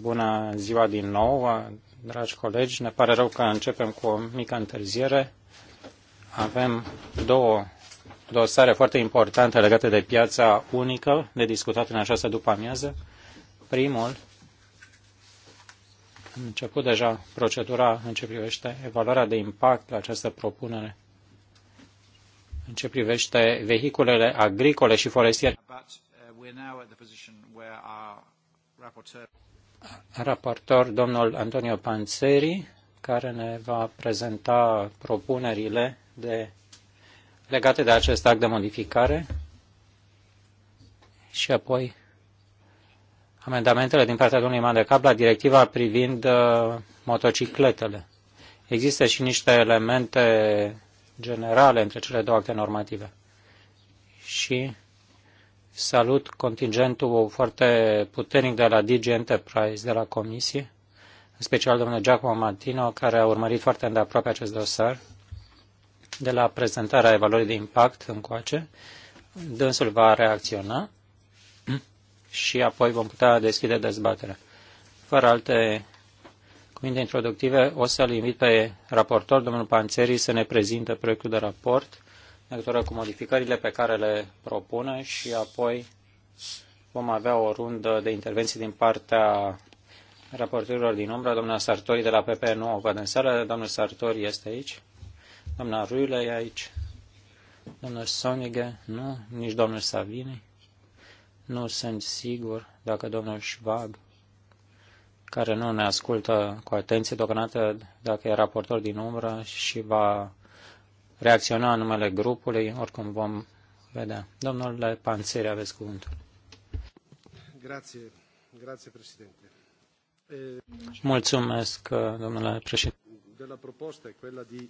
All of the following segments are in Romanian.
Bună ziua din nou, uh, dragi colegi. Ne pare rău că începem cu o mică întârziere. Avem două dosare foarte importante legate de piața unică de discutat în această după-amiază. Primul, început deja procedura în ce privește evaluarea de impact la această propunere în ce privește vehiculele agricole și forestiere. Uh, Raportor domnul Antonio Panzeri, care ne va prezenta propunerile de, legate de acest act de modificare și apoi amendamentele din partea domnului Mandecap la directiva privind uh, motocicletele. Există și niște elemente generale între cele două acte normative. Și salut contingentul foarte puternic de la DG Enterprise, de la Comisie, în special domnul Giacomo Martino, care a urmărit foarte îndeaproape acest dosar, de la prezentarea evaluării de impact încoace. Dânsul va reacționa și apoi vom putea deschide dezbaterea. Fără alte Cuvinte introductive, o să-l invit pe raportor, domnul Panțeri, să ne prezinte proiectul de raport în legătură cu modificările pe care le propune și apoi vom avea o rundă de intervenții din partea raportorilor din umbră. domnul Sartori de la PP nu o văd în sală, domnul Sartori este aici, domnul Ruile e aici, domnul Sonige, nu, nici domnul Savini. Nu sunt sigur dacă domnul Schwab care nu ne ascultă cu atenție deocamdată dacă e raportor din umbră și va reacționa în numele grupului, oricum vom vedea. Domnule Panțeri, aveți cuvântul. președinte. Mulțumesc, domnule președinte. De la quella di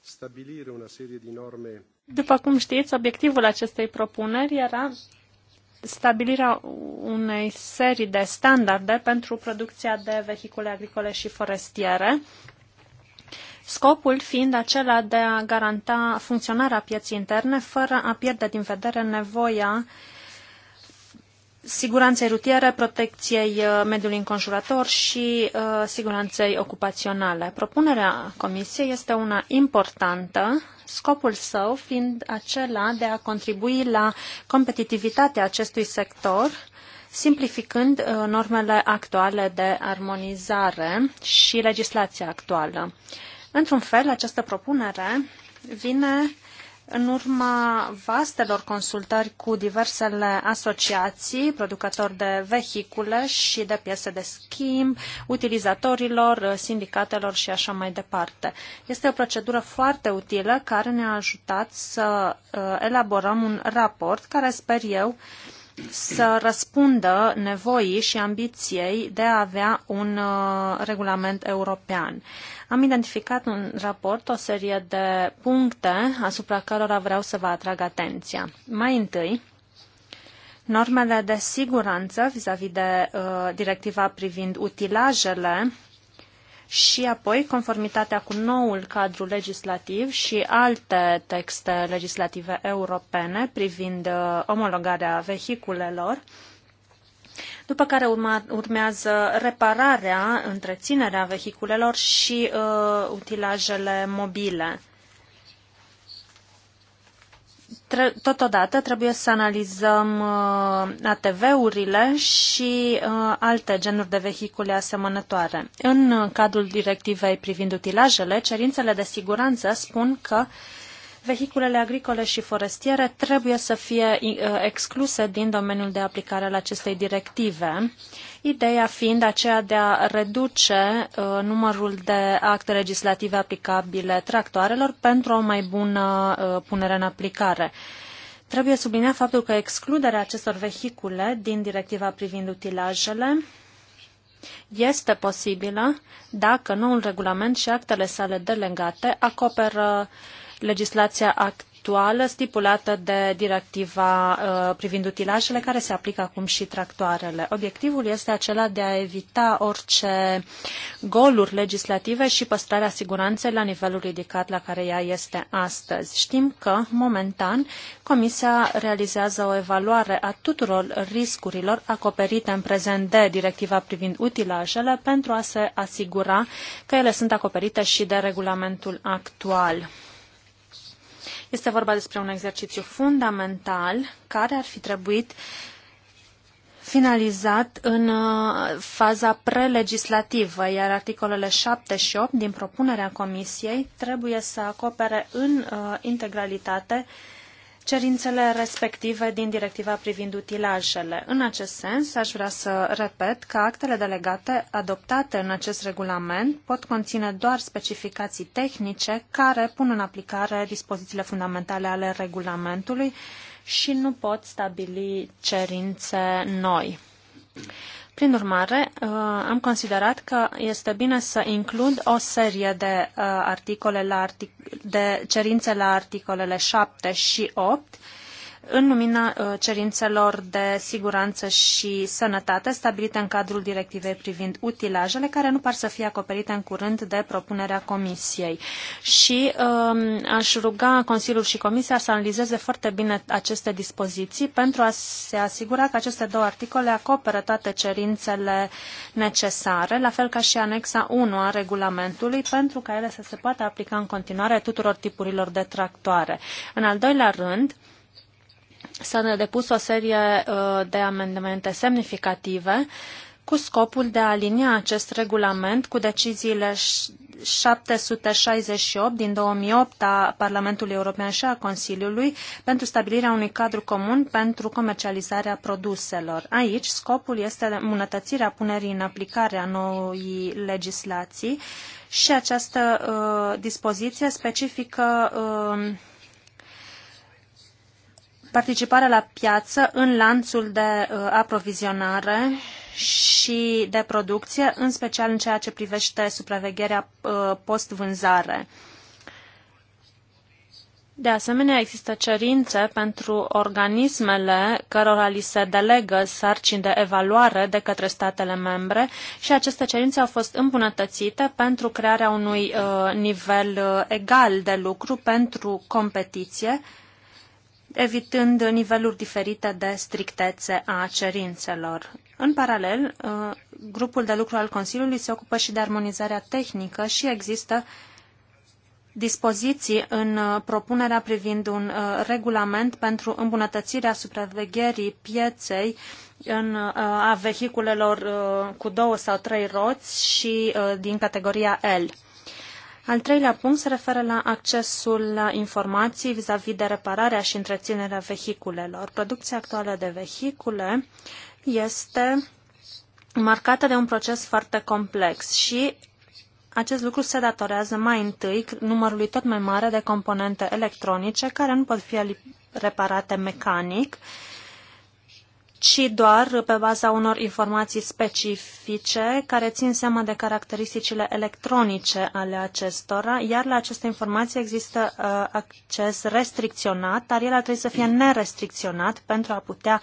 stabilire una serie di norme. După cum știți, obiectivul acestei propuneri era stabilirea unei serii de standarde pentru producția de vehicule agricole și forestiere, scopul fiind acela de a garanta funcționarea pieții interne fără a pierde din vedere nevoia siguranței rutiere, protecției uh, mediului înconjurător și uh, siguranței ocupaționale. Propunerea Comisiei este una importantă scopul său fiind acela de a contribui la competitivitatea acestui sector, simplificând uh, normele actuale de armonizare și legislația actuală. Într-un fel, această propunere vine în urma vastelor consultări cu diversele asociații, producători de vehicule și de piese de schimb, utilizatorilor, sindicatelor și așa mai departe. Este o procedură foarte utilă care ne-a ajutat să uh, elaborăm un raport care, sper eu, uh, să răspundă nevoii și ambiției de a avea un uh, regulament european. Am identificat în raport o serie de puncte asupra cărora vreau să vă atrag atenția. Mai întâi, normele de siguranță vis-a-vis de uh, directiva privind utilajele și apoi conformitatea cu noul cadru legislativ și alte texte legislative europene privind uh, omologarea vehiculelor, după care urma, urmează repararea, întreținerea vehiculelor și uh, utilajele mobile tre- totodată trebuie să analizăm uh, ATV-urile și uh, alte genuri de vehicule asemănătoare. În uh, cadrul directivei privind utilajele, cerințele de siguranță spun că uh, vehiculele agricole și forestiere trebuie să fie uh, excluse din domeniul de aplicare al acestei directive, ideea fiind aceea de a reduce uh, numărul de acte legislative aplicabile tractoarelor pentru o mai bună uh, punere în aplicare. Trebuie sublinea faptul că excluderea acestor vehicule din directiva privind utilajele este posibilă dacă noul regulament și actele sale delegate acoperă uh, legislația actuală stipulată de directiva uh, privind utilajele care se aplică acum și tractoarele. Obiectivul este acela de a evita orice goluri legislative și păstrarea siguranței la nivelul ridicat la care ea este astăzi. Știm că, momentan, Comisia realizează o evaluare a tuturor riscurilor acoperite în prezent de directiva privind utilajele pentru a se asigura că ele sunt acoperite și de regulamentul actual. Este vorba despre un exercițiu fundamental care ar fi trebuit finalizat în uh, faza prelegislativă, iar articolele 7 și 8 din propunerea Comisiei trebuie să acopere în uh, integralitate uh, cerințele respective din directiva privind utilajele. În acest sens, aș vrea să repet că actele delegate adoptate în acest regulament pot conține doar specificații tehnice care pun în aplicare dispozițiile fundamentale ale regulamentului și nu pot stabili cerințe noi. Prin urmare, uh, am considerat că este bine să includ o serie de, uh, articole la artic- de cerințe la articolele 7 și 8 în lumina uh, cerințelor de siguranță și sănătate stabilite în cadrul directivei privind utilajele, care nu par să fie acoperite în curând de propunerea Comisiei. Și um, aș ruga Consiliul și Comisia să analizeze foarte bine aceste dispoziții pentru a se asigura că aceste două articole acoperă toate cerințele necesare, la fel ca și anexa 1 a regulamentului, pentru ca ele să se poată aplica în continuare tuturor tipurilor de tractoare. În al doilea rând, s-a depus o serie uh, de amendamente semnificative cu scopul de a alinia acest regulament cu deciziile 768 din 2008 a Parlamentului European și a Consiliului pentru stabilirea unui cadru comun pentru comercializarea produselor. Aici, scopul este îmbunătățirea punerii în aplicare a noii legislații și această uh, dispoziție specifică uh, participarea la piață în lanțul de uh, aprovizionare și de producție, în special în ceea ce privește supravegherea uh, post-vânzare. De asemenea, există cerințe pentru organismele cărora li se delegă sarcini de evaluare de către statele membre și aceste cerințe au fost îmbunătățite pentru crearea unui uh, nivel uh, egal de lucru pentru competiție, uh, evitând niveluri diferite de strictețe a cerințelor. În paralel, uh, grupul de lucru al Consiliului se ocupă și de armonizarea tehnică și există dispoziții în uh, propunerea privind un uh, regulament pentru îmbunătățirea supravegherii pieței în, a vehiculelor cu două sau trei roți și din categoria L. Al treilea punct se referă la accesul la informații vis-a-vis -vis de repararea și întreținerea vehiculelor. Producția actuală de vehicule este marcată de un proces foarte complex și acest lucru se datorează mai întâi numărului tot mai mare de componente electronice care nu pot fi reparate mecanic, ci doar pe baza unor informații specifice care țin seama de caracteristicile electronice ale acestora, iar la aceste informații există uh, acces restricționat, dar el ar trebui să fie nerestricționat pentru a putea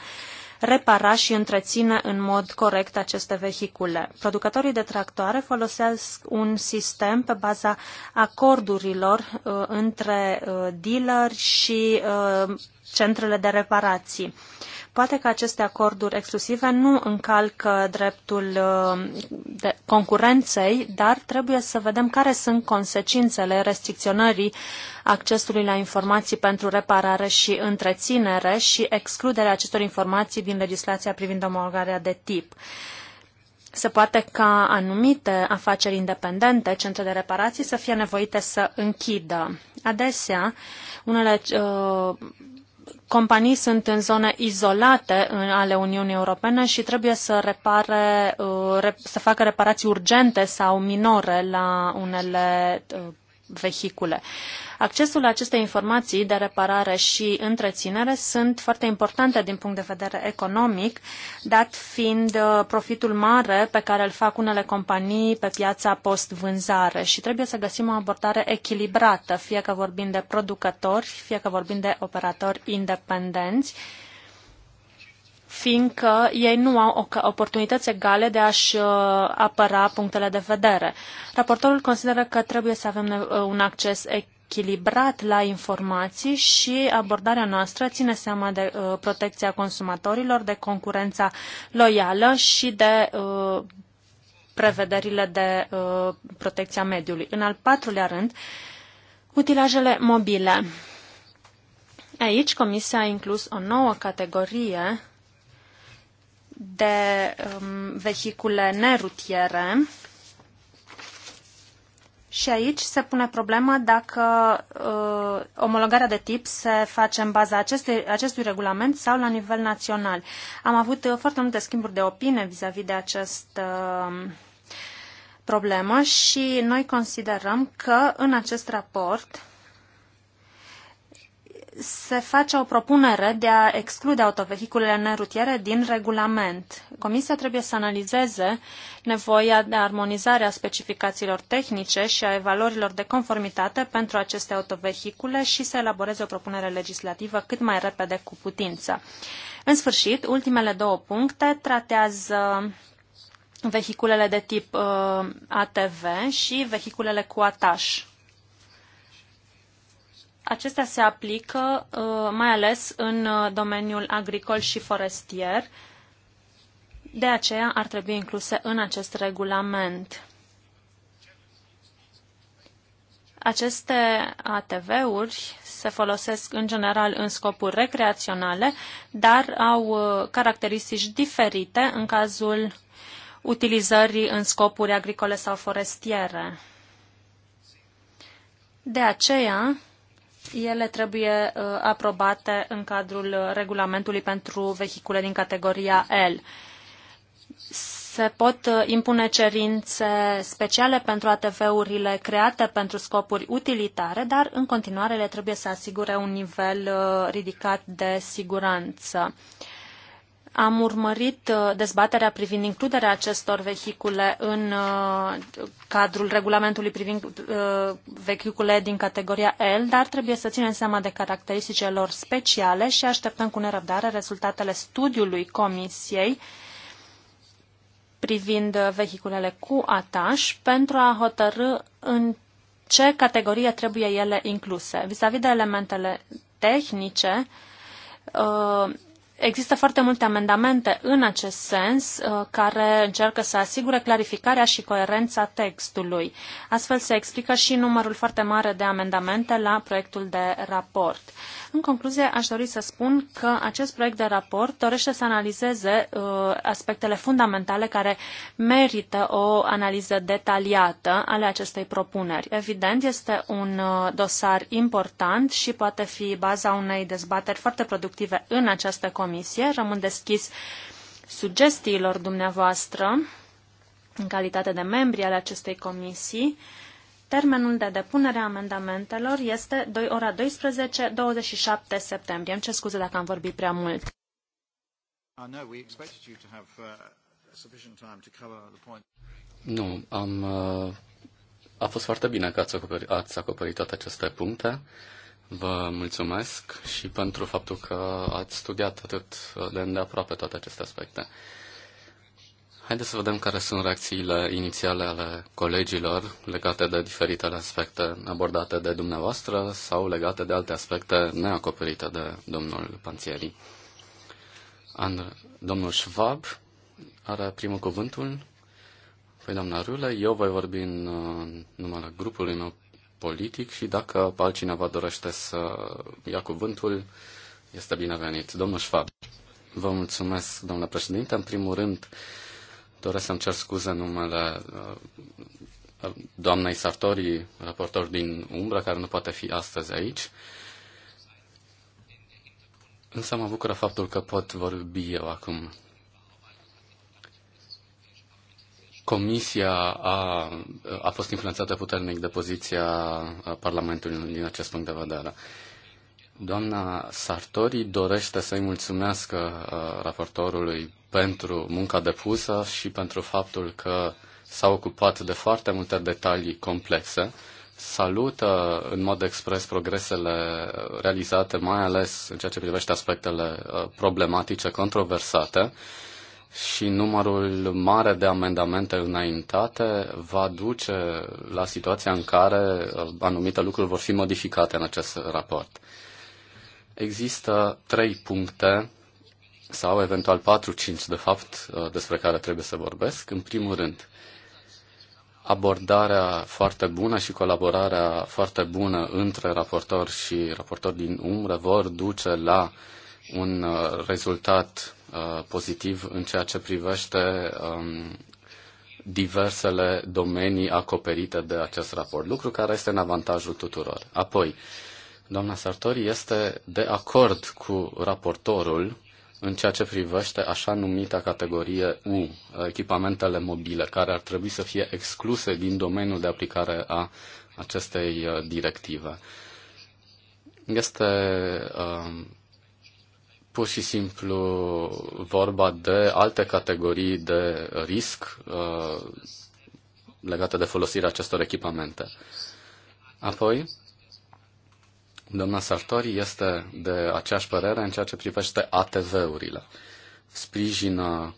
repara și întreține în mod corect aceste vehicule. Producătorii de tractoare folosesc un sistem pe baza acordurilor uh, între uh, dealeri și uh, centrele de reparații. Poate că aceste acorduri exclusive nu încalcă dreptul uh, de concurenței, dar trebuie să vedem care sunt consecințele restricționării accesului la informații pentru reparare și întreținere și excluderea acestor informații din legislația privind omologarea de tip. Se poate ca anumite afaceri independente, centre de reparații, să fie nevoite să închidă. Adesea, unele uh, companii sunt în zone izolate în ale Uniunii Europene și trebuie să, repare, uh, să facă reparații urgente sau minore la unele uh, vehicule. Accesul la aceste informații de reparare și întreținere sunt foarte importante din punct de vedere economic, dat fiind uh, profitul mare pe care îl fac unele companii pe piața post-vânzare și trebuie să găsim o abordare echilibrată, fie că vorbim de producători, fie că vorbim de operatori independenți, fiindcă ei nu au oportunități egale de a-și uh, apăra punctele de vedere. Raportorul consideră că trebuie să avem uh, un acces echilibrat la informații și abordarea noastră ține seama de uh, protecția consumatorilor, de concurența loială și de prevederile de protecția mediului. În al patrulea rând, utilajele mobile. Aici Comisia a inclus o nouă categorie de um, vehicule nerutiere. Și aici se pune problema dacă uh, omologarea de tip se face în baza acestui, acestui regulament sau la nivel național. Am avut uh, foarte multe schimburi de opinie vis-a-vis -vis de acest uh, problemă și noi considerăm că în acest raport se face o propunere de a exclude autovehiculele nerutiere din regulament. Comisia trebuie să analizeze nevoia de armonizare a specificațiilor tehnice și a evaluărilor de conformitate pentru aceste autovehicule și să elaboreze o propunere legislativă cât mai repede cu putință. În sfârșit, ultimele două puncte tratează vehiculele de tip uh, ATV și vehiculele cu ataș acestea se aplică uh, mai ales în uh, domeniul agricol și forestier, de aceea ar trebui incluse în acest regulament. Aceste ATV-uri se folosesc în general în scopuri recreaționale, dar au uh, caracteristici diferite în cazul utilizării în scopuri agricole sau forestiere. De aceea, ele trebuie uh, aprobate în cadrul regulamentului pentru vehicule din categoria L. Se pot uh, impune cerințe speciale pentru ATV-urile create pentru scopuri utilitare, dar în continuare le trebuie să asigure un nivel uh, ridicat de siguranță. Uh, am urmărit uh, dezbaterea privind includerea acestor vehicule în uh, cadrul regulamentului privind uh, vehicule din categoria L, dar trebuie să ținem seama de caracteristicile lor speciale și așteptăm cu nerăbdare rezultatele studiului Comisiei privind vehiculele cu ataș pentru a hotărâ în ce categorie trebuie ele incluse. Vis-a-vis -vis de elementele tehnice, Există foarte multe amendamente în acest sens uh, care încearcă să asigure clarificarea și coerența textului. Astfel se explică și numărul foarte mare de amendamente la proiectul de raport. În concluzie, aș dori să spun că acest proiect de raport dorește să analizeze uh, aspectele fundamentale care merită o analiză detaliată ale acestei propuneri. Evident, este un uh, dosar important și poate fi baza unei dezbateri foarte productive în această comisie comisie. Rămân deschis sugestiilor dumneavoastră în calitate de membri ale acestei comisii. Termenul de depunere a amendamentelor este 2 ora 12, 27 septembrie. Îmi cer scuze dacă am vorbit prea mult. Uh, uh, nu, am, uh, a fost foarte bine că ați acoperit, ați acoperit toate aceste puncte. Vă mulțumesc și pentru faptul că ați studiat atât de îndeaproape toate aceste aspecte. Haideți să vedem care sunt reacțiile inițiale ale colegilor legate de diferitele aspecte abordate de dumneavoastră sau legate de alte aspecte neacoperite de domnul Panțieri. Andr- domnul Schwab are primul cuvântul. Păi, doamna Rule, eu voi vorbi în numele grupului meu politic și dacă altcineva dorește să ia cuvântul, este binevenit. Domnul Șfab, vă mulțumesc, domnule președinte. În primul rând, doresc să-mi cer scuze în numele uh, doamnei Sartori, raportor din Umbra, care nu poate fi astăzi aici. Însă mă bucură faptul că pot vorbi eu acum. Comisia a, a fost influențată puternic de poziția Parlamentului din acest punct de vedere. Doamna Sartori dorește să-i mulțumească uh, raportorului pentru munca depusă și pentru faptul că s-a ocupat de foarte multe detalii complexe. Salută în mod expres progresele realizate, mai ales în ceea ce privește aspectele uh, problematice, controversate și numărul mare de amendamente înaintate va duce la situația în care uh, anumite lucruri vor fi modificate în acest raport. Există trei puncte sau eventual 4-5 de fapt uh, despre care trebuie să vorbesc. În primul rând, abordarea foarte bună și colaborarea foarte bună între raportor și raportor din umbră vor duce la un uh, rezultat Uh, pozitiv în ceea ce privește um, diversele domenii acoperite de acest raport, lucru care este în avantajul tuturor. Apoi, doamna Sartori este de acord cu raportorul în ceea ce privește așa numita categorie U, echipamentele mobile, care ar trebui să fie excluse din domeniul de aplicare a acestei uh, directive. Este um, pur și simplu vorba de alte categorii de risc uh, legate de folosirea acestor echipamente. Apoi, doamna Sartori este de aceeași părere în ceea ce privește ATV-urile. Sprijină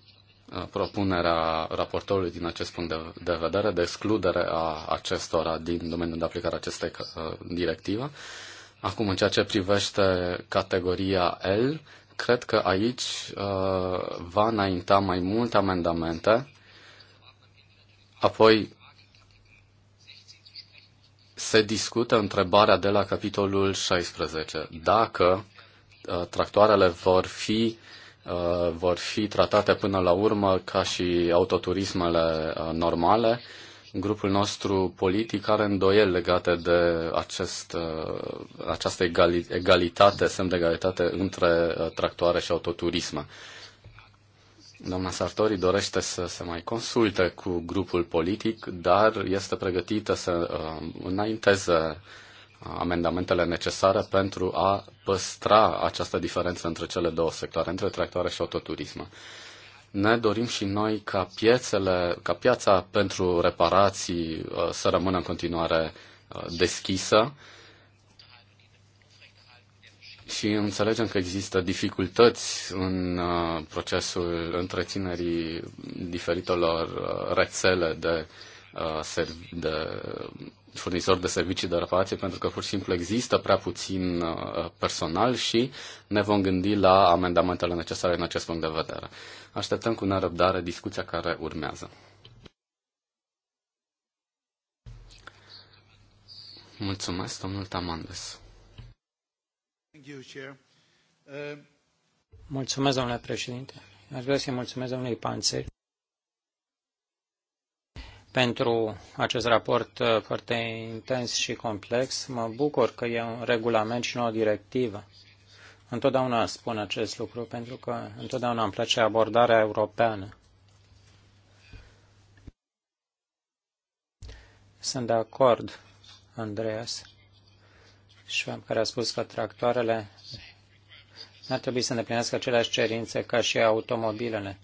uh, propunerea raportorului din acest punct de, de vedere de excludere a acestora din domeniul de aplicare a acestei uh, directive. Acum, în ceea ce privește categoria L, Cred că aici uh, va înainta mai multe amendamente, apoi se discută întrebarea de la capitolul 16. Dacă uh, tractoarele vor fi, uh, vor fi tratate până la urmă ca și autoturismele normale, uh, grupul nostru politic are îndoieli legate de acest, uh, această egali, egalitate, semn de egalitate între uh, tractoare și autoturisme. Doamna Sartori dorește să se mai consulte cu grupul politic, dar este pregătită să uh, înainteze amendamentele necesare pentru a păstra această diferență între cele două sectoare, între tractoare și autoturisme ne dorim și noi ca piețele, ca piața pentru reparații uh, să rămână în continuare uh, deschisă și înțelegem că există dificultăți în uh, procesul întreținerii diferitelor rețele de, de furnizori de servicii de reparație pentru că pur și simplu există prea puțin personal și ne vom gândi la amendamentele necesare în acest punct de vedere. Așteptăm cu nerăbdare discuția care urmează. Mulțumesc, domnul Tamandes. Mulțumesc, domnule președinte. Aș vrea să-i mulțumesc domnului Panțeri pentru acest raport uh, foarte intens și complex. Mă bucur că e un regulament și nu o directivă. Întotdeauna spun acest lucru pentru că întotdeauna îmi place abordarea europeană. Sunt de acord, Andreas, am care a spus că tractoarele n-ar trebui să îndeplinească aceleași cerințe ca și automobilele.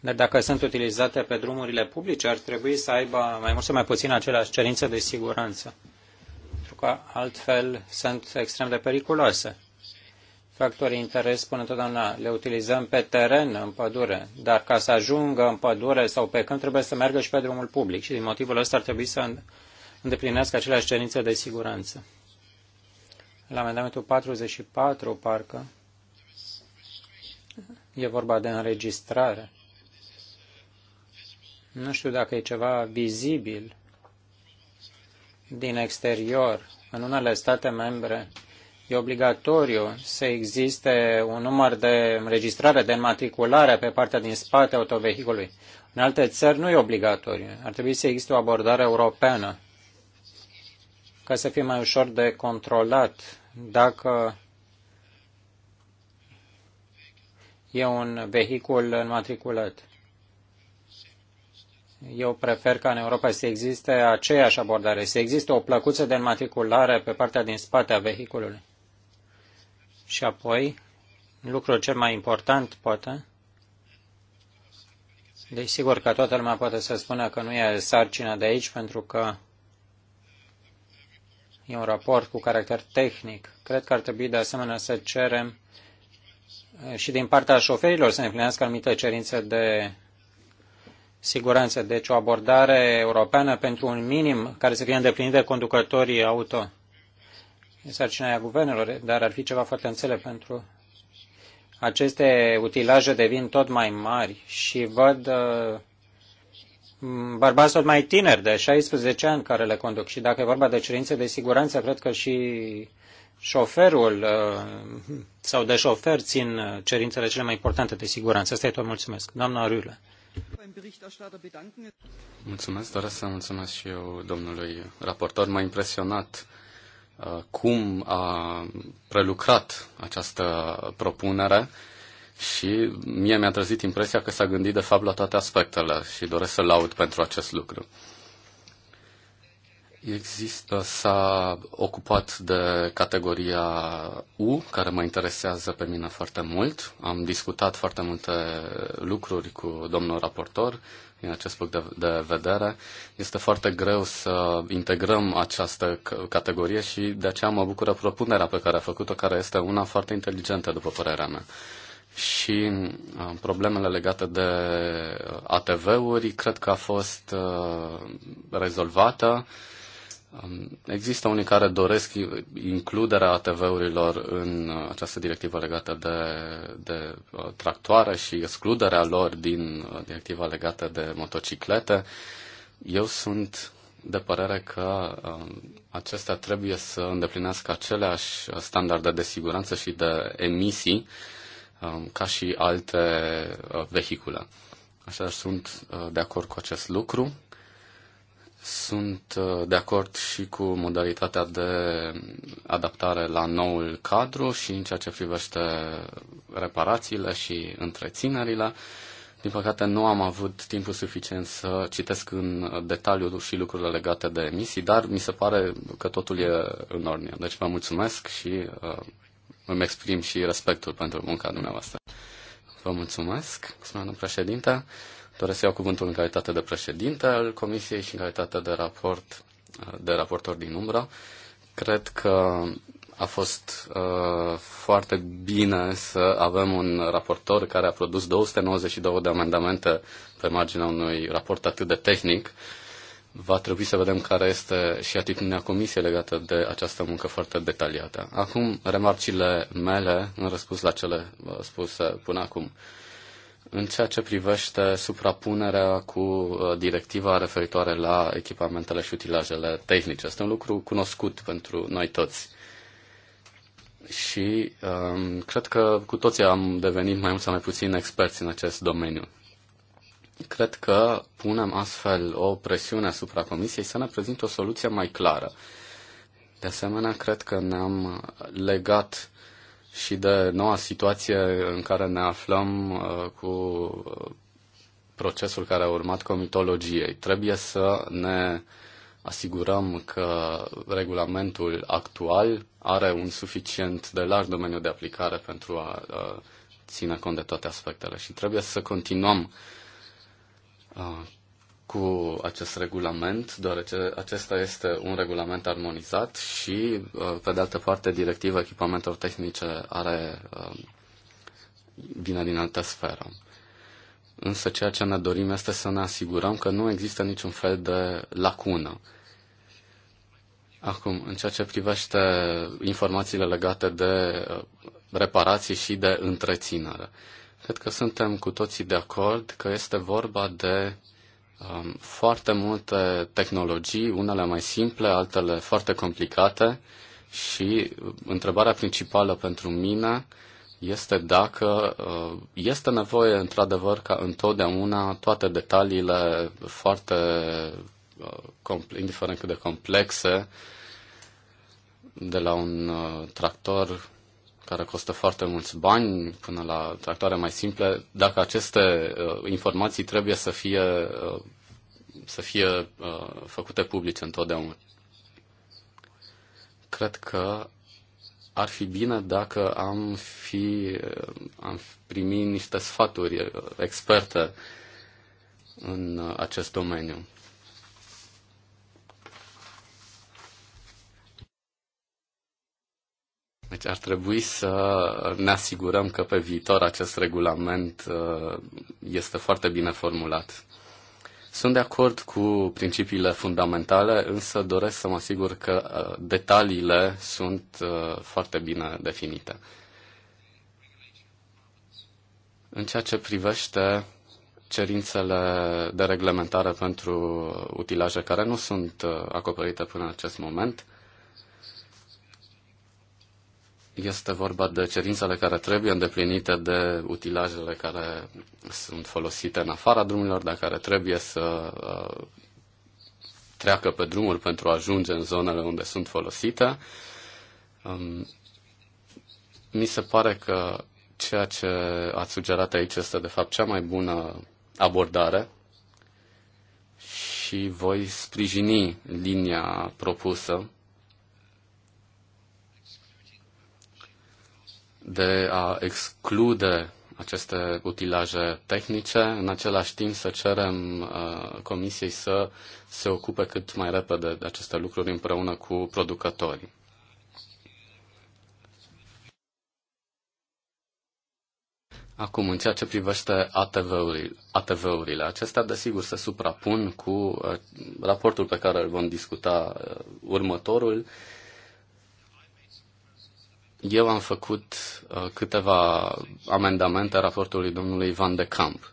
Dar dacă sunt utilizate pe drumurile publice, ar trebui să aibă mai mult sau mai puțin aceleași cerințe de siguranță. Pentru că altfel sunt extrem de periculoase factorii interes, spun întotdeauna, le utilizăm pe teren, în pădure, dar ca să ajungă în pădure sau pe când trebuie să meargă și pe drumul public și din motivul ăsta ar trebui să îndeplinească aceleași cerințe de siguranță. La amendamentul 44, parcă, e vorba de înregistrare. Nu știu dacă e ceva vizibil din exterior. În unele state membre E obligatoriu să existe un număr de înregistrare, de înmatriculare pe partea din spate a autovehicului. În alte țări nu e obligatoriu. Ar trebui să existe o abordare europeană ca să fie mai ușor de controlat dacă e un vehicul înmatriculat. Eu prefer ca în Europa să existe aceeași abordare, să existe o plăcuță de înmatriculare pe partea din spate a vehiculului. Și apoi, lucrul cel mai important, poate, deci sigur că toată lumea poate să spună că nu e sarcina de aici, pentru că e un raport cu caracter tehnic. Cred că ar trebui de asemenea să cerem eh, și din partea șoferilor să împlinească anumite cerințe de siguranță. Deci o abordare europeană pentru un minim care să fie îndeplinit de conducătorii auto e sarcina aia guvernelor, dar ar fi ceva foarte înțelept pentru aceste utilaje devin tot mai mari și văd uh, bărbați tot mai tineri de 16 ani care le conduc. Și dacă e vorba de cerințe de siguranță, cred că și șoferul uh, sau de șofer țin uh, cerințele cele mai importante de siguranță. Asta e tot. Mulțumesc. Doamna Rule. Mulțumesc, doresc să mulțumesc și eu domnului raportor. M-a impresionat Uh, cum a prelucrat această propunere și mie mi-a trezit impresia că s-a gândit de fapt la toate aspectele și doresc să laud pentru acest lucru. Există, s-a ocupat de categoria U, care mă interesează pe mine foarte mult. Am discutat foarte multe lucruri cu domnul raportor din acest punct de, de vedere. Este foarte greu să integrăm această categorie și de aceea mă bucură propunerea pe care a făcut-o, care este una foarte inteligentă, după părerea mea. Și uh, problemele legate de uh, ATV-uri cred că a fost uh, rezolvată. Uh, Există unii care doresc includerea ATV-urilor în uh, această directivă legată de, de uh, tractoare și excluderea lor din uh, directiva legată de motociclete. Eu sunt de părere că um, acestea trebuie să îndeplinească aceleași standarde de siguranță și de emisii um, ca și alte vehicule. Așa sunt de acord cu acest lucru sunt uh, de acord și cu modalitatea de adaptare la noul cadru și în ceea ce privește reparațiile și întreținerile. Din păcate, nu am avut timpul suficient să citesc în detaliu și lucrurile legate de emisii, dar mi se pare că totul e în ordine. Deci vă mulțumesc și uh, îmi exprim și respectul pentru munca dumneavoastră. Vă mulțumesc, doamnă președinte. Doresc să iau cuvântul în calitate de președinte al Comisiei și în calitate de, raport, de raportor din umbra. Cred că a fost uh, foarte bine să avem un raportor care a produs 292 de amendamente pe marginea unui raport atât de tehnic. Va trebui să vedem care este și atitudinea comisiei legată de această muncă foarte detaliată. Acum, remarcile mele în răspuns la cele uh, spuse până acum. Uh, în ceea ce privește suprapunerea cu uh, directiva referitoare la echipamentele și utilajele tehnice, este un lucru cunoscut pentru noi toți. Și um, cred că cu toții am devenit mai mult sau mai puțin experți în acest domeniu. Cred că punem astfel o presiune asupra Comisiei să ne prezinte o soluție mai clară. De asemenea, cred că ne-am legat și de noua situație în care ne aflăm uh, cu uh, procesul care a urmat comitologiei. Trebuie să ne asigurăm că regulamentul actual are un suficient de larg domeniu de aplicare pentru a uh, ține cont de toate aspectele și trebuie să continuăm cu acest regulament, deoarece acesta este un regulament armonizat și, uh, pe de altă parte, directiva echipamentelor tehnice are, uh, vine din altă sferă. Însă ceea ce ne dorim este să ne asigurăm că nu există niciun fel de lacună. Acum, în ceea ce privește informațiile legate de uh, reparații și de întreținere, cred că suntem cu toții de acord că este vorba de uh, Um, foarte multe tehnologii, unele mai simple, altele foarte complicate și uh, întrebarea principală pentru mine este dacă uh, este nevoie într-adevăr ca întotdeauna toate detaliile foarte, uh, indiferent cât de complexe, de la un tractor care costă foarte mulți bani, până la tractoare mai simple, dacă aceste uh, informații trebuie să fie, uh, să fie uh, făcute publice întotdeauna. Cred că ar fi bine dacă am fi uh, am primit niște sfaturi uh, experte în uh, acest domeniu. Deci ar trebui să ne asigurăm că pe viitor acest regulament uh, este foarte bine formulat. Sunt de acord cu principiile fundamentale, însă doresc să mă asigur că uh, detaliile sunt uh, foarte bine definite. În ceea ce privește cerințele de reglementare pentru utilaje care nu sunt acoperite până în acest moment, Este vorba de cerințele care trebuie îndeplinite de utilajele care sunt folosite în afara drumurilor, dar care trebuie să uh, treacă pe drumul pentru a ajunge în zonele unde sunt folosite. Um, mi se pare că ceea ce ați sugerat aici este de fapt cea mai bună abordare și voi sprijini linia propusă de a exclude aceste utilaje tehnice, în același timp să cerem uh, comisiei să se ocupe cât mai repede de aceste lucruri împreună cu producătorii. Acum, în ceea ce privește ATV-urile, ATV-urile acestea, desigur, se suprapun cu uh, raportul pe care îl vom discuta uh, următorul, uh, eu am făcut uh, câteva amendamente a raportului domnului Van de Camp.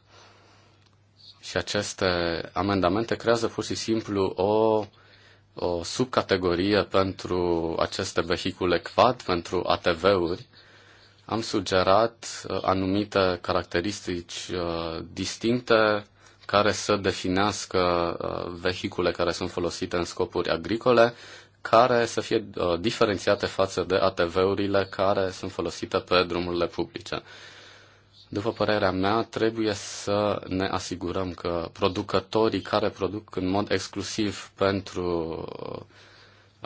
Și aceste amendamente creează pur și simplu o, o subcategorie pentru aceste vehicule quad, pentru ATV-uri. Am sugerat uh, anumite caracteristici uh, distincte care să definească uh, vehicule care sunt folosite în scopuri agricole care să fie uh, diferențiate față de ATV-urile care sunt folosite pe drumurile publice. După părerea mea, trebuie să ne asigurăm că producătorii care produc în mod exclusiv pentru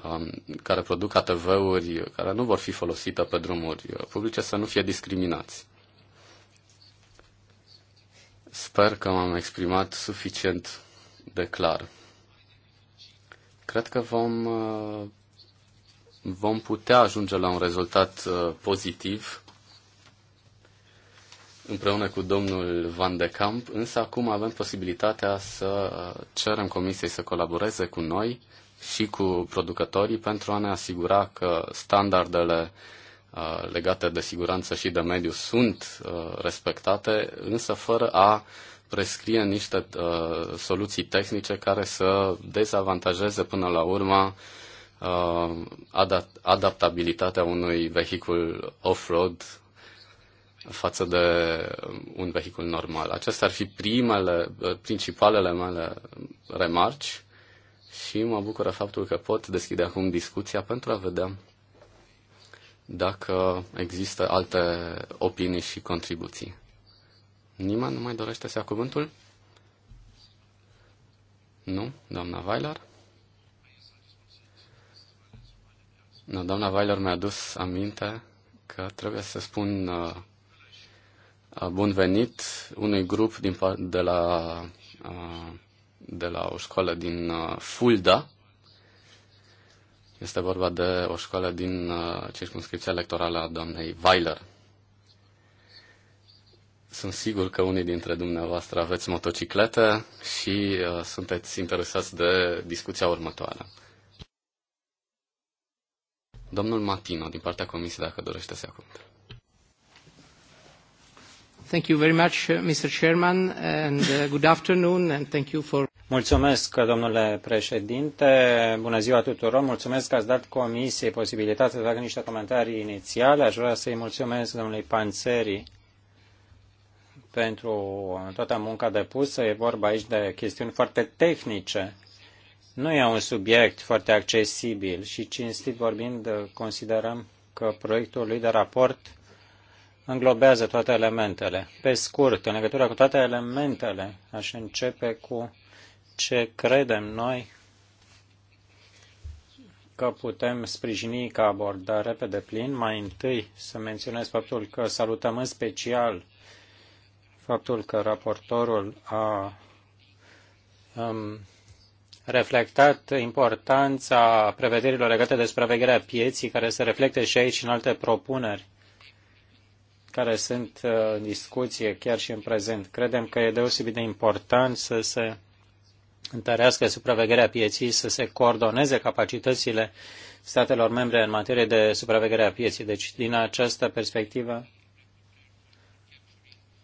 uh, um, care produc ATV-uri care nu vor fi folosite pe drumuri publice să nu fie discriminați. Sper că m-am exprimat suficient de clar. Cred că vom, uh, vom putea ajunge la un rezultat uh, pozitiv împreună cu domnul Van de Camp, însă acum avem posibilitatea să uh, cerem comisiei să colaboreze cu noi și cu producătorii pentru a ne asigura că standardele legate de siguranță și de mediu sunt respectate, însă fără a prescrie niște uh, soluții tehnice care să dezavantajeze până la urmă uh, adapt- adaptabilitatea unui vehicul off-road față de un vehicul normal. Acestea ar fi primele, uh, principalele mele remarci și mă bucură faptul că pot deschide acum discuția pentru a vedea dacă există alte opinii și contribuții. Nimeni nu mai dorește să ia cuvântul? Nu? Doamna Weiler? No, doamna Weiler mi-a dus aminte că trebuie să spun uh, uh bun venit unui grup din, de, la, uh, de la o școală din uh, Fulda. Este vorba de o școală din uh, circunscripția electorală a doamnei Weiler. Sunt sigur că unii dintre dumneavoastră aveți motociclete și uh, sunteți interesați de discuția următoare. Domnul Matino, din partea Comisiei, dacă dorește să acum. Thank you very much, uh, Mr. Chairman, and uh, good afternoon, and thank you for... Mulțumesc, domnule președinte. Bună ziua tuturor. Mulțumesc că ați dat comisiei posibilitatea să facă niște comentarii inițiale. Aș vrea să-i mulțumesc domnului Panțeri pentru toată munca depusă. E vorba aici de chestiuni foarte tehnice. Nu e un subiect foarte accesibil și, cinstit vorbind, considerăm că proiectul lui de raport înglobează toate elementele. Pe scurt, în legătură cu toate elementele, aș începe cu ce credem noi că putem sprijini ca abordare pe deplin. Mai întâi să menționez faptul că salutăm în special faptul că raportorul a um, reflectat importanța prevederilor legate de supravegherea pieții, care se reflecte și aici în alte propuneri care sunt uh, în discuție chiar și în prezent. Credem că e deosebit de important să se întărească supravegherea pieții, să se coordoneze capacitățile statelor membre în materie de supraveghere a pieții. Deci, din această perspectivă,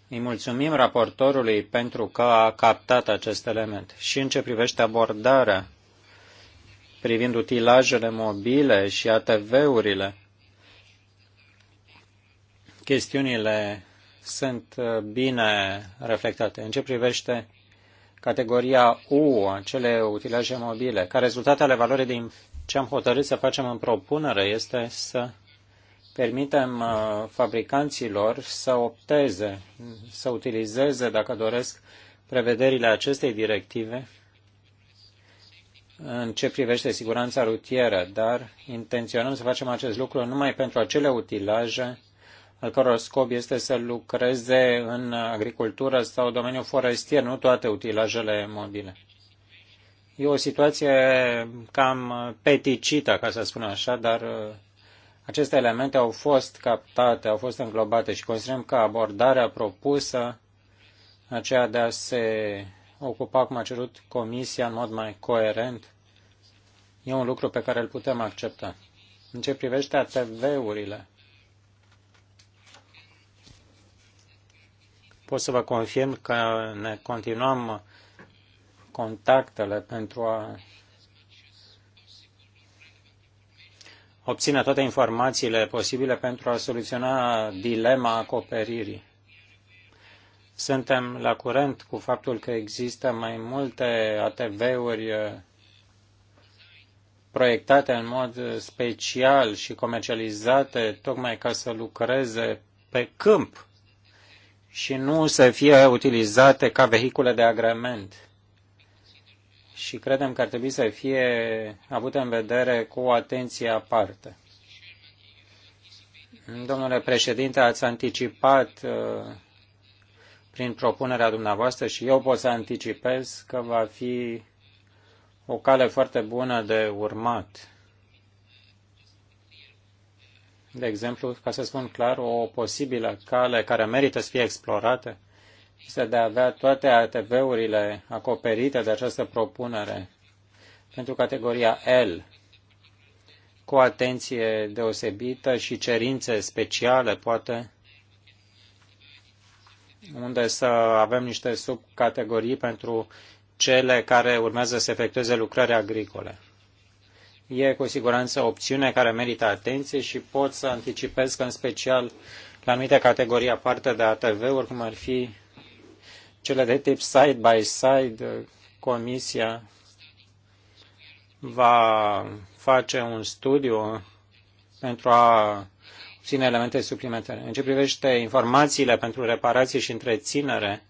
îi mulțumim raportorului pentru că a captat acest element. Și în ce privește abordarea privind utilajele mobile și ATV-urile, chestiunile sunt uh, bine reflectate. În ce privește categoria U, acele utilaje mobile, ca rezultat ale valorii din ce am hotărât să facem în propunere este să permitem uh, fabricanților să opteze, să utilizeze, dacă doresc, prevederile acestei directive în ce privește siguranța rutieră, dar intenționăm să facem acest lucru numai pentru acele utilaje al căror scop este să lucreze în agricultură sau domeniul forestier, nu toate utilajele mobile. E o situație cam peticită, ca să spun așa, dar uh, aceste elemente au fost captate, au fost înglobate și considerăm că abordarea propusă, aceea de a se ocupa, cum a cerut Comisia, în mod mai coerent, e un lucru pe care îl putem accepta. În ce privește ATV-urile, pot să vă confirm că ne continuăm contactele pentru a obține toate informațiile posibile pentru a soluționa dilema acoperirii. Suntem la curent cu faptul că există mai multe ATV-uri uh, proiectate în mod special și comercializate tocmai ca să lucreze pe câmp și nu să fie utilizate ca vehicule de agrement și credem că ar trebui să fie avută în vedere cu o atenție aparte. Domnule președinte, ați anticipat uh, prin propunerea dumneavoastră și eu pot să anticipez că va fi o cale foarte bună de urmat. De exemplu, ca să spun clar, o posibilă cale care merită să fie explorată este de a avea toate ATV-urile acoperite de această propunere pentru categoria L, cu atenție deosebită și cerințe speciale, poate, unde să avem niște subcategorii pentru cele care urmează să efectueze lucrări agricole. E cu siguranță o opțiune care merită atenție și pot să anticipez că în special la anumite categorii aparte de ATV-uri, cum ar fi cele de tip side-by-side, uh, comisia va face un studiu pentru a obține elemente suplimentare. În ce privește informațiile pentru reparații și întreținere,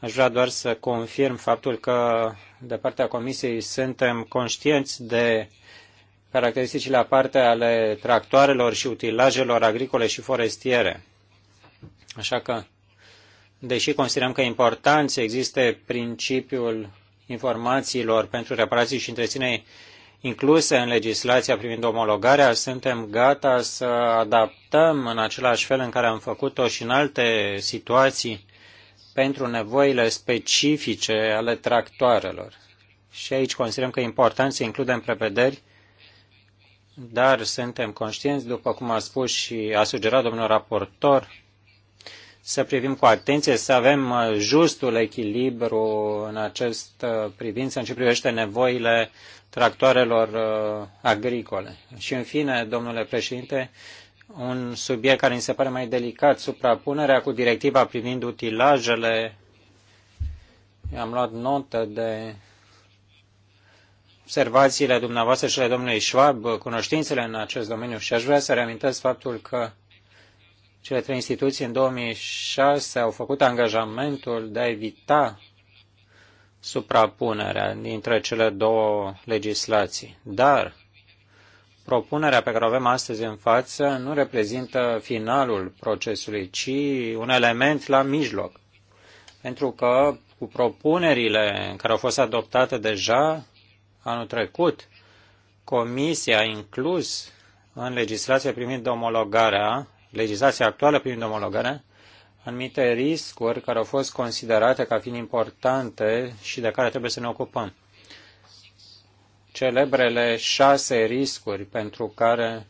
aș vrea doar să confirm faptul că de partea Comisiei suntem conștienți de caracteristicile aparte ale tractoarelor și utilajelor agricole și forestiere. Așa că deși considerăm că e important să existe principiul informațiilor pentru reparații și întreținere incluse în legislația privind omologarea, suntem gata să adaptăm în același fel în care am făcut-o și în alte situații pentru nevoile specifice ale tractoarelor. Și aici considerăm că e important să includem prevederi, dar suntem conștienți, după cum a spus și a sugerat domnul raportor, să privim cu atenție, să avem uh, justul echilibru în acest uh, privință, în ce privește nevoile tractoarelor uh, agricole. Și în fine, domnule președinte, un subiect care mi se pare mai delicat, suprapunerea cu directiva privind utilajele. Am luat notă de observațiile dumneavoastră și ale domnului Schwab, cunoștințele în acest domeniu și aș vrea să reamintesc faptul că cele trei instituții în 2006 au făcut angajamentul de a evita suprapunerea dintre cele două legislații. Dar propunerea pe care o avem astăzi în față nu reprezintă finalul procesului, ci un element la mijloc. Pentru că cu propunerile care au fost adoptate deja anul trecut, Comisia a inclus în legislație privind omologarea legislația actuală privind omologarea anumite riscuri care au fost considerate ca fiind importante și de care trebuie să ne ocupăm. Celebrele șase riscuri pentru care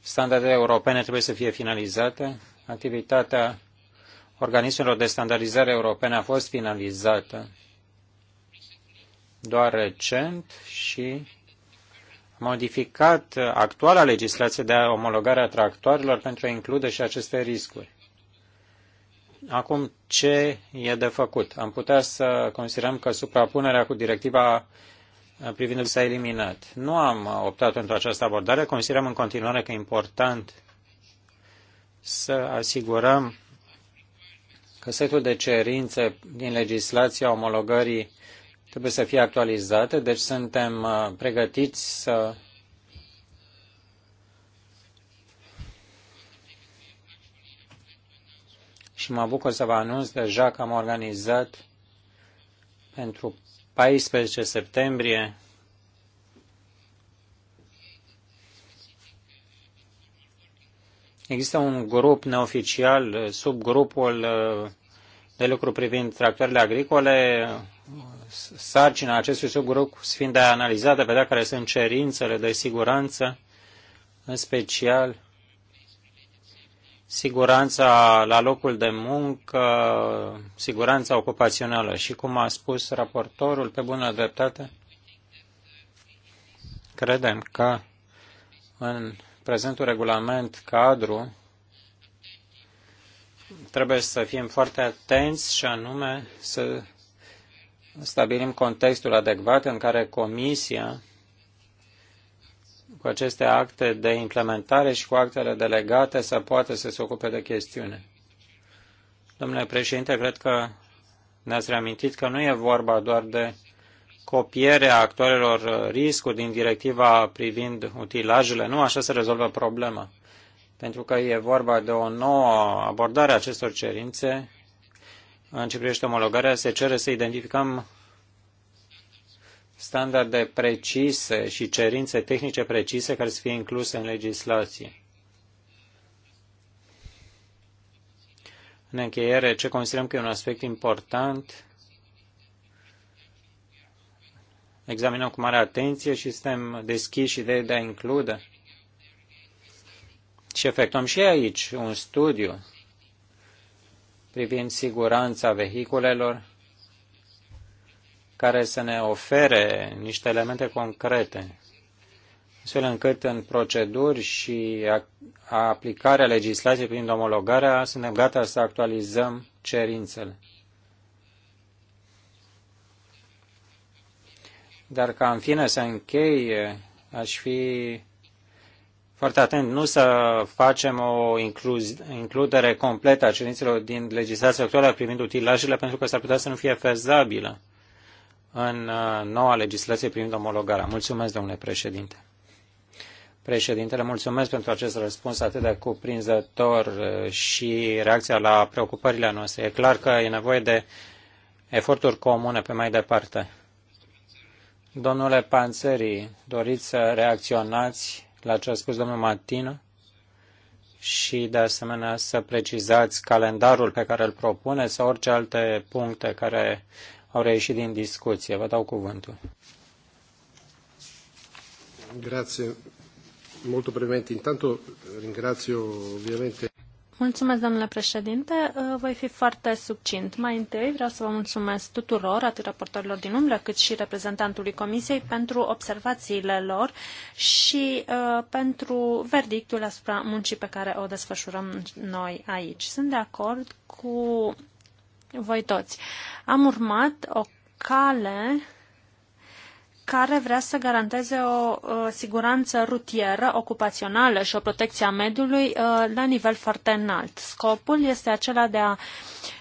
standardele europene trebuie să fie finalizate, activitatea organismelor de standardizare europene a fost finalizată doar recent și modificat actuala legislație de omologare a tractoarelor pentru a include și aceste riscuri. Acum, ce e de făcut? Am putea să considerăm că suprapunerea cu directiva privind s-a eliminat. Nu am optat pentru această abordare. Considerăm în continuare că e important să asigurăm că setul de cerințe din legislația omologării trebuie să fie actualizate, deci suntem uh, pregătiți să și mă bucur să vă anunț deja că am organizat pentru 14 septembrie Există un grup neoficial, subgrupul uh, de lucru privind tractoarele agricole, sarcina acestui subgrup fiind de a analiza, de a vedea care sunt cerințele de siguranță, în special siguranța la locul de muncă, siguranța ocupațională. Și cum a spus raportorul, pe bună dreptate, credem că în prezentul regulament cadru trebuie să fim foarte atenți și anume să stabilim contextul adecvat în care Comisia, cu aceste acte de implementare și cu actele delegate, să poată să se ocupe de chestiune. Domnule președinte, cred că ne-ați reamintit că nu e vorba doar de copierea actualelor riscuri din directiva privind utilajele. Nu așa se rezolvă problema. Pentru că e vorba de o nouă abordare a acestor cerințe în ce privește omologarea, se cere să identificăm standarde precise și cerințe tehnice precise care să fie incluse în legislație. În încheiere, ce considerăm că e un aspect important, examinăm cu mare atenție și suntem deschiși idei de a include. Și efectuăm și aici un studiu privind siguranța vehiculelor, care să ne ofere niște elemente concrete, astfel încât în proceduri și aplicarea legislației prin omologarea suntem gata să actualizăm cerințele. Dar ca în fine să închei, aș fi foarte atent nu să facem o incluz, includere completă a cerințelor din legislația actuală privind utilajele, pentru că s-ar putea să nu fie fezabilă în uh, noua legislație privind omologarea. Mulțumesc, domnule președinte. Președintele, mulțumesc pentru acest răspuns atât de cuprinzător uh, și reacția la preocupările noastre. E clar că e nevoie de eforturi comune pe mai departe. Domnule Panzeri, doriți să reacționați la ce a spus domnul Matină și, de asemenea, să precizați calendarul pe care îl propune sau orice alte puncte care au reieșit din discuție. Vă dau cuvântul. Grazie. Molto brevemente. Intanto ringrazio ovviamente Mulțumesc, domnule președinte. Uh, voi fi foarte succint. Mai întâi vreau să vă mulțumesc tuturor, atât raportorilor din umbră, cât și reprezentantului Comisiei, pentru observațiile lor și uh, pentru verdictul asupra muncii pe care o desfășurăm noi aici. Sunt de acord cu voi toți. Am urmat o cale uh, care vrea să garanteze o uh, siguranță rutieră, ocupațională și o protecție a mediului uh, la nivel foarte înalt. Scopul este acela de a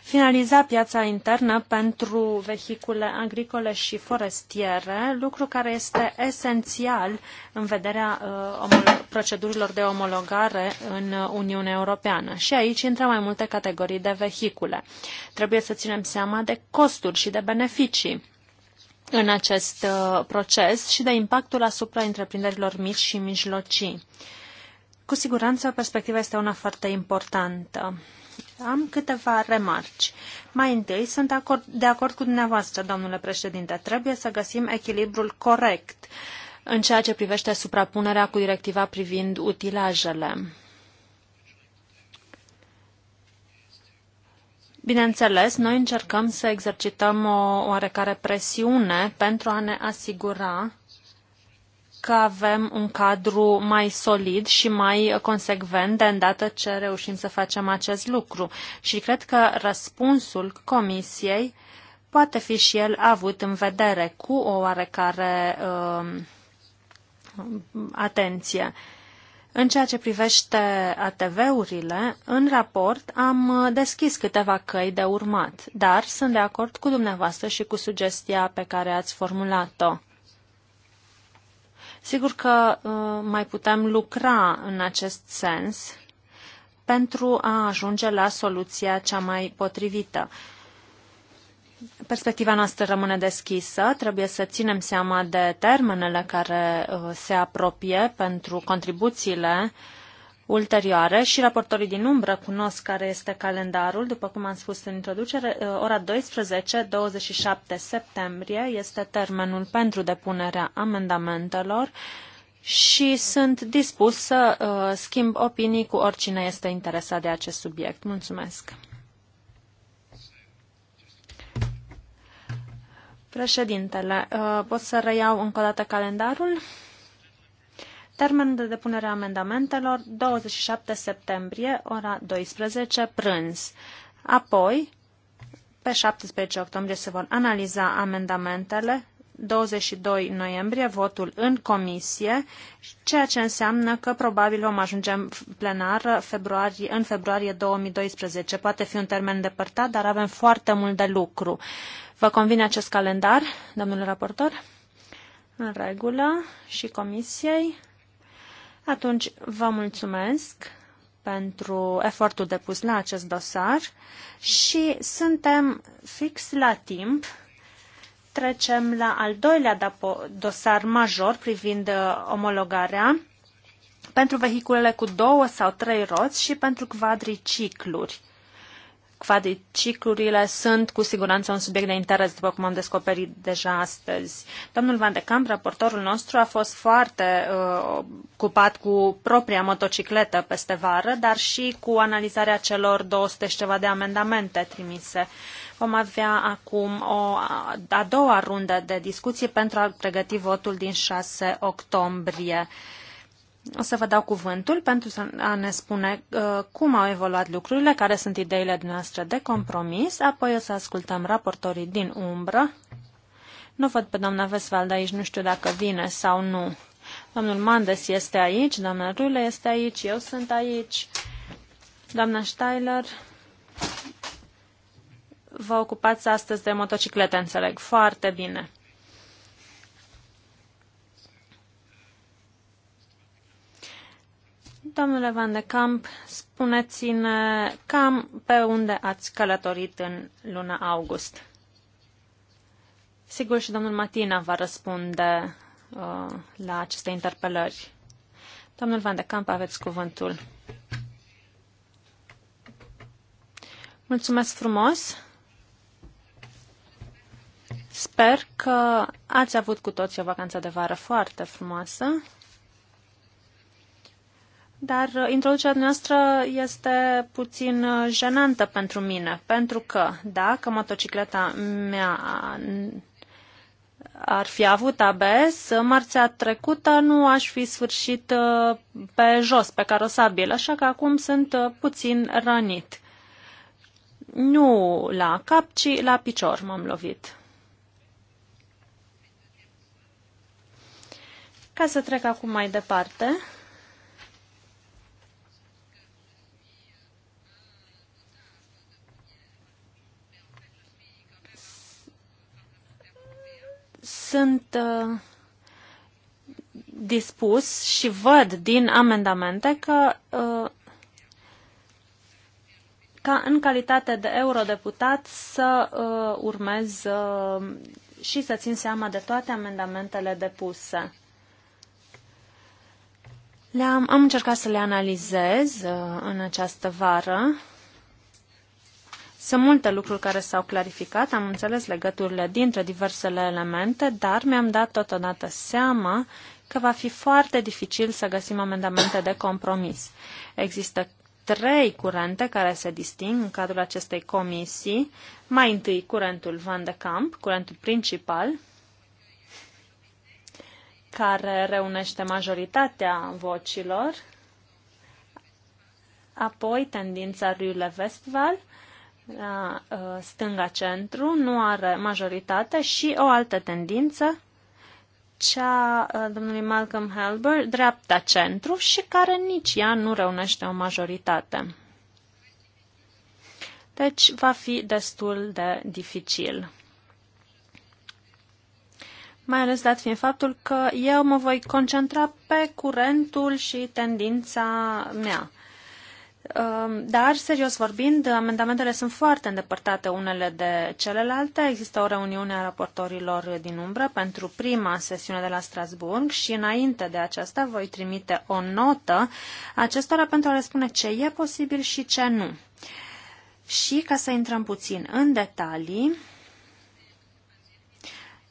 finaliza piața internă pentru vehicule agricole și forestiere, lucru care este esențial în vederea uh, procedurilor de omologare în Uniunea Europeană. Și aici intră mai multe categorii de vehicule. Trebuie să ținem seama de costuri și de beneficii în acest uh, proces și de impactul asupra întreprinderilor mici și mijlocii. Cu siguranță, perspectiva este una foarte importantă. Am câteva remarci. Mai întâi, sunt acord, de acord cu dumneavoastră, domnule președinte. Trebuie să găsim echilibrul corect în ceea ce privește suprapunerea cu directiva privind utilajele. Bineînțeles, noi încercăm să exercităm o oarecare presiune pentru a ne asigura că avem un cadru mai solid și mai consecvent de îndată ce reușim să facem acest lucru. Și cred că răspunsul Comisiei poate fi și el avut în vedere cu o oarecare uh, atenție. Uh, în ceea ce privește ATV-urile, în raport am uh, deschis câteva căi de urmat, dar sunt de acord cu dumneavoastră și cu sugestia pe care ați formulat-o. Sigur că uh, mai putem lucra în acest sens pentru a ajunge la soluția cea mai potrivită. Perspectiva noastră rămâne deschisă. Trebuie să ținem seama de termenele care uh, se apropie pentru contribuțiile ulterioare și raportorii din umbră cunosc care este calendarul. După cum am spus în introducere, uh, ora 12, 27 septembrie este termenul pentru depunerea amendamentelor și sunt dispus să uh, schimb opinii cu oricine este interesat de acest subiect. Mulțumesc! Președintele, uh, pot să reiau încă o dată calendarul? Termen de depunere a amendamentelor 27 septembrie, ora 12, prânz. Apoi, pe 17 octombrie se vor analiza amendamentele, 22 noiembrie votul în comisie, ceea ce înseamnă că probabil vom ajunge în plenar februarie, în februarie 2012. Poate fi un termen depărtat, dar avem foarte mult de lucru. Vă convine acest calendar, domnule raportor? În regulă și comisiei. Atunci vă mulțumesc pentru efortul depus la acest dosar și suntem fix la timp. Trecem la al doilea dosar major privind uh, omologarea pentru vehiculele cu două sau trei roți și pentru quadricicluri. Quadriciclurile sunt cu siguranță un subiect de interes, după cum am descoperit deja astăzi. Domnul Van de Camp, raportorul nostru, a fost foarte uh, ocupat cu propria motocicletă peste vară, dar și cu analizarea celor 200 și ceva de amendamente trimise. Vom avea acum o a doua rundă de discuții pentru a pregăti votul din 6 octombrie. O să vă dau cuvântul pentru a ne spune uh, cum au evoluat lucrurile, care sunt ideile noastre de compromis, apoi o să ascultăm raportorii din umbră. Nu văd pe doamna de aici, nu știu dacă vine sau nu. Domnul Mandes este aici, doamna Rule este aici, eu sunt aici, doamna Steiler. Vă ocupați astăzi de motociclete, înțeleg. Foarte bine. Domnule Van de Camp, spuneți-ne cam pe unde ați călătorit în luna august. Sigur și domnul Matina va răspunde uh, la aceste interpelări. Domnul Van de Camp, aveți cuvântul. Mulțumesc frumos! Sper că ați avut cu toții o vacanță de vară foarte frumoasă. Dar uh, introducerea noastră este puțin uh, jenantă pentru mine, pentru că dacă motocicleta mea ar fi avut ABS, marțea trecută nu aș fi sfârșit uh, pe jos, pe carosabil, așa că acum sunt puțin rănit. Nu la cap, ci la picior m-am lovit. Ca să trec acum mai departe, sunt uh, dispus și văd din amendamente că uh, ca în calitate de eurodeputat să uh, urmez uh, și să țin seama de toate amendamentele depuse. Le-am, am încercat să le analizez uh, în această vară sunt multe lucruri care s-au clarificat, am înțeles legăturile dintre diversele elemente, dar mi-am dat totodată seama că va fi foarte dificil să găsim amendamente de compromis. Există trei curente care se disting în cadrul acestei comisii. Mai întâi curentul Van de Camp, curentul principal, care reunește majoritatea vocilor, apoi tendința Rule Westval, la uh, stânga-centru, nu are majoritate și o altă tendință, cea uh, domnului Malcolm Halber, dreapta-centru și care nici ea nu reunește o majoritate. Deci va fi destul de dificil. Mai ales dat fiind faptul că eu mă voi concentra pe curentul și tendința mea. Um, dar, serios vorbind, amendamentele sunt foarte îndepărtate unele de celelalte. Există o reuniune a raportorilor din umbră pentru prima sesiune de la Strasburg și înainte de aceasta voi trimite o notă acestora pentru a le spune ce e posibil și ce nu. Și ca să intrăm puțin în detalii,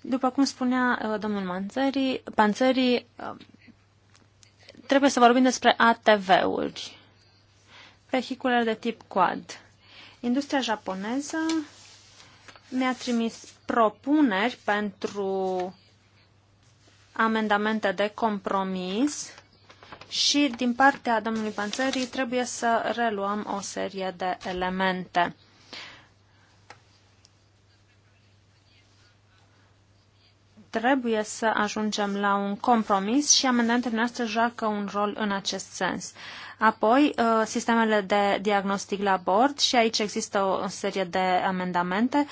după cum spunea uh, domnul Manțării, uh, trebuie să vorbim despre ATV-uri vehiculele de tip quad. Industria japoneză mi-a trimis propuneri pentru amendamente de compromis și din partea domnului Panțării trebuie să reluăm o serie de elemente. Trebuie să ajungem la un compromis și amendamentele noastre joacă un rol în acest sens. Uh, Apoi, uh, sistemele de diagnostic la bord și aici există o serie de amendamente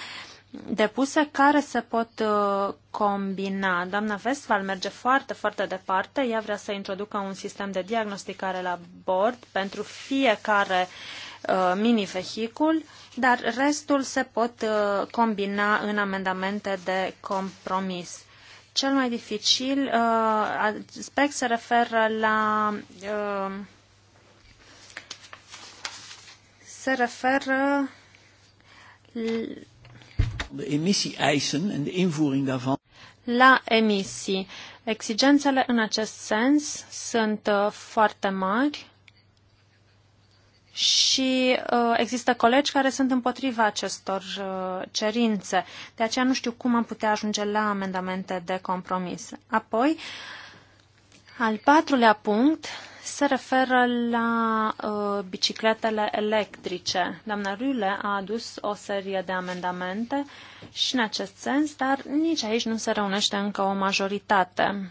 depuse care se pot uh, combina. Doamna Vestval merge foarte, foarte departe. Ea vrea să introducă un sistem de diagnosticare la bord pentru fiecare uh, mini vehicul, dar restul se pot combina în amendamente de compromis. Cel mai dificil aspect se referă la se referă de emisii eisen en de invoering daarvan. La emisii. Exigențele în acest sens sunt uh, foarte mari și uh, există colegi care sunt împotriva acestor uh, cerințe. De aceea nu știu cum am putea ajunge la amendamente de compromis. Apoi, al patrulea punct se referă la uh, bicicletele electrice. Doamna Rule a adus o serie de amendamente și în acest sens, dar nici aici nu se reunește încă o majoritate.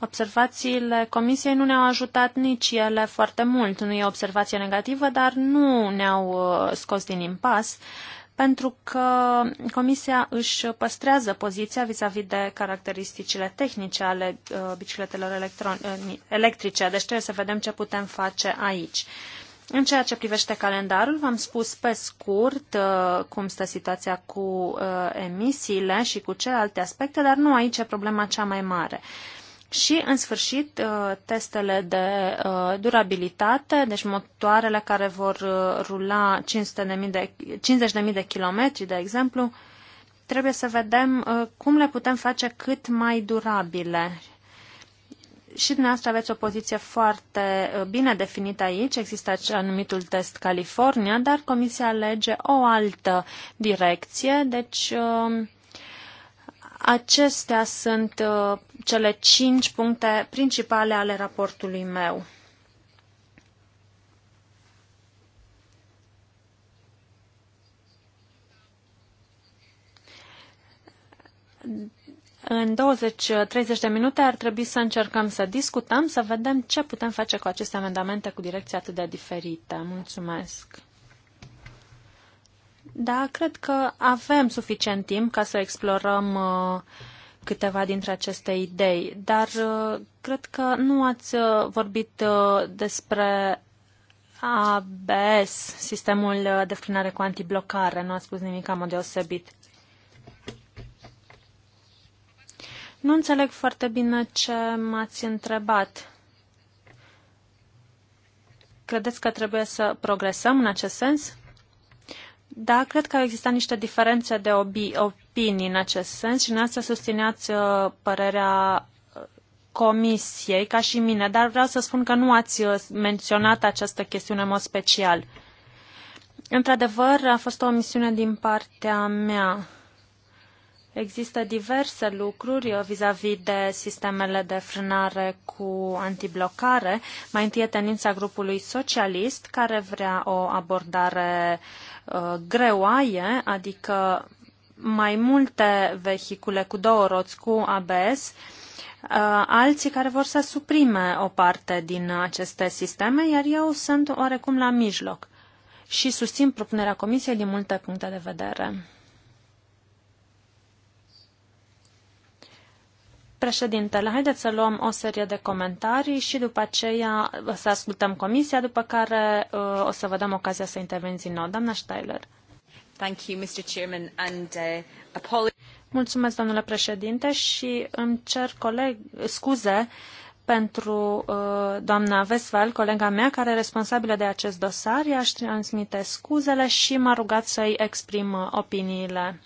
Observațiile Comisiei nu ne-au ajutat nici ele foarte mult. Nu e o observație negativă, dar nu ne-au uh, scos din impas. Uh, pentru că Comisia își păstrează poziția vis-a-vis -vis de caracteristicile tehnice ale uh, bicicletelor uh, electrice, deci trebuie să vedem ce putem face aici. În ceea ce privește calendarul, v-am spus pe scurt uh, cum stă situația cu emisiile și cu celelalte aspecte, dar nu aici e problema cea mai mare. Uh, și, în sfârșit, uh, testele de uh, durabilitate, deci motoarele care vor uh, rula 50.000 de, de kilometri, de exemplu, trebuie să vedem cum le putem face cât mai durabile. Și dumneavoastră aveți o poziție foarte bine definită aici. Există anumitul test California, dar Comisia alege o altă direcție, deci uh, Acestea sunt uh, cele cinci puncte principale ale raportului meu. În 20-30 de minute ar trebui să încercăm să discutăm, să vedem ce putem face cu aceste amendamente cu direcții atât de diferite. Mulțumesc! Da, cred că avem suficient timp ca să explorăm uh, câteva dintre aceste idei, dar uh, cred că nu ați uh, vorbit despre ABS, sistemul de frânare cu antiblocare. Nu ați spus nimic am deosebit. Nu înțeleg foarte bine ce m-ați întrebat. Credeți că trebuie să progresăm în acest sens? Da, cred că au existat niște diferențe de obi- opinii în acest sens și să susțineați uh, părerea uh, comisiei, ca și mine, dar vreau să spun că nu ați uh, menționat această chestiune în mod special. Într-adevăr, a fost o misiune din partea mea. Există diverse lucruri uh, vis-a-vis -vis de sistemele de frânare cu antiblocare. Mai întâi e grupului socialist, care vrea o abordare uh, greoaie, adică mai multe vehicule cu două roți cu ABS, uh, alții care vor să suprime o parte din aceste sisteme, iar eu sunt oarecum la mijloc și susțin propunerea Comisiei din multe puncte de vedere. Președintele, haideți să luăm o serie de comentarii și după aceea să ascultăm comisia, după care uh, o să vă dăm ocazia să interveniți din nou. Doamna Steiler. Thank you, Mr. Chairman, and, uh, Mulțumesc, domnule președinte, și îmi cer coleg, scuze pentru uh, doamna Vesval, colega mea, care e responsabilă de acest dosar. I-aș transmite scuzele și m-a rugat să-i exprim uh, opiniile,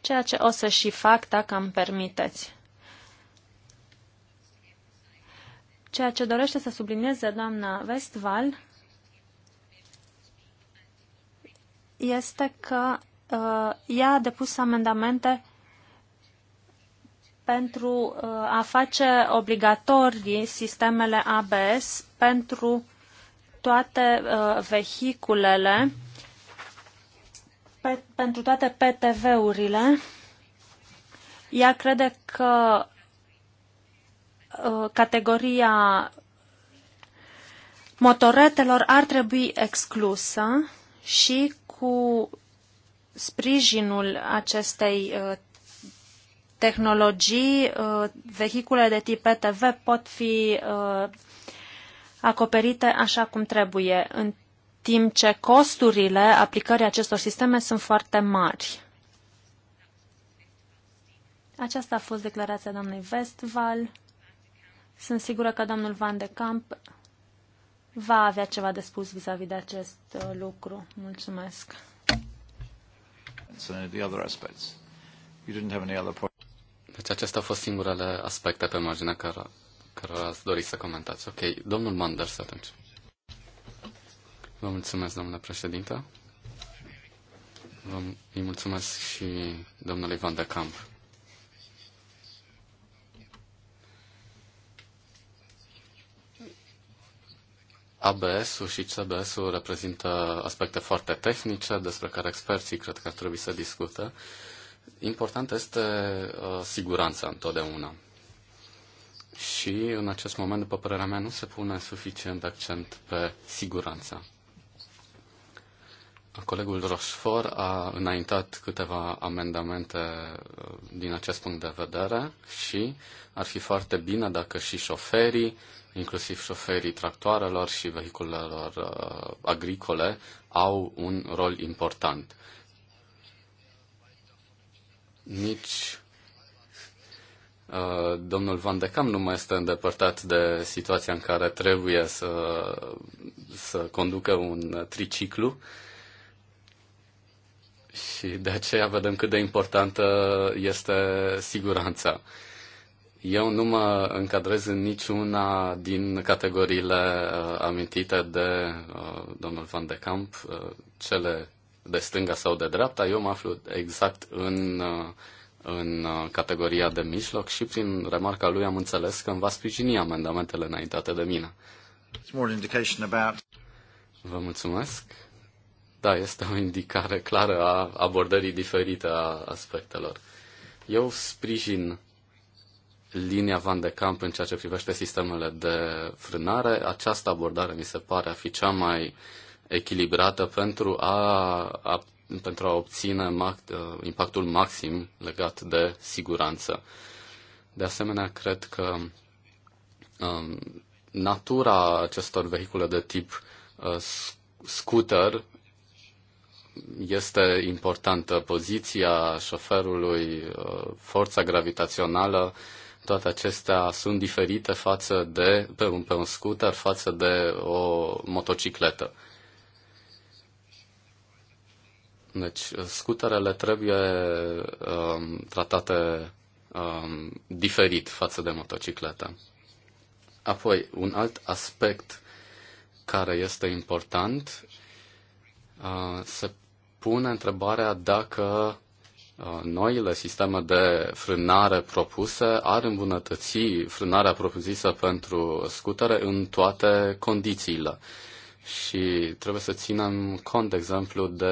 ceea ce o să și fac dacă îmi permiteți. Ceea ce dorește să sublinieze doamna Westval este că uh, ea a depus amendamente pentru uh, a face obligatorii sistemele ABS pentru toate uh, vehiculele, pe, pentru toate PTV-urile. Ea crede că Uh, categoria motoretelor ar trebui exclusă și cu sprijinul acestei uh, tehnologii, uh, vehicule de tip ETV pot fi acoperite așa cum trebuie, în timp ce costurile aplicării acestor sisteme sunt foarte mari. Aceasta a fost declarația doamnei Westval. Sunt sigură că domnul Van de Camp va avea ceva de spus vis-a-vis -vis de acest uh, lucru. Mulțumesc. Deci acesta a fost singurele aspecte pe marginea care, care ați dori să comentați. Ok, domnul Manders atunci. Vă mulțumesc, domnule președinte. Vă, mulțumesc și domnului Van de Camp ABS-ul și CBS-ul reprezintă aspecte foarte tehnice despre care experții cred că ar trebui să discută. Important este uh, siguranța întotdeauna. Și în acest moment, după părerea mea, nu se pune suficient accent pe siguranța. Colegul Rochefort a înaintat câteva amendamente uh, din acest punct de vedere și ar fi foarte bine dacă și șoferii inclusiv șoferii tractoarelor și vehiculelor uh, agricole, au un rol important. Nici uh, domnul Van de Cam nu mai este îndepărtat de situația în care trebuie să, să conducă un triciclu și de aceea vedem cât de importantă este siguranța. Uh, eu nu mă încadrez în niciuna din categoriile uh, amintite de uh, domnul Van de Camp, uh, cele de stânga sau de dreapta. Eu mă aflu exact în, uh, în uh, categoria de mijloc și prin remarca lui am înțeles că îmi va sprijini amendamentele înaintate de mine. Vă mulțumesc. Da, este o indicare clară a abordării diferite a aspectelor. Eu sprijin linia Van de Camp în ceea ce privește sistemele de frânare. Această abordare mi se pare a fi cea mai echilibrată pentru a, a, pentru a obține mac, uh, impactul maxim legat de siguranță. De asemenea, cred că um, natura acestor vehicule de tip uh, scooter este importantă. Poziția șoferului, uh, forța gravitațională, uh, toate acestea sunt diferite față de, pe un, pe un scooter față de o motocicletă. Deci, scuterele trebuie um, tratate um, diferit față de motocicletă. Apoi, un alt aspect care este important, uh, se pune întrebarea dacă Uh, noile sisteme de frânare propuse ar îmbunătăți frânarea propusă pentru scutere în toate condițiile. Și trebuie să ținem cont, de exemplu, de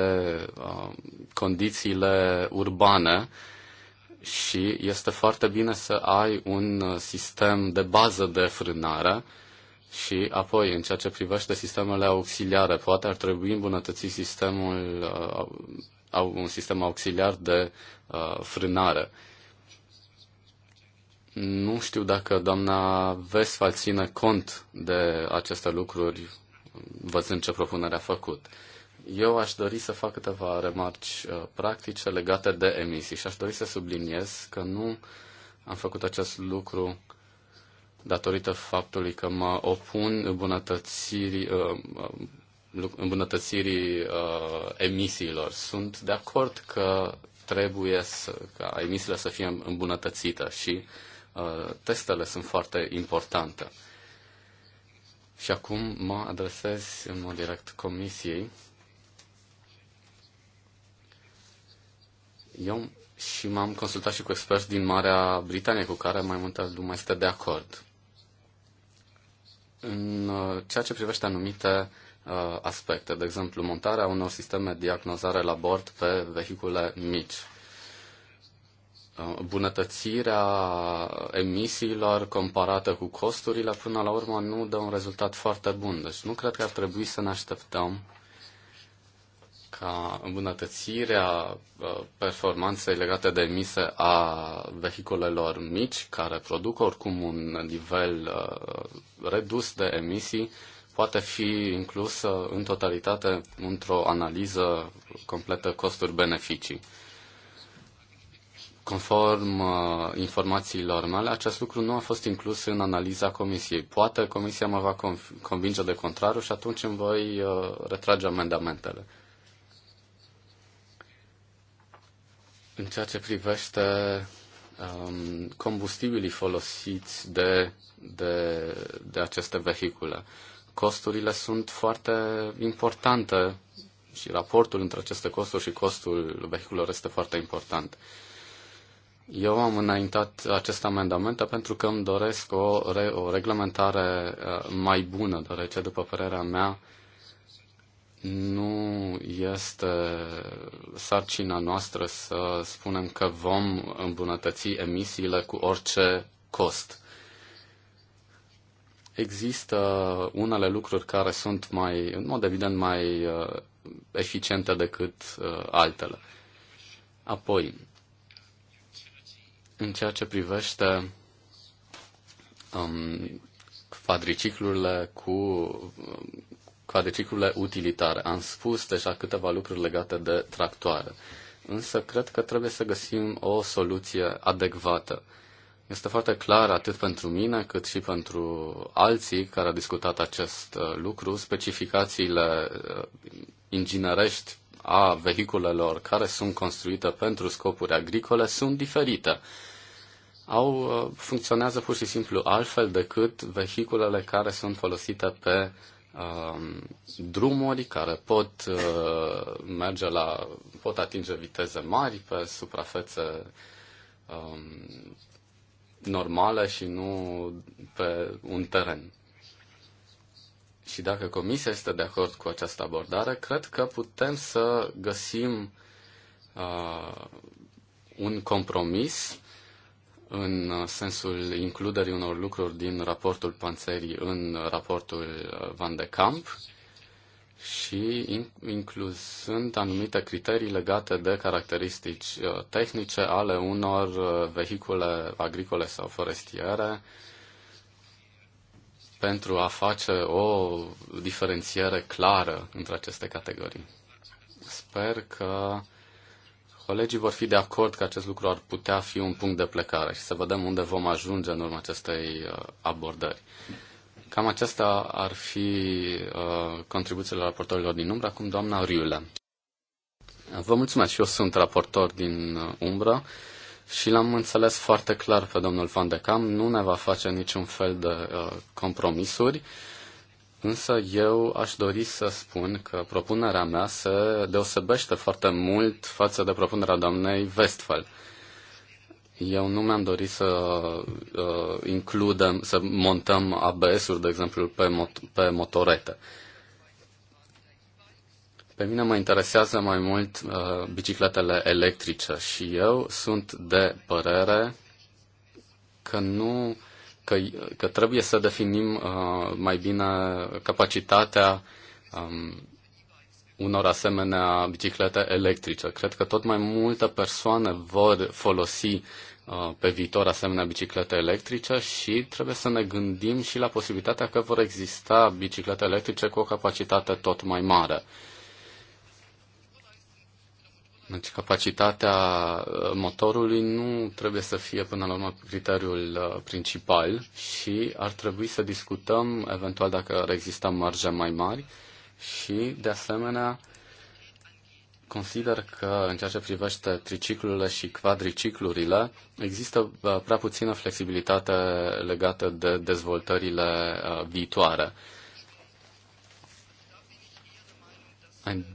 uh, condițiile urbane și este foarte bine să ai un sistem de bază de frânare și apoi, în ceea ce privește sistemele auxiliare, poate ar trebui îmbunătăți sistemul uh, au un sistem auxiliar de uh, frânare. Nu știu dacă doamna Vesfal ține cont de aceste lucruri, văzând ce propunere a făcut. Eu aș dori să fac câteva remarci uh, practice legate de emisii și aș dori să subliniez că nu am făcut acest lucru datorită faptului că mă opun îmbunătățirii, uh, îmbunătățirii uh, emisiilor. Sunt de acord că trebuie să, ca emisiile să fie îmbunătățite și uh, testele sunt foarte importante. Și acum mă adresez în mod direct comisiei. Eu și m-am consultat și cu experți din Marea Britanie, cu care mai multă lume este de acord. În uh, ceea ce privește anumite Uh, aspecte, de exemplu, montarea unor sisteme diagnozare la bord pe vehicule mici, uh, bunătățirea emisiilor comparată cu costurile, până la urmă, nu dă un rezultat foarte bun. Deci nu cred că ar trebui să ne așteptăm ca îmbunătățirea uh, performanței legate de emise a vehiculelor mici, care produc oricum un nivel redus de emisii, poate fi inclusă în totalitate într-o analiză completă costuri-beneficii. Conform uh, informațiilor mele, acest lucru nu a fost inclus în analiza comisiei. Poate comisia mă va conv- convinge de contrariu și atunci îmi voi uh, retrage amendamentele. În ceea ce privește um, combustibilii folosiți de, de, de aceste vehicule costurile sunt foarte importante și raportul între aceste costuri și costul vehiculelor este foarte important. Eu am înaintat acest amendament pentru că îmi doresc o, re- o reglementare uh, mai bună, deoarece, după părerea mea, nu este sarcina noastră să spunem că vom îmbunătăți emisiile cu orice cost. Există unele lucruri care sunt mai, în mod evident, mai uh, eficiente decât uh, altele. Apoi, în ceea ce privește um, quadriciclurile cu um, quadriciclurile utilitare, am spus deja câteva lucruri legate de tractoare, însă cred că trebuie să găsim o soluție adecvată. Este foarte clar atât pentru mine cât și pentru alții care au discutat acest uh, lucru, specificațiile uh, inginerești a vehiculelor care sunt construite pentru scopuri agricole sunt diferite. Au, uh, funcționează pur și simplu altfel decât vehiculele care sunt folosite pe um, drumuri care pot merge la, pot atinge viteze mari pe suprafețe um, normală și nu pe un teren. Și dacă Comisia este de acord cu această abordare, cred că putem să găsim uh, un compromis în sensul includerii unor lucruri din raportul Panțerii în raportul uh, Van de Camp și incluzând anumite criterii legate de caracteristici uh, tehnice ale unor uh, vehicule agricole sau forestiere pentru a face o diferențiere clară între aceste categorii. Sper că colegii vor fi de acord că acest lucru ar putea fi un punct de plecare și să vedem unde vom ajunge în urma acestei uh, abordări. Cam aceasta ar fi uh, contribuțiile raportorilor din umbră. Acum, doamna Riule. Vă mulțumesc și eu sunt raportor din umbră și l-am înțeles foarte clar pe domnul Van de Cam. Nu ne va face niciun fel de uh, compromisuri, însă eu aș dori să spun că propunerea mea se deosebește foarte mult față de propunerea doamnei Westfall. Uh, eu nu mi-am dorit să uh, includem, să montăm ABS-uri, de exemplu, pe, mot- pe motorete. Pe mine mă interesează mai mult uh, bicicletele electrice și eu sunt de părere că nu că, că trebuie să definim uh, mai bine capacitatea um, unor asemenea biciclete electrice. Cred că tot mai multe persoane vor folosi uh, pe viitor asemenea biciclete electrice și trebuie să ne gândim și la posibilitatea că vor exista biciclete electrice cu o capacitate tot mai mare. Deci capacitatea uh, motorului nu trebuie să fie până la urmă criteriul uh, principal și ar trebui să discutăm eventual dacă ar exista marje mai mari și, de asemenea, consider că în ceea ce privește triciclurile și quadriciclurile, există uh, prea puțină flexibilitate legată de dezvoltările uh, viitoare.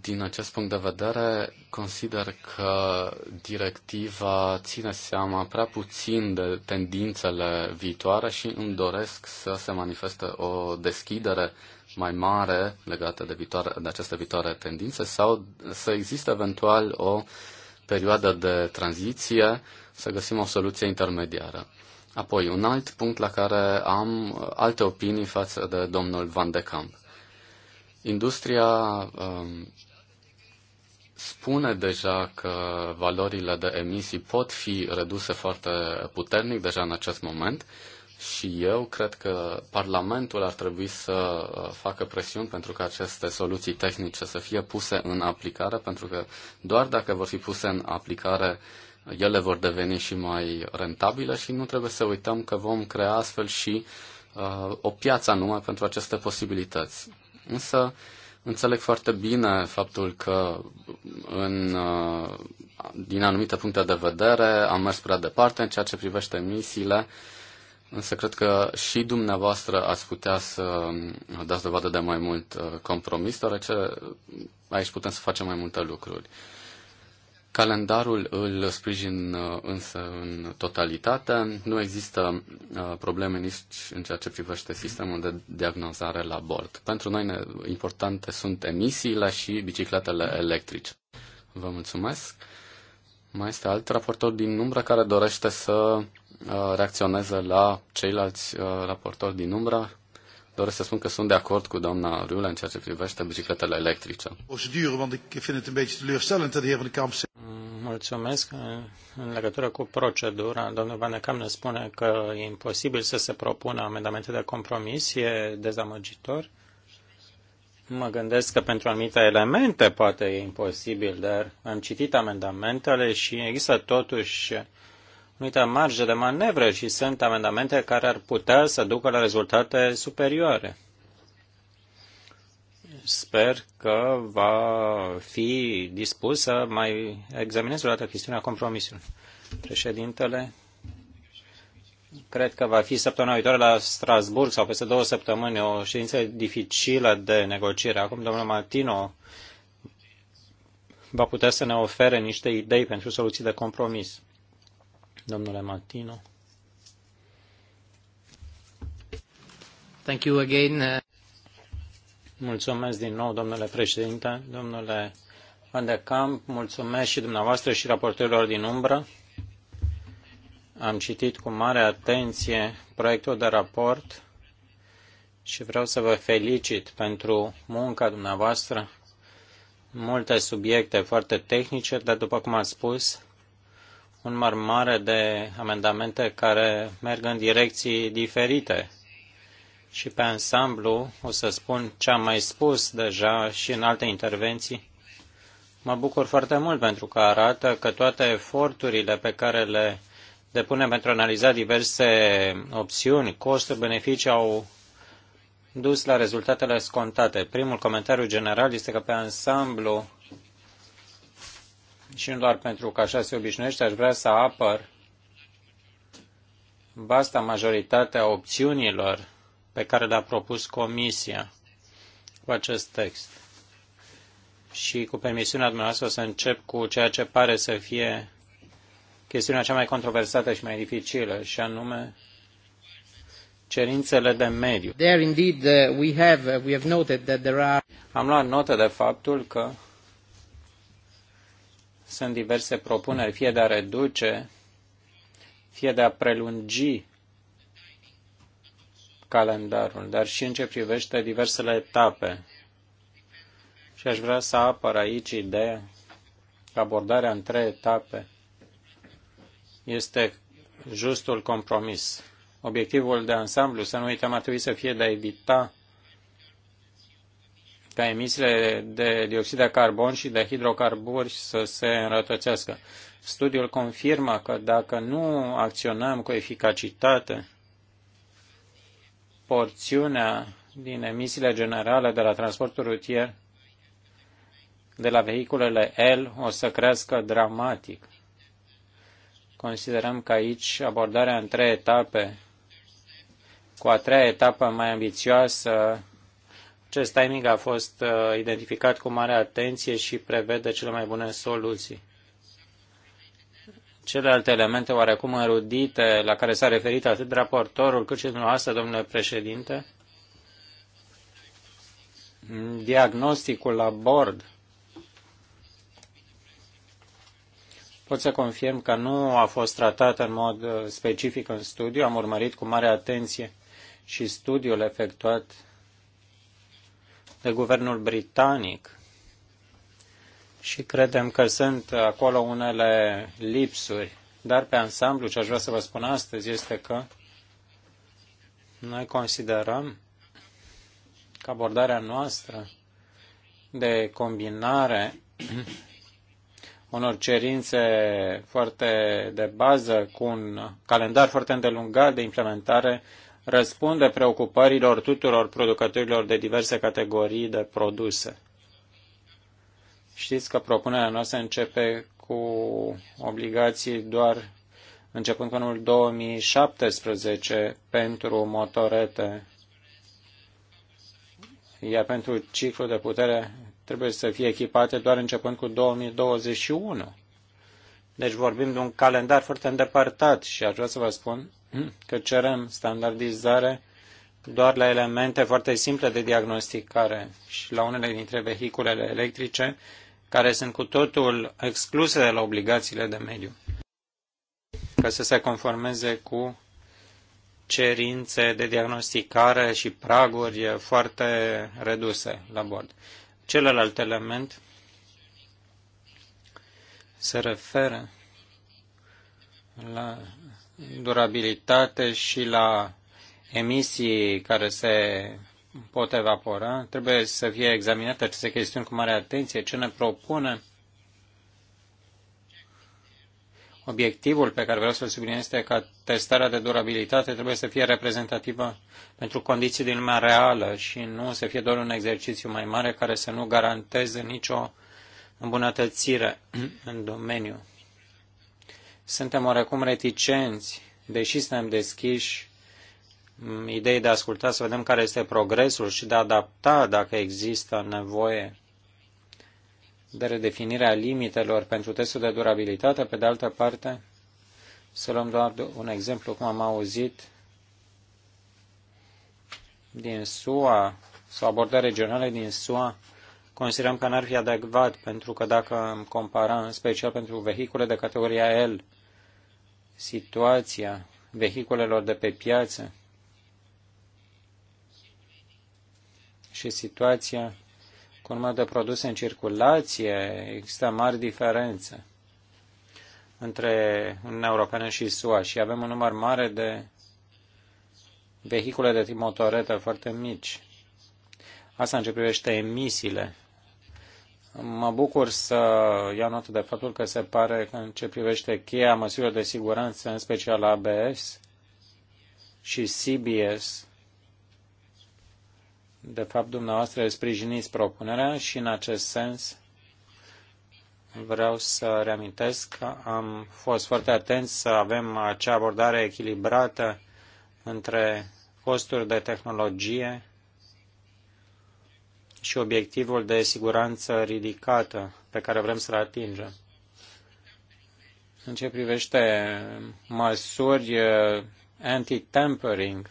Din acest punct de vedere, consider că directiva ține seama prea puțin de tendințele viitoare și îmi doresc să se manifeste o deschidere mai mare legată de, viitoare, de această viitoare tendință sau să existe eventual o perioadă de tranziție, să găsim o soluție intermediară. Apoi, un alt punct la care am alte opinii față de domnul Van de Camp. Industria um, spune deja că valorile de emisii pot fi reduse foarte puternic deja în acest moment, uh, și eu cred că Parlamentul ar trebui să uh, facă presiuni pentru că aceste soluții tehnice să fie puse în aplicare, pentru că doar dacă vor fi puse în aplicare, ele vor deveni și mai rentabile și nu trebuie să uităm că vom crea astfel și uh, o piață anume pentru aceste posibilități. Însă, Înțeleg foarte bine faptul că în, uh, din anumite puncte de vedere am mers prea departe în ceea ce privește emisiile Însă cred că și dumneavoastră ați putea să dați dovadă de mai mult uh, compromis, deoarece aici putem să facem mai multe lucruri. Calendarul îl sprijin uh, însă în totalitate. Nu există uh, probleme nici în ceea ce privește sistemul de diagnozare la bord. Pentru noi importante sunt emisiile și bicicletele electrice. Vă mulțumesc. Mai este alt raportor din umbră care dorește să Uh, reacționeze la ceilalți uh, raportori din umbra. Doresc să spun că sunt de acord cu doamna Rule în ceea ce privește bicicletele electrice. Mm, mulțumesc. În legătură cu procedura, domnul Van de ne spune că e imposibil să se propună amendamente de compromis, e dezamăgitor. Mă gândesc că pentru anumite elemente poate e imposibil, dar am citit amendamentele și există totuși anumită marjă de manevră și sunt amendamente care ar putea să ducă la rezultate superioare. Sper că va fi dispus să mai examinez o dată chestiunea compromisului. Președintele, cred că va fi săptămâna viitoare la Strasburg sau peste două săptămâni o ședință dificilă de negociere. Acum domnul Martino va putea să ne ofere niște idei pentru soluții de compromis domnule Martino. Thank you again. Uh, mulțumesc din nou, domnule președinte, domnule Van de Camp, mulțumesc și dumneavoastră și raportorilor din umbră. Am citit cu mare atenție proiectul de raport și vreau să vă felicit pentru munca dumneavoastră. Multe subiecte foarte tehnice, dar după cum am spus, un număr mare de amendamente care merg în direcții diferite. Și pe ansamblu, o să spun ce am mai spus deja și în alte intervenții, mă bucur foarte mult pentru că arată că toate eforturile pe care le depunem pentru a analiza diverse opțiuni, costuri, beneficii au dus la rezultatele scontate. Primul comentariu general este că pe ansamblu și nu doar pentru că așa se obișnuiește, aș vrea să apăr vasta majoritatea opțiunilor pe care le-a propus Comisia cu acest text. Și cu permisiunea dumneavoastră o să încep cu ceea ce pare să fie chestiunea cea mai controversată și mai dificilă, și anume cerințele de mediu. There, indeed, uh, we have, uh, we have noted that there are... Am luat notă de faptul că sunt diverse propuneri, fie de a reduce, fie de a prelungi calendarul, dar și în ce privește diversele etape. Și aș vrea să apăr aici ideea că abordarea în trei etape este justul compromis. Obiectivul de ansamblu, să nu uităm, ar trebui să fie de a evita ca emisiile de dioxid de carbon și de hidrocarburi să se înrătățească. Studiul confirmă că dacă nu acționăm cu eficacitate, porțiunea din emisiile generale de la transportul rutier de la vehiculele L o să crească dramatic. Considerăm că aici abordarea în trei etape, cu a treia etapă mai ambițioasă, acest timing a fost uh, identificat cu mare atenție și prevede cele mai bune soluții. Celelalte elemente oarecum înrudite la care s-a referit atât raportorul cât și dumneavoastră, domnule președinte, diagnosticul la bord. Pot să confirm că nu a fost tratat în mod uh, specific în studiu. Am urmărit cu mare atenție și studiul efectuat de guvernul britanic și credem că sunt acolo unele lipsuri. Dar pe ansamblu, ce aș vrea să vă spun astăzi este că noi considerăm că abordarea noastră de combinare unor cerințe foarte de bază cu un calendar foarte îndelungat de implementare răspunde preocupărilor tuturor producătorilor de diverse categorii de produse. Știți că propunerea noastră începe cu obligații doar începând cu anul 2017 pentru motorete, iar pentru ciclu de putere trebuie să fie echipate doar începând cu 2021. Deci vorbim de un calendar foarte îndepărtat și aș vrea să vă spun că cerem standardizare doar la elemente foarte simple de diagnosticare și la unele dintre vehiculele electrice care sunt cu totul excluse de la obligațiile de mediu, ca să se conformeze cu cerințe de diagnosticare și praguri foarte reduse la bord. Celălalt element se referă la durabilitate și la emisii care se pot evapora. Trebuie să fie examinate aceste chestiuni cu mare atenție. Ce ne propune obiectivul pe care vreau să-l subliniez este că testarea de durabilitate trebuie să fie reprezentativă pentru condiții din lumea reală și nu să fie doar un exercițiu mai mare care să nu garanteze nicio îmbunătățire în domeniu. Suntem oarecum reticenți, deși suntem deschiși mm, idei de a asculta, să vedem care este progresul și de a adapta dacă există nevoie de redefinirea limitelor pentru testul de durabilitate. Pe de altă parte, să luăm doar un exemplu, cum am auzit din SUA sau abordări regionale din SUA, considerăm că n-ar fi adecvat, pentru că dacă comparăm, în special pentru vehicule de categoria L, situația vehiculelor de pe piață și situația cu număr de produse în circulație, există mari diferențe între Uniunea Europeană și SUA și avem un număr mare de vehicule de tip motoretă foarte mici. Asta în ce privește emisiile. Mă bucur să iau notă de faptul că se pare că în ce privește cheia măsurilor de siguranță, în special ABS și CBS, de fapt dumneavoastră sprijiniți propunerea și în acest sens vreau să reamintesc că am fost foarte atenți să avem acea abordare echilibrată între costuri de tehnologie și obiectivul de siguranță ridicată pe care vrem să-l atingem. În ce privește măsuri uh, anti-tampering,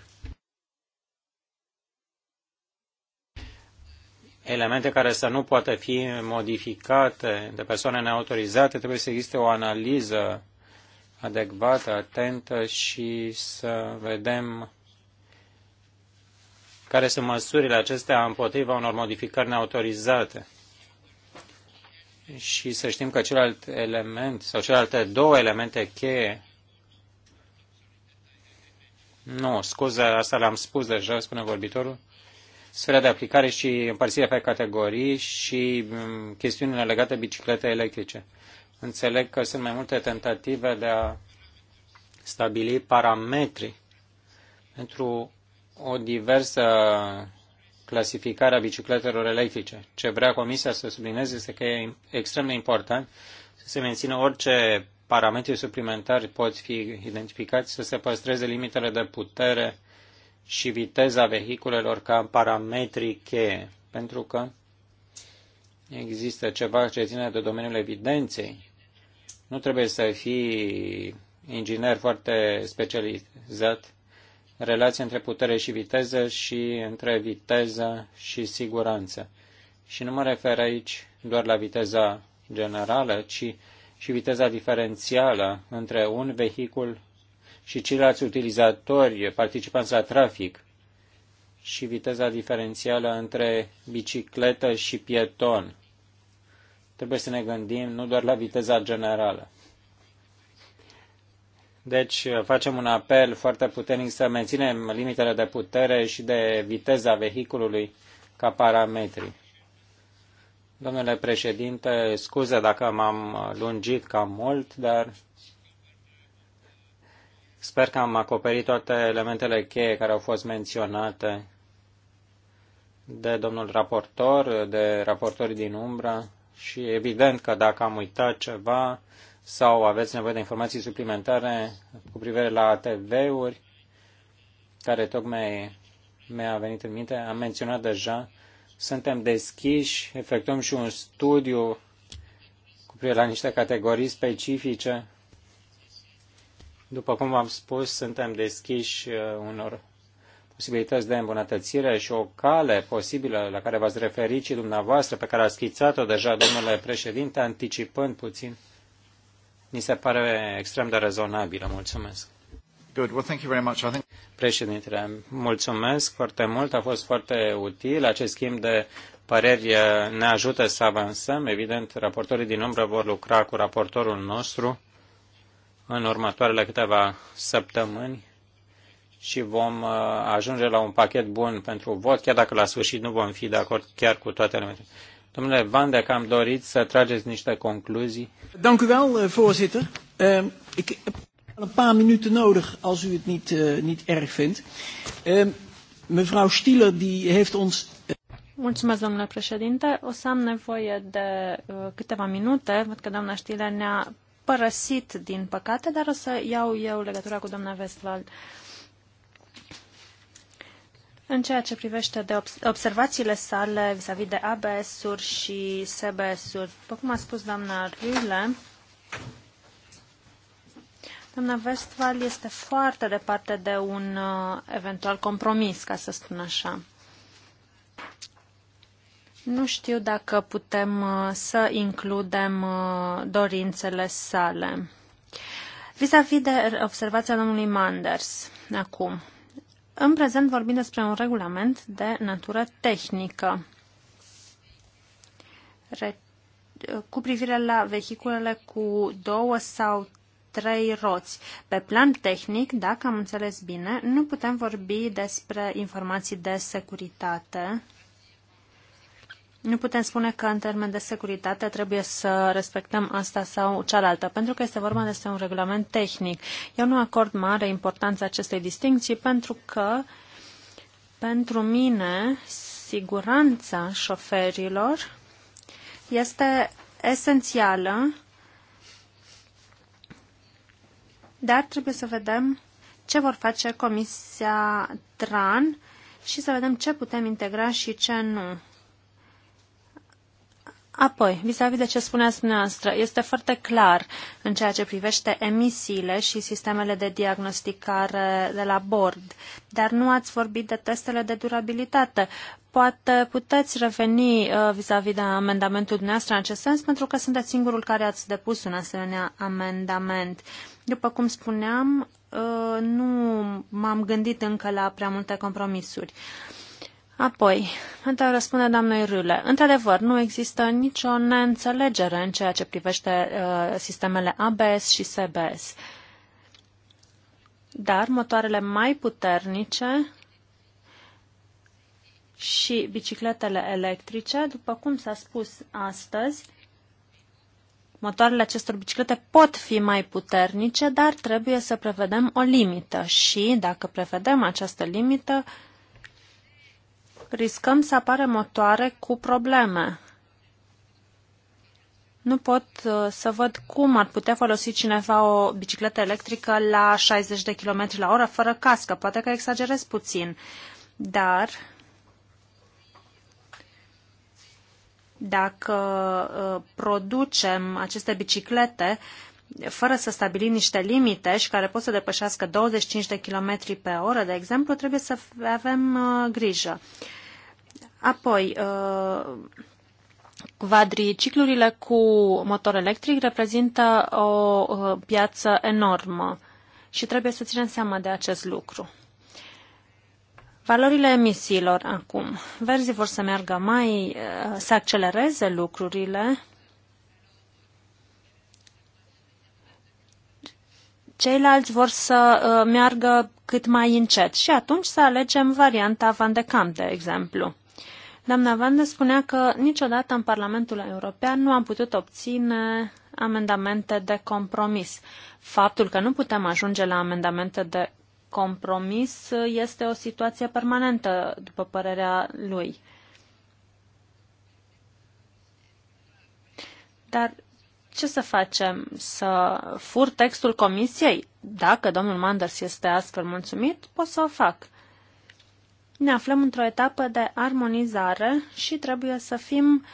elemente care să nu poată fi modificate de persoane neautorizate, trebuie să existe o analiză adecvată, atentă și să vedem care sunt măsurile acestea împotriva unor modificări neautorizate. Și să știm că celălalt element sau celelalte două elemente cheie nu, scuze, asta l-am spus deja, spune vorbitorul. Sfera de aplicare și împărțirea pe categorii și mm, chestiunile legate biciclete electrice. Înțeleg că sunt mai multe tentative de a stabili parametri pentru o diversă clasificare a bicicletelor electrice. Ce vrea Comisia să sublinez este că e extrem de important să se mențină orice parametri suplimentari pot fi identificați, să se păstreze limitele de putere și viteza vehiculelor ca parametri cheie, pentru că există ceva ce ține de domeniul evidenței. Nu trebuie să fii inginer foarte specializat relație între putere și viteză și între viteză și siguranță. Și nu mă refer aici doar la viteza generală, ci și viteza diferențială între un vehicul și ceilalți utilizatori, participanți la trafic, și viteza diferențială între bicicletă și pieton. Trebuie să ne gândim nu doar la viteza generală. Deci uh, facem un apel foarte puternic să menținem limitele de putere și de viteza vehiculului ca parametri. Domnule președinte, scuze dacă m-am lungit cam mult, dar sper că am acoperit toate elementele cheie care au fost menționate de domnul raportor, de raportorii din umbră și evident că dacă am uitat ceva, sau aveți nevoie de informații suplimentare cu privire la ATV-uri, care tocmai mi-a venit în minte, am menționat deja, suntem deschiși, efectuăm și un studiu cu privire la niște categorii specifice. După cum v-am spus, suntem deschiși uh, unor posibilități de îmbunătățire și o cale posibilă la care v-ați referit și dumneavoastră, pe care a schițat-o deja domnule președinte, anticipând puțin ni se pare extrem de rezonabilă. Mulțumesc. Good. Well, thank you very much. I think... Președintele, mulțumesc foarte mult. A fost foarte util. Acest schimb de păreri eh, ne ajută să avansăm. Evident, raportorii din umbră vor lucra cu raportorul nostru în următoarele câteva săptămâni și vom eh, ajunge la un pachet bun pentru vot, chiar dacă la sfârșit nu vom fi de acord chiar cu toate elementele. Domnule Van de Cam, doriți să trageți niște concluzii? Dank u wel, eh, voorzitter. Uh, ik heb een paar minuten nodig, als u het niet, uh, niet erg vindt. Uh, mevrouw Stieler, die heeft ons... Eh, Mulțumesc, domnule președinte. O să am nevoie de uh, câteva minute. Văd că doamna Stieler ne-a părăsit, din păcate, dar o să iau eu legătura cu doamna Westwald. Uh, în ceea ce privește de observațiile sale vis-a-vis -vis de ABS-uri și SBS-uri, după cum a spus doamna Rile, doamna Westphal este foarte departe de un uh, eventual compromis, ca să spun așa. Nu știu dacă putem uh, să includem uh, dorințele sale. Vis-a-vis -vis de observația domnului Manders, acum, în prezent vorbim despre un regulament de natură tehnică cu privire la vehiculele cu două sau trei roți. Pe plan tehnic, dacă am înțeles bine, nu putem vorbi despre informații de securitate nu putem spune că în termen de securitate trebuie să respectăm asta sau cealaltă, pentru că este vorba despre un regulament tehnic. Eu nu acord mare importanță acestei distinții pentru că, pentru mine, siguranța șoferilor este esențială, dar trebuie să vedem ce vor face Comisia TRAN și să vedem ce putem integra și ce nu. Apoi, vis-a-vis -vis de ce spuneați dumneavoastră, este foarte clar în ceea ce privește emisiile și sistemele de diagnosticare de la bord, dar nu ați vorbit de testele de durabilitate. Poate puteți reveni uh, vis-a-vis -vis de amendamentul dumneavoastră în acest sens, pentru că sunteți singurul care ați depus un asemenea amendament. După cum spuneam, uh, nu m-am gândit încă la prea multe compromisuri. Uh, Apoi, pentru a răspunde doamnei Rule, într-adevăr, nu există nicio neînțelegere în ceea ce privește uh, sistemele ABS și SBS. Dar motoarele mai puternice și bicicletele electrice, după cum s-a spus astăzi, motoarele acestor biciclete pot fi mai puternice, dar trebuie să prevedem o limită și, dacă prevedem această limită, uh, riscăm să apară motoare cu probleme. Nu pot uh, să văd cum ar putea folosi cineva o bicicletă electrică la 60 de km la oră fără cască. Poate că exagerez puțin, dar dacă uh, producem aceste biciclete fără să stabilim niște limite și care pot să depășească 25 de km pe oră, de exemplu, trebuie să avem uh, grijă. Apoi, uh, quadriciclurile cu motor electric reprezintă o uh, piață enormă și trebuie să ținem seama de acest lucru. Valorile emisiilor acum. Verzii vor să meargă mai, uh, să accelereze lucrurile. Ceilalți vor să meargă cât mai încet și atunci să alegem varianta Van de Camp, de exemplu. Doamna Vandă spunea că niciodată în Parlamentul European nu am putut obține amendamente de compromis. Faptul că nu putem ajunge la amendamente de compromis este o situație permanentă, după părerea lui. Dar ce să facem? Să fur textul comisiei? Dacă domnul Manders este astfel mulțumit, pot să o fac ne aflăm într-o etapă de armonizare și trebuie să fim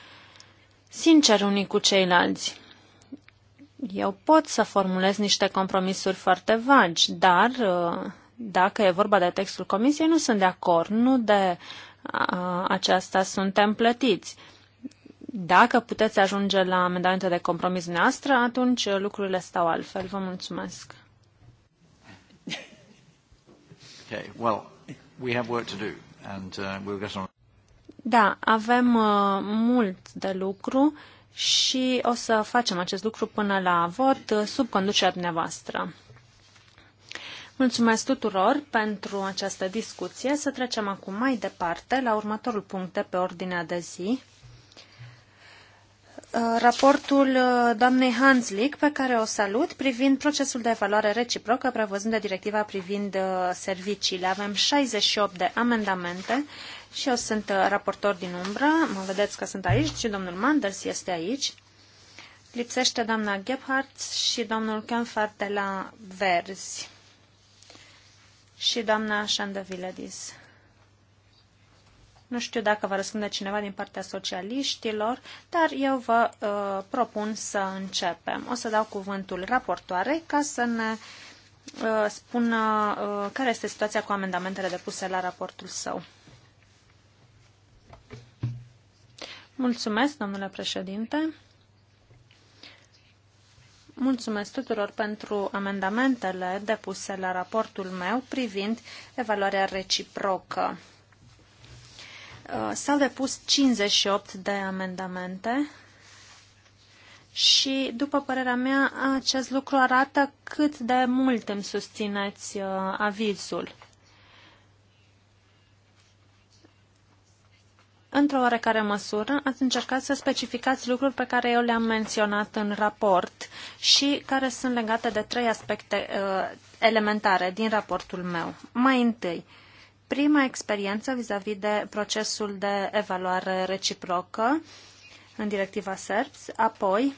sinceri unii cu ceilalți. Eu pot să formulez niște compromisuri foarte vagi, dar uh, dacă e vorba de textul comisiei, nu sunt de acord, nu de a, uh, aceasta suntem plătiți. Dacă puteți ajunge la amendamente de compromis noastră, atunci lucrurile stau altfel. Vă mulțumesc. Okay, well, we have work to do and uh, we'll get on. Da, avem uh, mult de lucru și o să facem acest lucru până la vot uh, sub conducerea dumneavoastră. Mulțumesc tuturor pentru această discuție. Să trecem acum mai departe la următorul punct de pe ordinea de zi. Uh, raportul uh, doamnei Hanslick, pe care o salut, privind procesul de evaluare reciprocă prevăzând de directiva privind uh, serviciile. Avem 68 de amendamente și eu sunt raportor din umbră. Mă vedeți că sunt aici și domnul Manders este aici. Lipsește doamna Gebhardt și domnul Canfar de la Verzi și doamna Șandaviladis. Nu știu dacă va răspunde cineva din partea socialiștilor, dar eu vă uh, propun să începem. O să dau cuvântul raportoare ca să ne uh, spună uh, care este situația cu amendamentele depuse la raportul său. Mulțumesc, domnule președinte. Mulțumesc tuturor pentru amendamentele depuse la raportul meu privind evaluarea reciprocă. Uh, s-au depus 58 de amendamente și, după părerea mea, acest lucru arată cât de mult îmi susțineți uh, avizul. Într-o oarecare măsură, ați încercat să specificați lucruri pe care eu le-am menționat în raport și care sunt legate de trei aspecte uh, elementare din raportul meu. Mai întâi, uh, prima experiență vis-a-vis -vis de procesul de evaluare reciprocă în directiva SERPS, apoi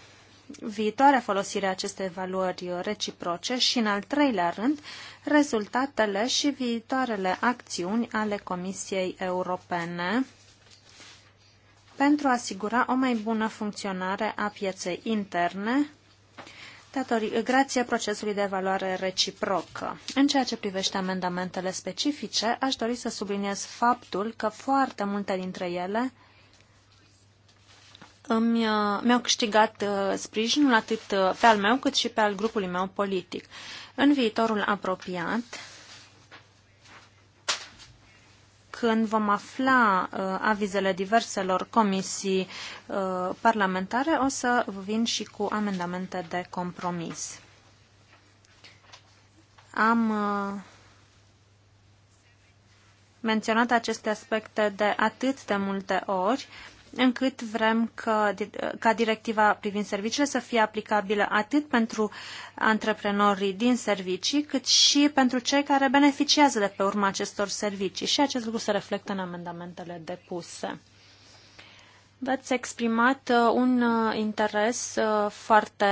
viitoarea folosire a acestei evaluări reciproce și, în al treilea rând, rezultatele și viitoarele acțiuni ale Comisiei Europene pentru a asigura o mai bună funcționare a pieței interne datori, grație procesului de evaluare reciprocă. În ceea ce privește amendamentele specifice, aș dori să subliniez faptul că foarte multe dintre ele uh, mi-au câștigat uh, sprijinul atât uh, pe al meu cât și pe al grupului meu politic. În viitorul apropiat, când vom afla uh, avizele diverselor comisii uh, parlamentare, o să vin și cu amendamente de compromis. Am uh, menționat aceste aspecte de atât de multe ori, uh, încât vrem că, ca directiva privind serviciile să fie aplicabilă atât pentru antreprenorii din servicii, cât și pentru cei care beneficiază de pe urma acestor servicii. Și acest lucru se reflectă în amendamentele depuse. V-ați exprimat uh, un uh, interes uh, foarte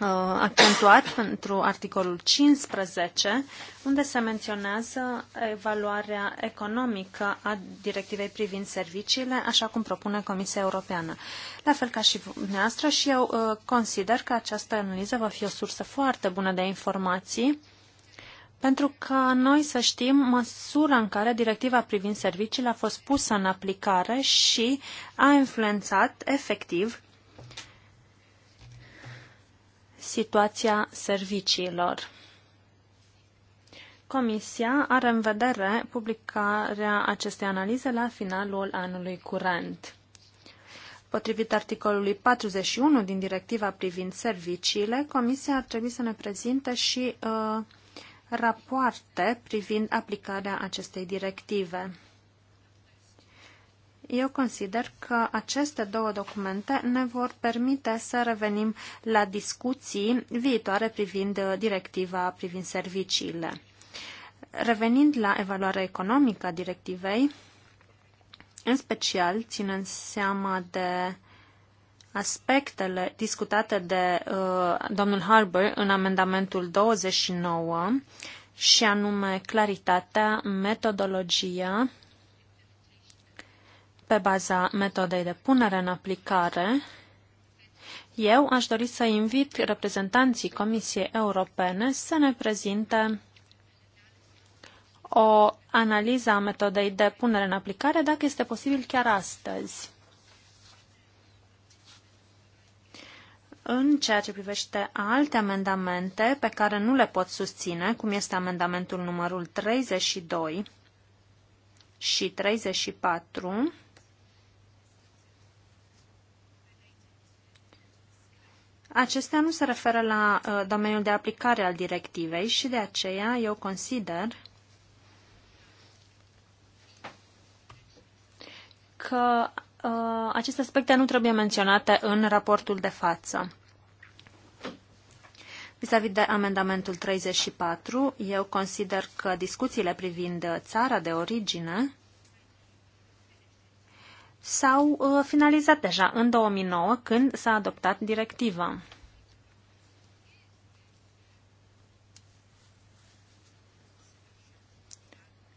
Uh, accentuat pentru articolul 15, unde se menționează evaluarea economică a directivei privind serviciile, așa cum propune Comisia Europeană. La fel ca și dumneavoastră, și eu uh, consider că această analiză va fi o sursă foarte bună de informații pentru că noi să știm măsura în care directiva privind serviciile a fost pusă în aplicare și a influențat efectiv situația serviciilor. Comisia are în vedere publicarea acestei analize la finalul anului curent. Potrivit articolului 41 din directiva privind serviciile, Comisia ar trebui să ne prezinte și uh, rapoarte privind aplicarea acestei directive. Eu consider că aceste două documente ne vor permite să revenim la discuții viitoare privind uh, directiva privind serviciile. Revenind la evaluarea economică a directivei, în special ținând seama de aspectele discutate de uh, domnul Harbour în amendamentul 29, și anume claritatea, metodologia, pe baza metodei de punere în aplicare, eu aș dori să invit reprezentanții Comisiei Europene să ne prezinte o analiză a metodei de punere în aplicare, dacă este posibil chiar astăzi. În ceea ce privește alte amendamente pe care nu le pot susține, cum este amendamentul numărul 32 și 34, Acestea nu se referă la uh, domeniul de aplicare al directivei și de aceea eu consider că uh, aceste aspecte nu trebuie menționate în raportul de față. Vis-a-vis -vis de amendamentul 34, eu consider că discuțiile privind țara de origine s-au uh, finalizat deja în 2009 când s-a adoptat directiva.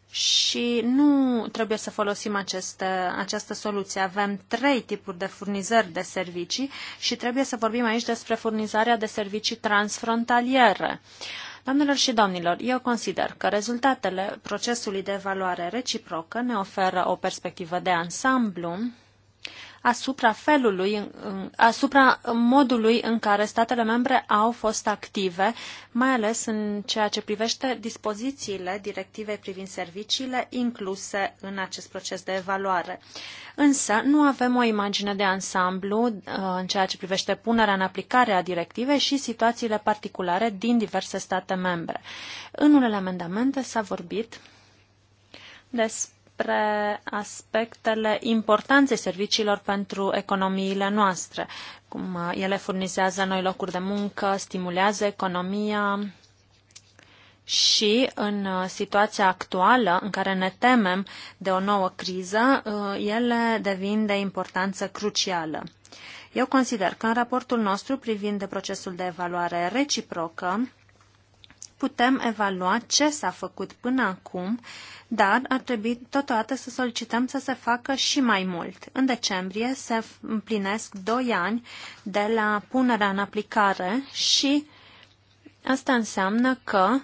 și nu trebuie să folosim aceste, această soluție. Avem trei tipuri de furnizări de servicii și trebuie să vorbim aici despre furnizarea de servicii transfrontaliere. Uh, Doamnelor și domnilor, eu consider că rezultatele procesului de evaluare reciprocă ne oferă o perspectivă de ansamblu asupra felului, asupra modului în care statele membre au fost active, mai ales în ceea ce privește dispozițiile directivei privind serviciile incluse în acest proces de evaluare. Însă nu avem o imagine de ansamblu uh, în ceea ce privește punerea în aplicare a directivei și situațiile particulare din diverse state membre. În unele amendamente s-a vorbit despre despre aspectele importanței serviciilor pentru economiile noastre, cum uh, ele furnizează noi locuri de muncă, stimulează economia și în uh, situația actuală în care ne temem de o nouă criză, uh, ele devin de importanță crucială. Eu consider că în raportul nostru privind de procesul de evaluare reciprocă, putem evalua ce s-a făcut până acum, dar ar trebui totodată să solicităm să se facă și mai mult. În decembrie se împlinesc 2 ani de la punerea în aplicare și asta înseamnă că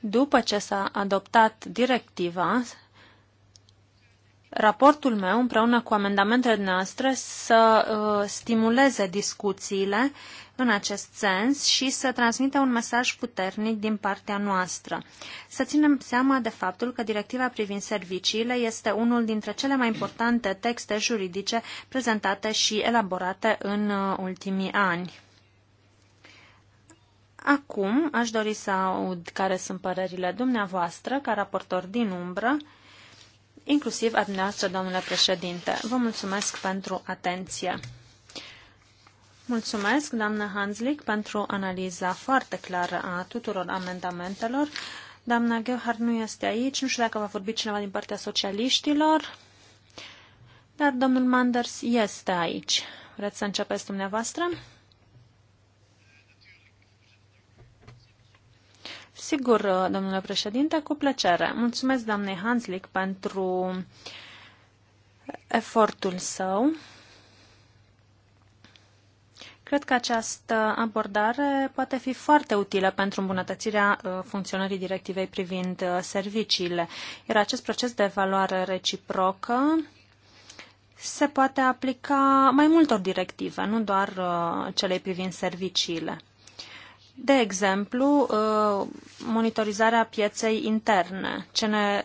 după ce s-a adoptat directiva, raportul meu împreună cu amendamentele noastre să uh, stimuleze discuțiile în acest sens și să transmită un mesaj puternic din partea noastră. Să ținem seama de faptul că directiva privind serviciile este unul dintre cele mai importante texte juridice prezentate și elaborate în uh, ultimii ani. Acum aș dori să aud care sunt părerile dumneavoastră ca raportor din umbră, inclusiv a dumneavoastră, domnule președinte. Vă mulțumesc pentru atenție. Mulțumesc, doamnă Hanslick, pentru analiza foarte clară a tuturor amendamentelor. Doamna Gheohar nu este aici, nu știu dacă va vorbi cineva din partea socialiștilor, dar domnul Manders este aici. Vreți să începeți dumneavoastră? Sigur, domnule președinte, cu plăcere. Mulțumesc doamnei Hanslick pentru efortul său. Cred că această abordare poate fi foarte utilă pentru îmbunătățirea uh, funcționării directivei privind uh, serviciile, iar acest proces de evaluare reciprocă se poate aplica mai multor directive, nu doar uh, celei privind serviciile. De exemplu, monitorizarea pieței interne. Ce ne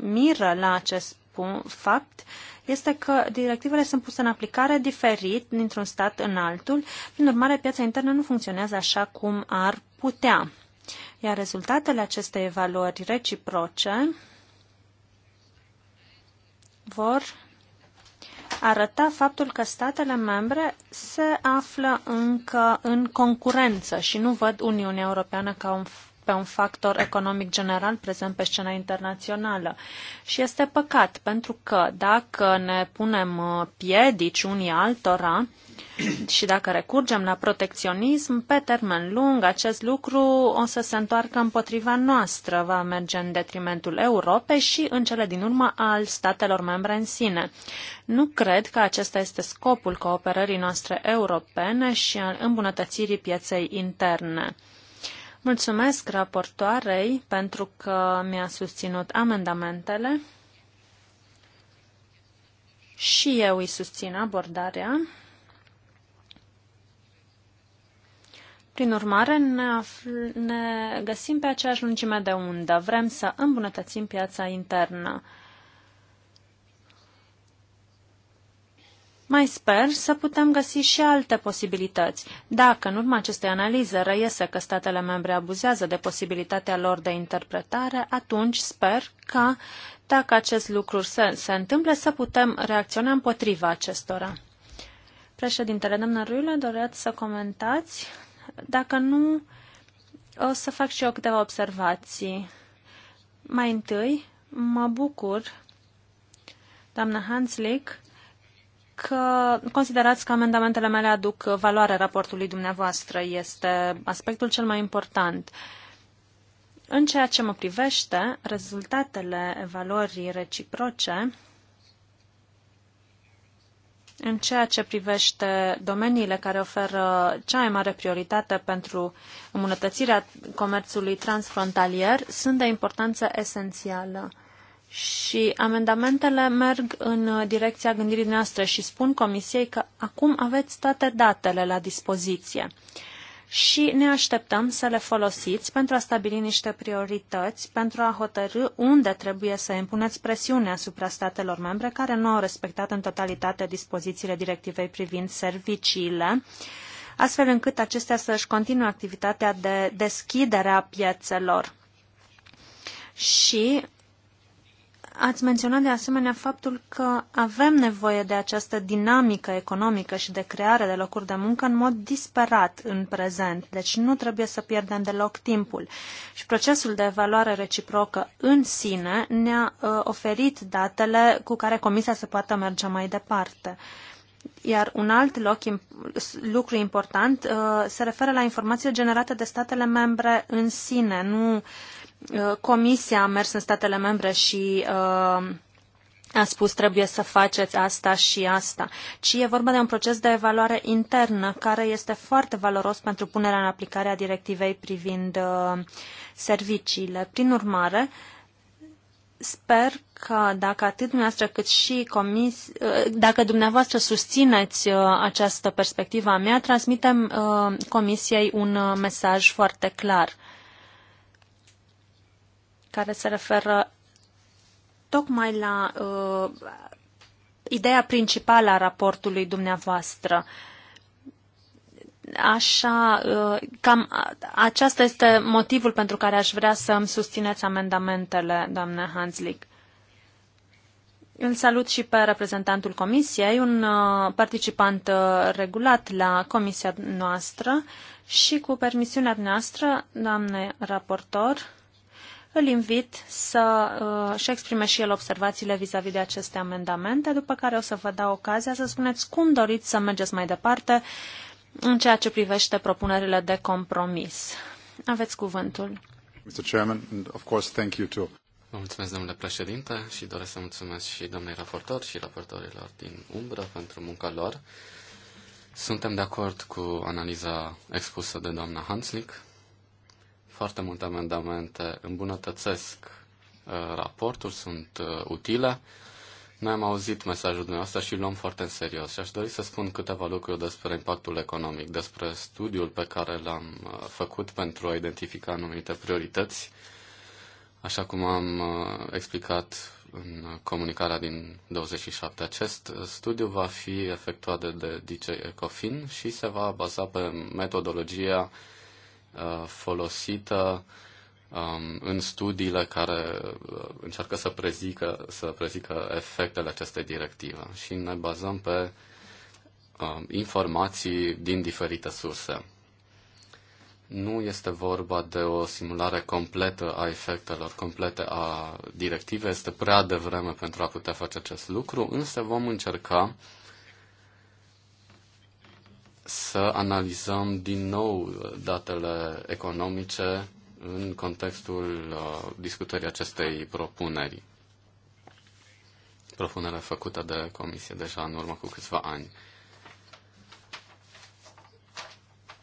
miră la acest punct, fapt este că directivele sunt puse în aplicare diferit dintr-un stat în altul, prin urmare piața internă nu funcționează așa cum ar putea. Iar rezultatele acestei evaluări reciproce vor arăta faptul că statele membre se află încă în concurență și nu văd Uniunea Europeană ca un pe un factor economic general prezent pe scena internațională. Și este păcat, pentru că dacă ne punem uh, piedici unii altora și dacă recurgem la protecționism, pe termen lung acest lucru o să se întoarcă împotriva noastră, va merge în detrimentul Europei și în cele din urmă al statelor membre în sine. Nu cred că acesta este scopul cooperării noastre europene și al îmbunătățirii pieței interne. Mulțumesc raportoarei pentru că mi-a susținut amendamentele și eu îi susțin abordarea. Prin urmare, ne, ne găsim pe aceeași lungime de undă. Vrem să îmbunătățim piața internă. Mai sper să putem găsi și alte posibilități. Dacă în urma acestei analize reiese că statele membre abuzează de posibilitatea lor de interpretare, atunci sper că, dacă acest lucru se, se întâmplă, să putem reacționa împotriva acestora. Președintele, doamna Ruiule, doreați să comentați? Dacă nu, o să fac și eu câteva observații. Mai întâi, mă bucur, doamna Hanslick, că considerați că amendamentele mele aduc valoare raportului dumneavoastră. Este aspectul cel mai important. În ceea ce mă privește, rezultatele evaluării reciproce în ceea ce privește domeniile care oferă cea mai mare prioritate pentru îmbunătățirea comerțului transfrontalier, sunt de importanță esențială. Și amendamentele merg în uh, direcția gândirii noastre și spun Comisiei că acum aveți toate datele la dispoziție și ne așteptăm să le folosiți pentru a stabili niște priorități, pentru a hotărâ unde trebuie să impuneți presiune asupra statelor membre care nu au respectat în totalitate dispozițiile directivei privind serviciile, astfel încât acestea să-și continue activitatea de deschidere a piețelor. Și Ați menționat de asemenea faptul că avem nevoie de această dinamică economică și de creare de locuri de muncă în mod disperat în prezent, deci nu trebuie să pierdem deloc timpul. Și procesul de evaluare reciprocă în sine ne-a uh, oferit datele cu care Comisia se poate merge mai departe. Iar un alt loc, lucru important uh, se referă la informații generate de statele membre în sine, nu uh, Uh, comisia a mers în statele membre și uh, a spus trebuie să faceți asta și asta, ci e vorba de un proces de evaluare internă care este foarte valoros pentru punerea în aplicare a directivei privind uh, serviciile. Prin urmare, sper că dacă atât dumneavoastră cât și comis, dacă dumneavoastră susțineți această perspectivă a mea, transmitem comisiei un mesaj foarte clar care se referă tocmai la uh, ideea principală a raportului dumneavoastră. Așa, uh, cam aceasta este motivul pentru care aș vrea să îmi susțineți amendamentele, doamne Hanslick. Îl salut și pe reprezentantul comisiei, un uh, participant uh, regulat la comisia noastră și cu permisiunea noastră, doamne raportor, îl invit să își uh, exprime și el observațiile vis-a-vis -vis de aceste amendamente, după care o să vă dau ocazia să spuneți cum doriți să mergeți mai departe în ceea ce privește propunerile de compromis. Aveți cuvântul. Mr. Chairman, and of course thank you too. Vă mulțumesc, domnule președinte, și doresc să mulțumesc și domnului raportor și raportorilor din umbră pentru munca lor. Suntem de acord cu analiza expusă de doamna Hanslick foarte multe amendamente îmbunătățesc uh, raportul, sunt uh, utile. Noi am auzit mesajul dumneavoastră și îl luăm foarte în serios și aș dori să spun câteva lucruri despre impactul economic, despre studiul pe care l-am uh, făcut pentru a identifica anumite priorități, așa cum am explicat în comunicarea din 27. Acest studiu va fi efectuat de, de DJ Ecofin și se va baza pe metodologia Uh, folosită um, în studiile care uh, încearcă să prezică, să prezică efectele acestei directive și ne bazăm pe um, informații din diferite surse. Nu este vorba de o simulare completă a efectelor complete a directivei, este prea devreme pentru a putea face acest lucru, însă vom încerca uh, să analizăm din nou datele economice în contextul uh, discutării acestei propuneri. Propunerea făcută de comisie deja în urmă cu câțiva ani.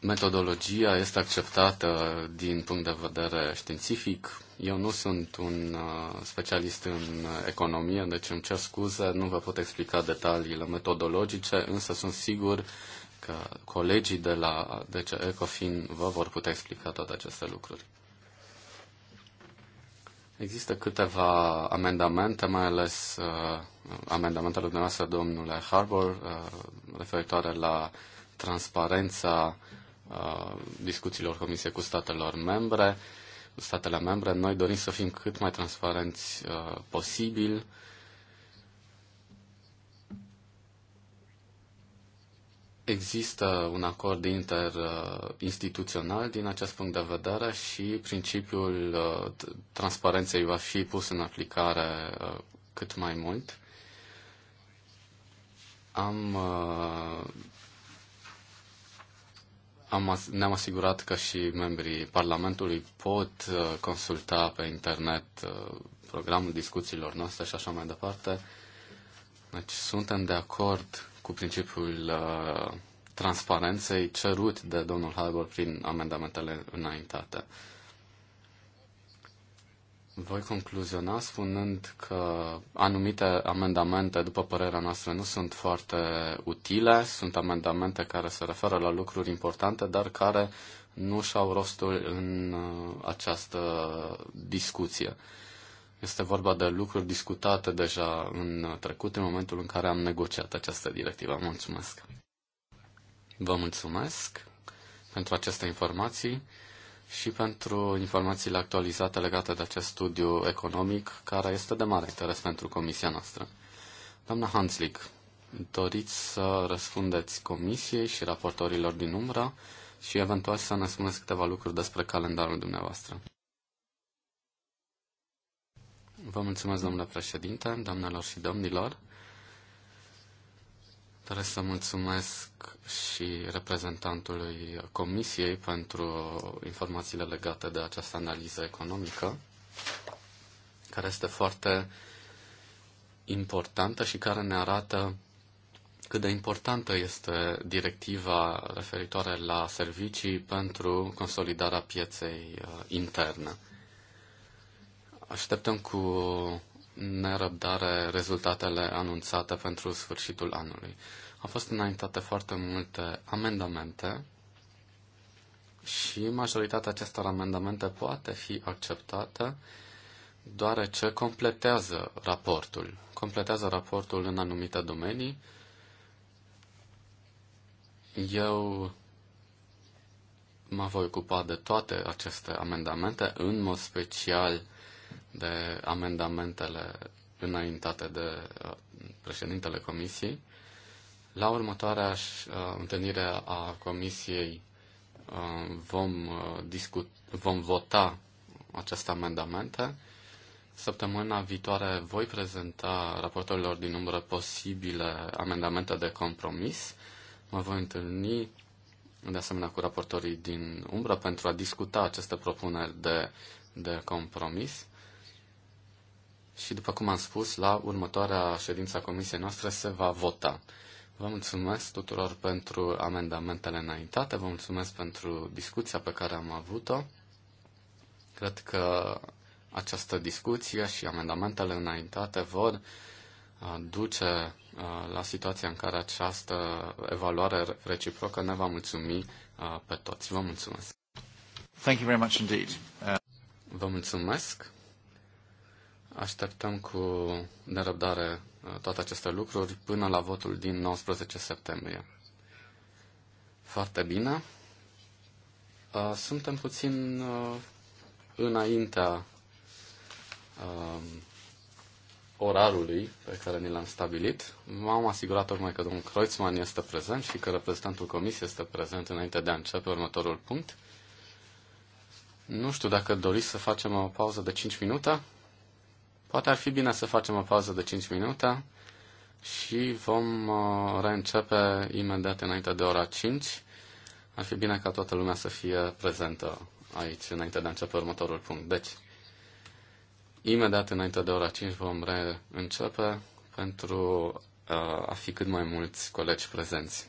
Metodologia este acceptată din punct de vedere științific. Eu nu sunt un uh, specialist în economie, deci îmi cer scuze, nu vă pot explica detaliile metodologice, însă sunt sigur că colegii de la DC Ecofin vă vor putea explica toate aceste lucruri. Există câteva amendamente, mai ales uh, amendamentele dumneavoastră, domnule Harbour, uh, referitoare la transparența uh, discuțiilor comisiei cu statelor membre, cu statele membre. Noi dorim să fim cât mai transparenți uh, posibil Există un acord interinstituțional din acest punct de vedere și principiul uh, transparenței va fi pus în aplicare uh, cât mai mult. Am, uh, am, ne-am asigurat că și membrii Parlamentului pot consulta pe internet programul discuțiilor noastre și așa mai departe. Deci suntem de acord cu principiul uh, transparenței cerut de domnul Harbour prin amendamentele înaintate. Voi concluziona spunând că anumite amendamente, după părerea noastră, nu sunt foarte utile. Sunt amendamente care se referă la lucruri importante, dar care nu și-au rostul în uh, această discuție. Este vorba de lucruri discutate deja în trecut, în momentul în care am negociat această directivă. Mulțumesc! Vă mulțumesc pentru aceste informații și pentru informațiile actualizate legate de acest studiu economic, care este de mare interes pentru comisia noastră. Doamna Hanslick, doriți să răspundeți comisiei și raportorilor din umbra și eventual să ne spuneți câteva lucruri despre calendarul dumneavoastră. Vă mulțumesc, domnule președinte, doamnelor și domnilor. Doresc să mulțumesc și reprezentantului Comisiei pentru informațiile legate de această analiză economică, care este foarte importantă și care ne arată cât de importantă este directiva referitoare la servicii pentru consolidarea pieței uh, interne. Așteptăm cu nerăbdare rezultatele anunțate pentru sfârșitul anului. Au fost înaintate foarte multe amendamente și majoritatea acestor amendamente poate fi acceptată deoarece completează raportul. Completează raportul în anumite domenii. Eu mă voi ocupa de toate aceste amendamente, în mod special de amendamentele înaintate de uh, președintele Comisiei. La următoarea uh, întâlnire a Comisiei uh, vom, discut, vom vota aceste amendamente. Săptămâna viitoare voi prezenta raportorilor din umbră posibile amendamente de compromis. Mă voi întâlni de asemenea cu raportorii din umbră pentru a discuta aceste propuneri de, de compromis și, după cum am spus, la următoarea ședință a comisiei noastre se va vota. Vă mulțumesc tuturor pentru amendamentele înaintate, vă mulțumesc pentru discuția pe care am avut-o. Cred că această discuție și amendamentele înaintate vor uh, duce uh, la situația în care această evaluare reciprocă ne va mulțumi uh, pe toți. Vă mulțumesc. Thank you very much indeed. Vă mulțumesc. Așteptăm cu nerăbdare uh, toate aceste lucruri până la votul din 19 septembrie. Foarte bine. Uh, suntem puțin uh, înaintea um, orarului pe care ni l-am stabilit. M-am asigurat tocmai că domnul Kreutzmann este prezent și că reprezentantul comisiei este prezent înainte de a începe următorul punct. Nu știu dacă doriți să facem o pauză de 5 minute. Poate ar fi bine să facem o pauză de 5 minute și vom uh, reîncepe imediat înainte de ora 5. Ar fi bine ca toată lumea să fie prezentă aici înainte de a începe următorul punct. Deci, imediat înainte de ora 5 vom reîncepe pentru uh, a fi cât mai mulți colegi prezenți.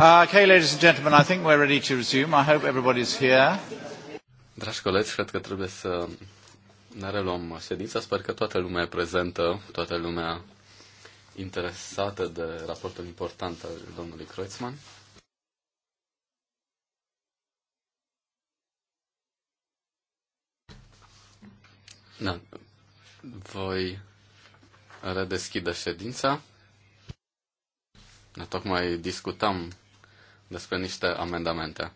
okay, ladies and gentlemen, I think we're ready to resume. I hope everybody's here. Dragi colegi, cred că trebuie să ne reluăm ședința. Sper că toată lumea e prezentă, toată lumea interesată de raportul important al domnului Kreutzmann. Da. Voi redeschide ședința. Ne Tocmai discutam despre niște amendamente.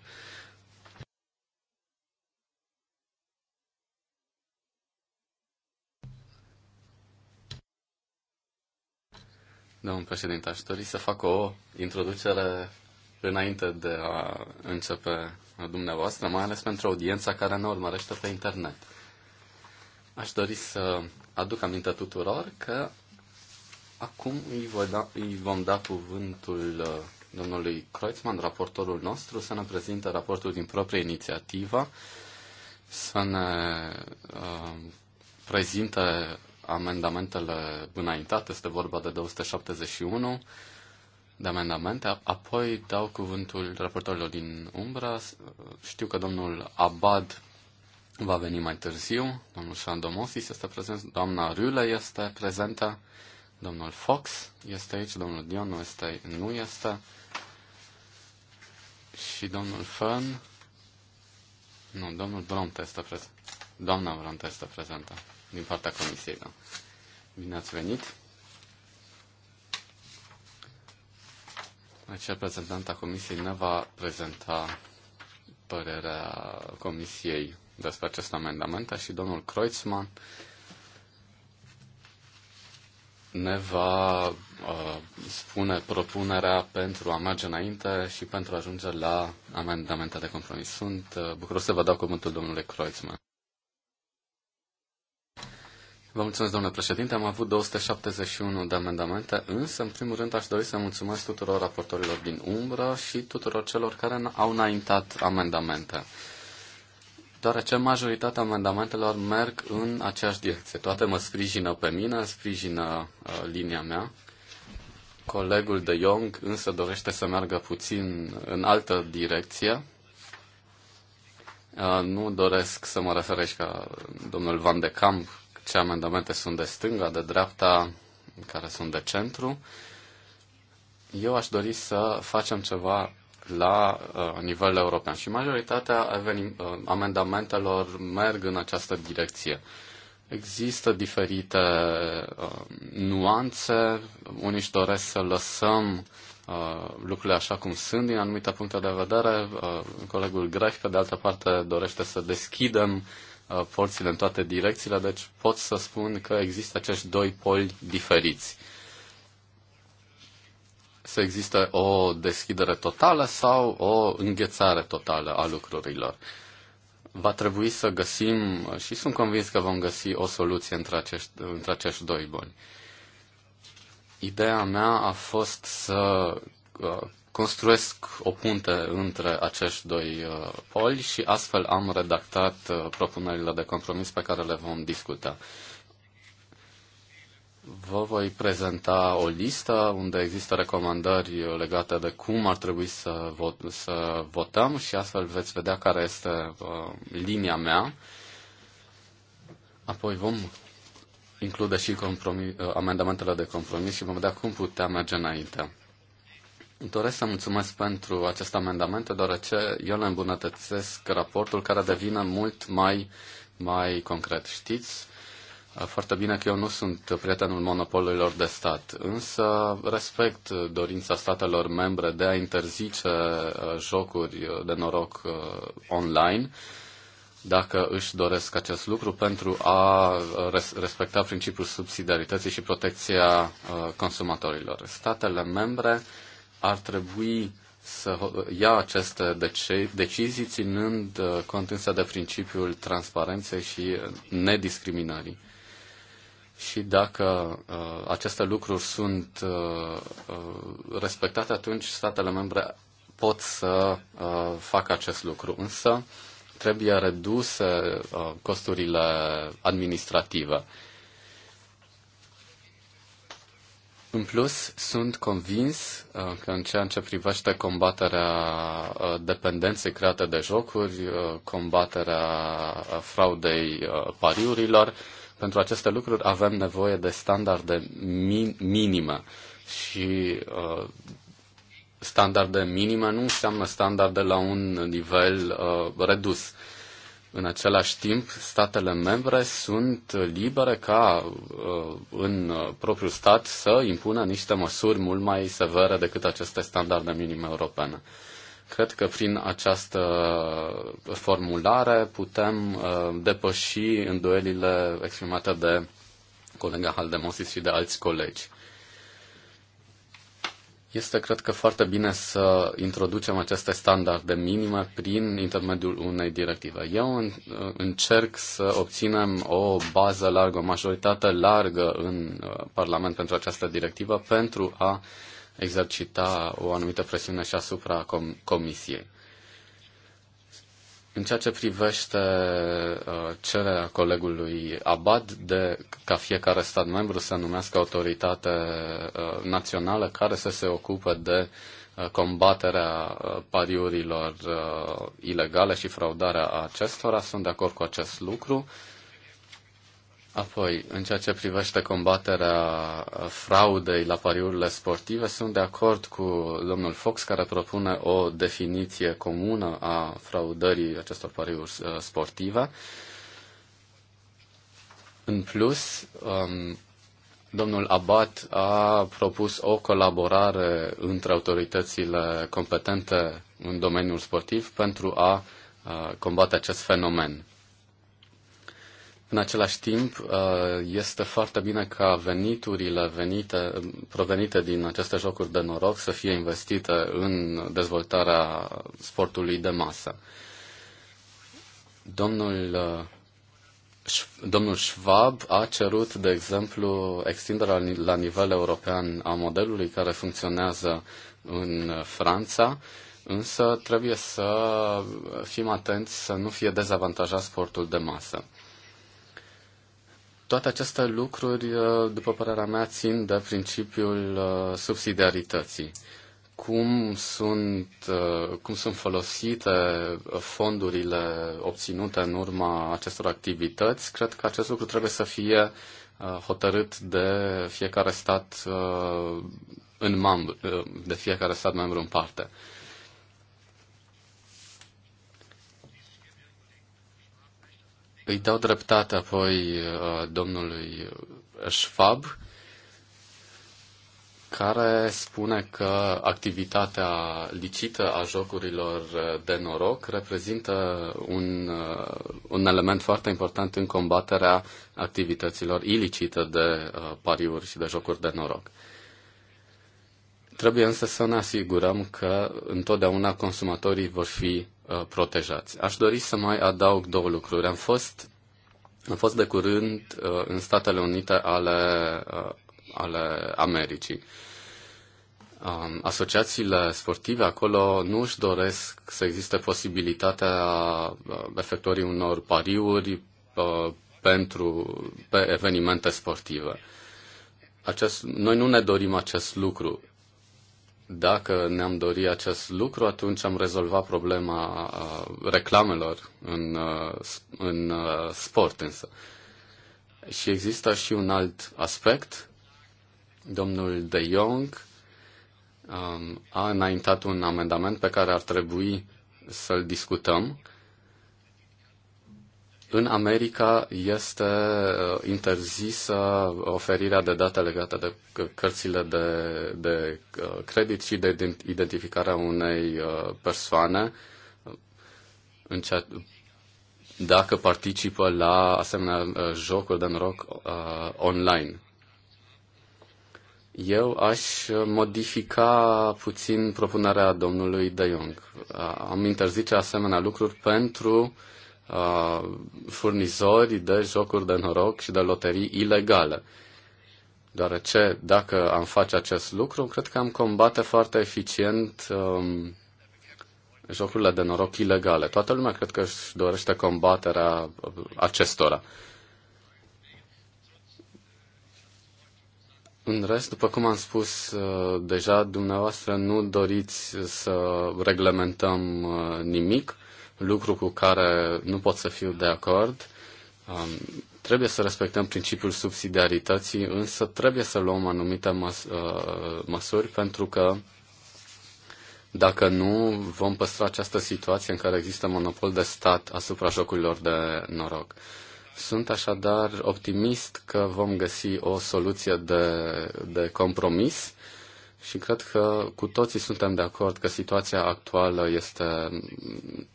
Domnul președinte, aș dori să fac o introducere înainte de a începe dumneavoastră, mai ales pentru audiența care ne urmărește pe internet. Aș dori să aduc aminte tuturor că acum îi, voi da, îi vom da cuvântul uh, domnului Kreutzmann, raportorul nostru, să ne prezinte raportul din proprie inițiativă, să ne uh, prezinte amendamentele înaintate, este vorba de 271 de amendamente, apoi dau cuvântul raportorilor din umbra. Știu că domnul Abad va veni mai târziu, domnul Sandomosis este prezent, doamna Râle este prezentă. Domnul Fox este aici, domnul Dion nu este, nu este. Și domnul Fern. Nu, domnul Bronte este prezent. Doamna Bronte este prezentă din partea comisiei, da. Bine ați venit. Aici reprezentanta comisiei ne va prezenta părerea comisiei despre acest amendament și domnul Kreutzmann ne va uh, spune propunerea pentru a merge înainte și pentru a ajunge la amendamente de compromis. Sunt uh, bucuros să vă dau cuvântul domnului Kreuzmann. Vă mulțumesc, domnule președinte. Am avut 271 de amendamente, însă, în primul rând, aș dori să mulțumesc tuturor raportorilor din umbră și tuturor celor care au înaintat amendamente deoarece majoritatea amendamentelor merg în aceeași direcție. Toate mă sprijină pe mine, sprijină uh, linia mea. Colegul de Young însă dorește să meargă puțin în altă direcție. Uh, nu doresc să mă referești ca domnul Van de Camp ce amendamente sunt de stânga, de dreapta, care sunt de centru. Eu aș dori să facem ceva la uh, nivel european și majoritatea uh, amendamentelor merg în această direcție. Există diferite uh, nuanțe, unii își doresc să lăsăm lucrurile așa cum sunt din anumite puncte de vedere, colegul Grech, pe de altă parte, dorește să deschidem porțile în toate direcțiile, deci pot să spun că există acești doi poli diferiți să existe o deschidere totală sau o înghețare totală a lucrurilor. Va trebui să găsim, și sunt convins că vom găsi o soluție între acești, între acești doi boli. Ideea mea a fost să uh, construiesc o punte între acești doi uh, poli și astfel am redactat uh, propunerile de compromis pe care le vom discuta. Vă voi prezenta o listă unde există recomandări legate de cum ar trebui să, vot, să votăm și astfel veți vedea care este uh, linia mea. Apoi vom include și compromis, uh, amendamentele de compromis și vom vedea cum putea merge înainte. Doresc să mulțumesc pentru aceste amendamente, deoarece eu le îmbunătățesc raportul care devine mult mai, mai concret. Știți foarte bine că eu nu sunt prietenul monopolurilor de stat, însă respect dorința statelor membre de a interzice jocuri de noroc online dacă își doresc acest lucru pentru a respecta principiul subsidiarității și protecția consumatorilor. Statele membre ar trebui să ia aceste decizii ținând cont însă de principiul transparenței și nediscriminării și dacă uh, aceste lucruri sunt uh, uh, respectate, atunci statele membre pot să uh, facă acest lucru. Însă trebuie reduse uh, costurile administrative. În plus, sunt convins uh, că în ceea ce privește combaterea uh, dependenței create de jocuri, combaterea fraudei pariurilor, pentru aceste lucruri avem nevoie de standarde min- minime și uh, standarde minime nu înseamnă standarde la un nivel uh, redus. În același timp, statele membre sunt libere ca uh, în uh, propriul stat să impună niște măsuri mult mai severe decât aceste standarde minime europene. Cred că prin această formulare putem uh, depăși îndoielile exprimate de colega Haldemosis și de alți colegi. Este, cred că, foarte bine să introducem aceste standarde minime prin intermediul unei directive. Eu uh, încerc să obținem o bază largă, o majoritate largă în uh, Parlament pentru această directivă pentru a exercita o anumită presiune și asupra com- Comisiei. În ceea ce privește uh, cererea colegului Abad de ca fiecare stat membru să numească autoritate uh, națională care să se ocupe de uh, combaterea uh, pariurilor uh, ilegale și fraudarea acestora, sunt de acord cu acest lucru. Uh, Apoi, în ceea ce privește combaterea fraudei la pariurile sportive, sunt de acord cu domnul Fox, care propune o definiție comună a fraudării acestor pariuri uh, sportive. În plus, um, domnul Abat a propus o colaborare între autoritățile competente în domeniul sportiv pentru a uh, combate acest fenomen. În același timp, uh, este foarte bine ca veniturile venite, provenite din aceste jocuri de noroc să fie investite în dezvoltarea sportului de masă. Domnul, uh, domnul Schwab a cerut, de exemplu, extinderea la nivel european a modelului care funcționează în Franța, însă trebuie să fim atenți să nu fie dezavantajat sportul de masă. Toate aceste lucruri, uh, după părerea mea, țin de principiul uh, subsidiarității. Cum sunt, uh, cum sunt folosite fondurile obținute în urma acestor activități, cred că acest lucru trebuie să fie hotărât de fiecare stat în membru, de fiecare stat membru în parte. Îi dau dreptate apoi uh, domnului Schwab, care spune că activitatea licită a jocurilor de noroc reprezintă un, uh, un element foarte important în combaterea activităților ilicite de uh, pariuri și de jocuri de noroc. Trebuie însă să ne asigurăm că întotdeauna consumatorii vor fi Uh, protejați. Aș dori să mai adaug două lucruri. Am fost, am fost de curând uh, în Statele Unite ale, uh, ale Americii. Um, asociațiile sportive acolo nu își doresc să existe posibilitatea efectuării unor pariuri pentru, pe evenimente sportive. Acest, noi nu ne dorim acest lucru dacă ne-am dorit acest lucru, atunci am rezolvat problema reclamelor în, în sport însă. Și există și un alt aspect. Domnul De Jong a înaintat un amendament pe care ar trebui să-l discutăm în America este uh, interzisă oferirea de date legate de cărțile de, de uh, credit și de identificarea unei uh, persoane în cea, dacă participă la asemenea jocuri de noroc uh, online. Eu aș modifica puțin propunerea domnului De Jong. Am interzice asemenea lucruri pentru Uh, furnizori de jocuri de noroc și de loterii ilegale. Deoarece dacă am face acest lucru, cred că am combate foarte eficient um, jocurile de noroc ilegale. Toată lumea cred că își dorește combaterea uh, acestora. În rest, după cum am spus uh, deja, dumneavoastră nu doriți să reglementăm nimic lucru cu care nu pot să fiu de acord. Um, trebuie să respectăm principiul subsidiarității, însă trebuie să luăm anumite măs- uh, măsuri pentru că dacă nu, vom păstra această situație în care există monopol de stat asupra jocurilor de noroc. Sunt așadar optimist că vom găsi o soluție de, de compromis uh, și cred că cu toții suntem de acord că situația actuală este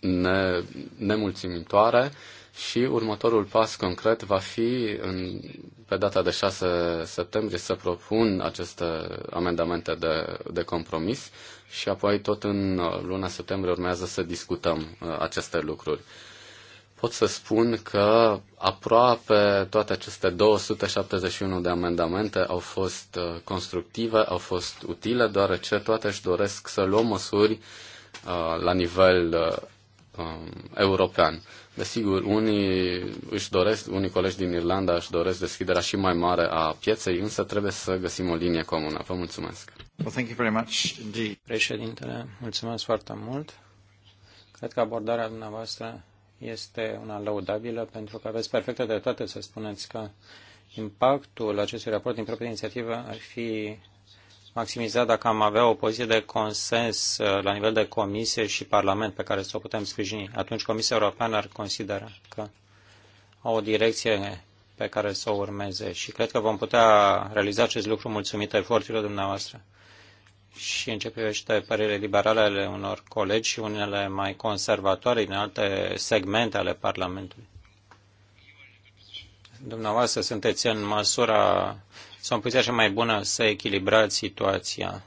ne, nemulțumitoare și următorul pas concret va fi în, pe data de 6 septembrie să propun aceste amendamente de, de compromis și apoi tot în luna septembrie urmează să discutăm uh, aceste lucruri pot să spun că aproape toate aceste 271 de amendamente au fost uh, constructive, au fost utile, deoarece toate își doresc să luăm măsuri uh, la nivel uh, um, european. Desigur, unii își doresc, unii colegi din Irlanda își doresc deschiderea și mai mare a pieței, însă trebuie să găsim o linie comună. Vă mulțumesc. Well, thank you very much Președintele, mulțumesc foarte mult. Cred că abordarea dumneavoastră este una laudabilă pentru că aveți perfectă de toate să spuneți că impactul acestui raport din proprie inițiativă ar fi maximizat dacă am avea o poziție de consens uh, la nivel de comisie și parlament pe care să o putem sprijini. Atunci Comisia Europeană ar considera că au o direcție pe care să o urmeze și cred că vom putea realiza acest lucru mulțumită eforturilor dumneavoastră și în ce privește părerile liberale ale unor colegi și unele mai conservatoare din alte segmente ale Parlamentului. Dumneavoastră sunteți în măsura sau în poziția mai bună să echilibrați situația.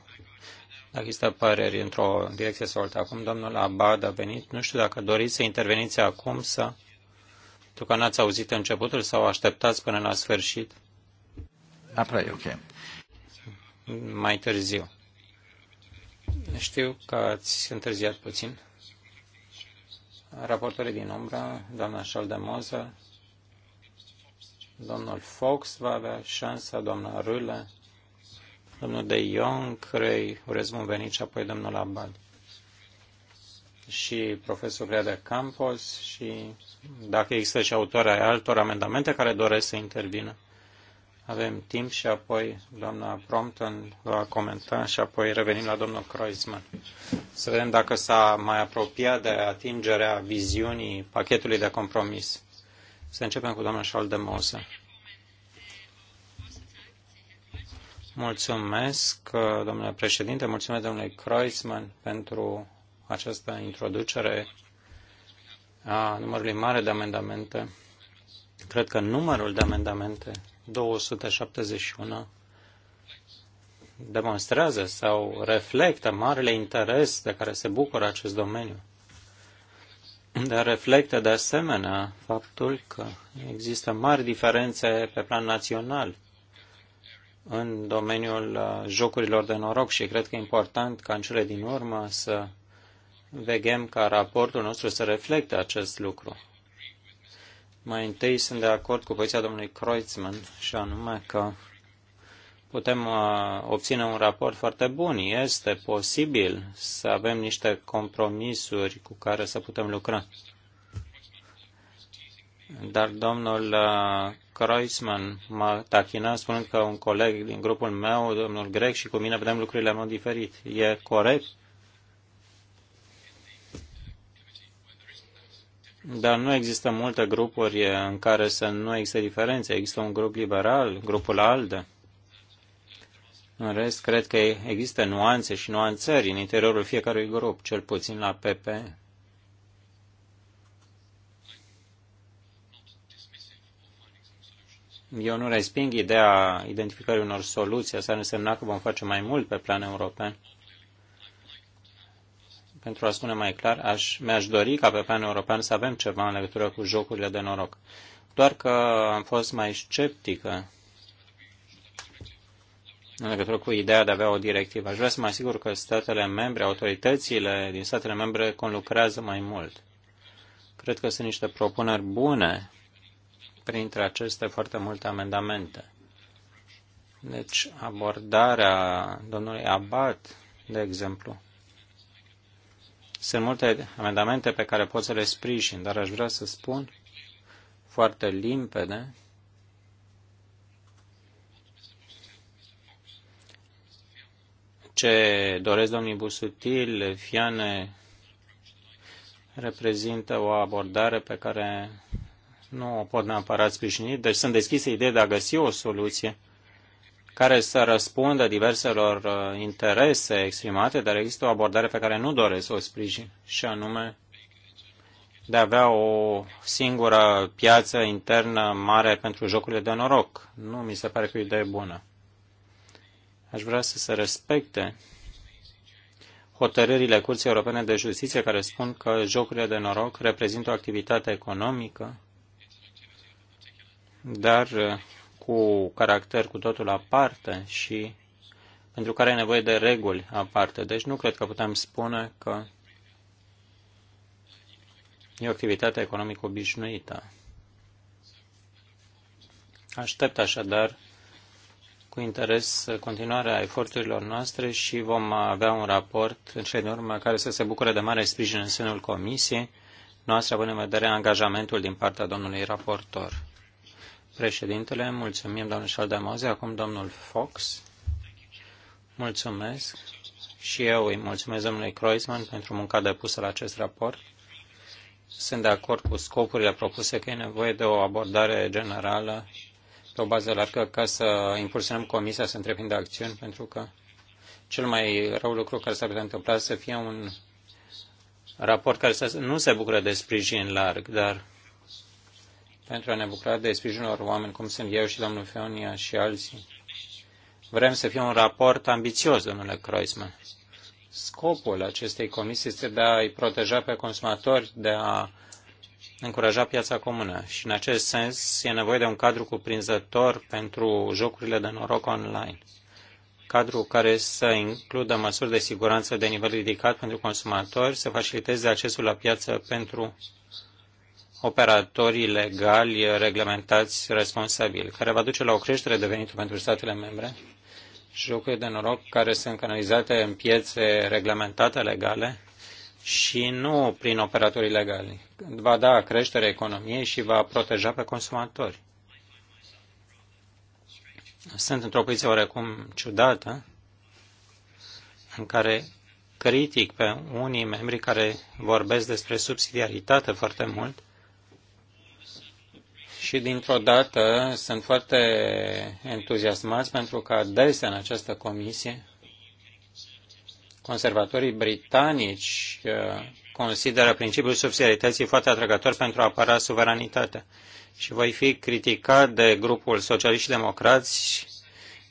Dacă există păreri într-o direcție sau alta. Acum domnul Abad a venit. Nu știu dacă doriți să interveniți acum să... Pentru că n-ați auzit începutul sau așteptați până la sfârșit. Apoi, ok. Mai târziu. Știu că ați întârziat puțin. Raportorii din umbră, doamna Șaldemoza, domnul Fox va avea șansa, doamna Râle, domnul De Jong, Crei, urez bun venit și apoi domnul Abad și profesorul Rea de Campos și dacă există și autoarea altor amendamente care doresc să intervină avem timp și apoi doamna Prompton va comenta și apoi revenim la domnul Kreuzmann. Să vedem dacă s-a mai apropiat de atingerea viziunii pachetului de compromis. Să începem cu doamna Schaldemose. Mulțumesc, domnule președinte, mulțumesc domnule Kreuzmann pentru această introducere a numărului mare de amendamente. Cred că numărul de amendamente 271 demonstrează sau reflectă marele interes de care se bucură acest domeniu. Dar reflectă de asemenea faptul că există mari diferențe pe plan național în domeniul uh, jocurilor de noroc și cred că e important ca în cele din urmă să vegem ca raportul nostru să reflecte acest lucru. Mai întâi sunt de acord cu poziția domnului Kreutzmann și anume că putem uh, obține un raport foarte bun. Este posibil să avem niște compromisuri cu care să putem lucra. Dar domnul uh, Kreuzmann m-a tachinat spunând că un coleg din grupul meu, domnul Grec și cu mine vedem lucrurile în mod diferit. E corect Dar nu există multe grupuri în care să nu există diferențe. Există un grup liberal, grupul ALDE. În rest, cred că există nuanțe și nuanțări în interiorul fiecărui grup, cel puțin la PP. Eu nu resping ideea identificării unor soluții, asta nu însemna că vom face mai mult pe plan european. Pentru a spune mai clar, aș, mi-aș dori ca pe plan european să avem ceva în legătură cu jocurile de noroc. Doar că am fost mai sceptică în legătură cu ideea de a avea o directivă. Aș vrea să mă asigur că statele membre, autoritățile din statele membre conlucrează mai mult. Cred că sunt niște propuneri bune printre aceste foarte multe amendamente. Deci abordarea domnului Abad, de exemplu, sunt multe amendamente pe care pot să le sprijin, dar aș vrea să spun foarte limpede ce doresc domnii Busutil, Fiane, reprezintă o abordare pe care nu o pot neapărat sprijini, deci sunt deschise idei de a găsi o soluție care să răspundă diverselor uh, interese exprimate, dar există o abordare pe care nu doresc să o sprijin, și anume de a avea o singură piață internă mare pentru jocurile de noroc. Nu mi se pare că e o idee bună. Aș vrea să se respecte hotărârile Curții Europene de Justiție care spun că jocurile de noroc reprezintă o activitate economică, dar uh, cu caracter cu totul aparte și pentru care ai nevoie de reguli aparte. Deci nu cred că putem spune că e o activitate economică obișnuită. Aștept așadar cu interes continuarea eforturilor noastre și vom avea un raport în cele din urmă care să se bucure de mare sprijin în sânul Comisiei noastră, având în vedere angajamentul din partea domnului raportor. Președintele, mulțumim, domnul Șaldamoze. Acum domnul Fox. Mulțumesc. Și eu îi mulțumesc domnului Kreuzmann pentru munca depusă la acest raport. Sunt de acord cu scopurile propuse că e nevoie de o abordare generală pe o bază largă ca să impulsionăm comisia să întreprindă acțiuni, pentru că cel mai rău lucru care s-ar putea întâmpla să fie un raport care să nu se bucură de sprijin larg, dar pentru a ne bucura de sprijinul oameni cum sunt eu și domnul Feonia și alții. Vrem să fie un raport ambițios, domnule Kreuzmann. Scopul acestei comisii este de a-i proteja pe consumatori, de a încuraja piața comună și în acest sens e nevoie de un cadru cuprinzător pentru jocurile de noroc online. Cadru care să includă măsuri de siguranță de nivel ridicat pentru consumatori, să faciliteze accesul la piață pentru operatorii legali reglementați responsabili, care va duce la o creștere de venituri pentru statele membre, jocuri de noroc care sunt canalizate în piețe reglementate legale și nu prin operatori legali. Va da creștere economiei și va proteja pe consumatori. Sunt într-o poziție oarecum ciudată în care critic pe unii membri care vorbesc despre subsidiaritate foarte mult și dintr-o dată sunt foarte entuziasmați pentru că adesea în această comisie conservatorii britanici uh, consideră principiul subsidiarității foarte atrăgător pentru a apăra suveranitatea. Și voi fi criticat de grupul socialiști și democrați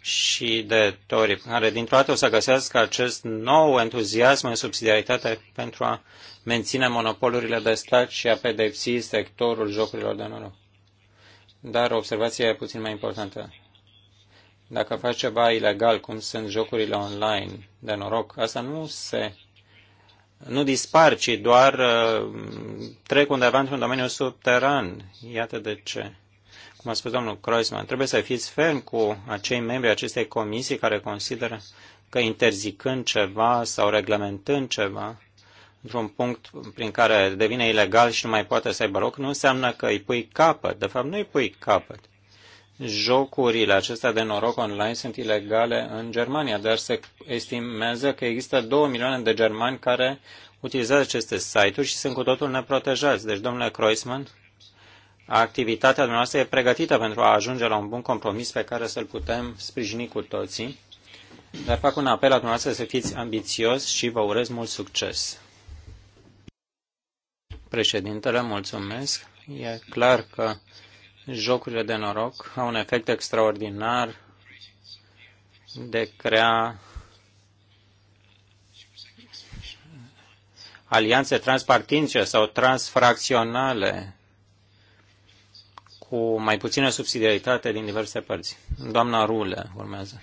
și de Tory, care dintr-o dată o să găsească acest nou entuziasm în subsidiaritate pentru a menține monopolurile de stat și a pedepsi sectorul jocurilor de noroc. Dar observația e puțin mai importantă. Dacă faci ceva ilegal, cum sunt jocurile online de noroc, asta nu se nu dispar, ci doar uh, trec undeva într-un domeniu subteran. Iată de ce. Cum a spus domnul Kreuzmann, trebuie să fiți ferm cu acei membri acestei comisii care consideră că interzicând ceva sau reglementând ceva, într-un punct prin care devine ilegal și nu mai poate să aibă loc, nu înseamnă că îi pui capăt. De fapt, nu îi pui capăt. Jocurile acestea de noroc online sunt ilegale în Germania, dar se estimează că există 2 milioane de germani care utilizează aceste site-uri și sunt cu totul neprotejați. Deci, domnule Kreuzmann, activitatea dumneavoastră e pregătită pentru a ajunge la un bun compromis pe care să-l putem sprijini cu toții. Dar fac un apel la dumneavoastră să fiți ambițios și vă urez mult succes. Președintele, mulțumesc. E clar că jocurile de noroc au un efect extraordinar de crea alianțe transpartințe sau transfracționale cu mai puțină subsidiaritate din diverse părți. Doamna Rule urmează.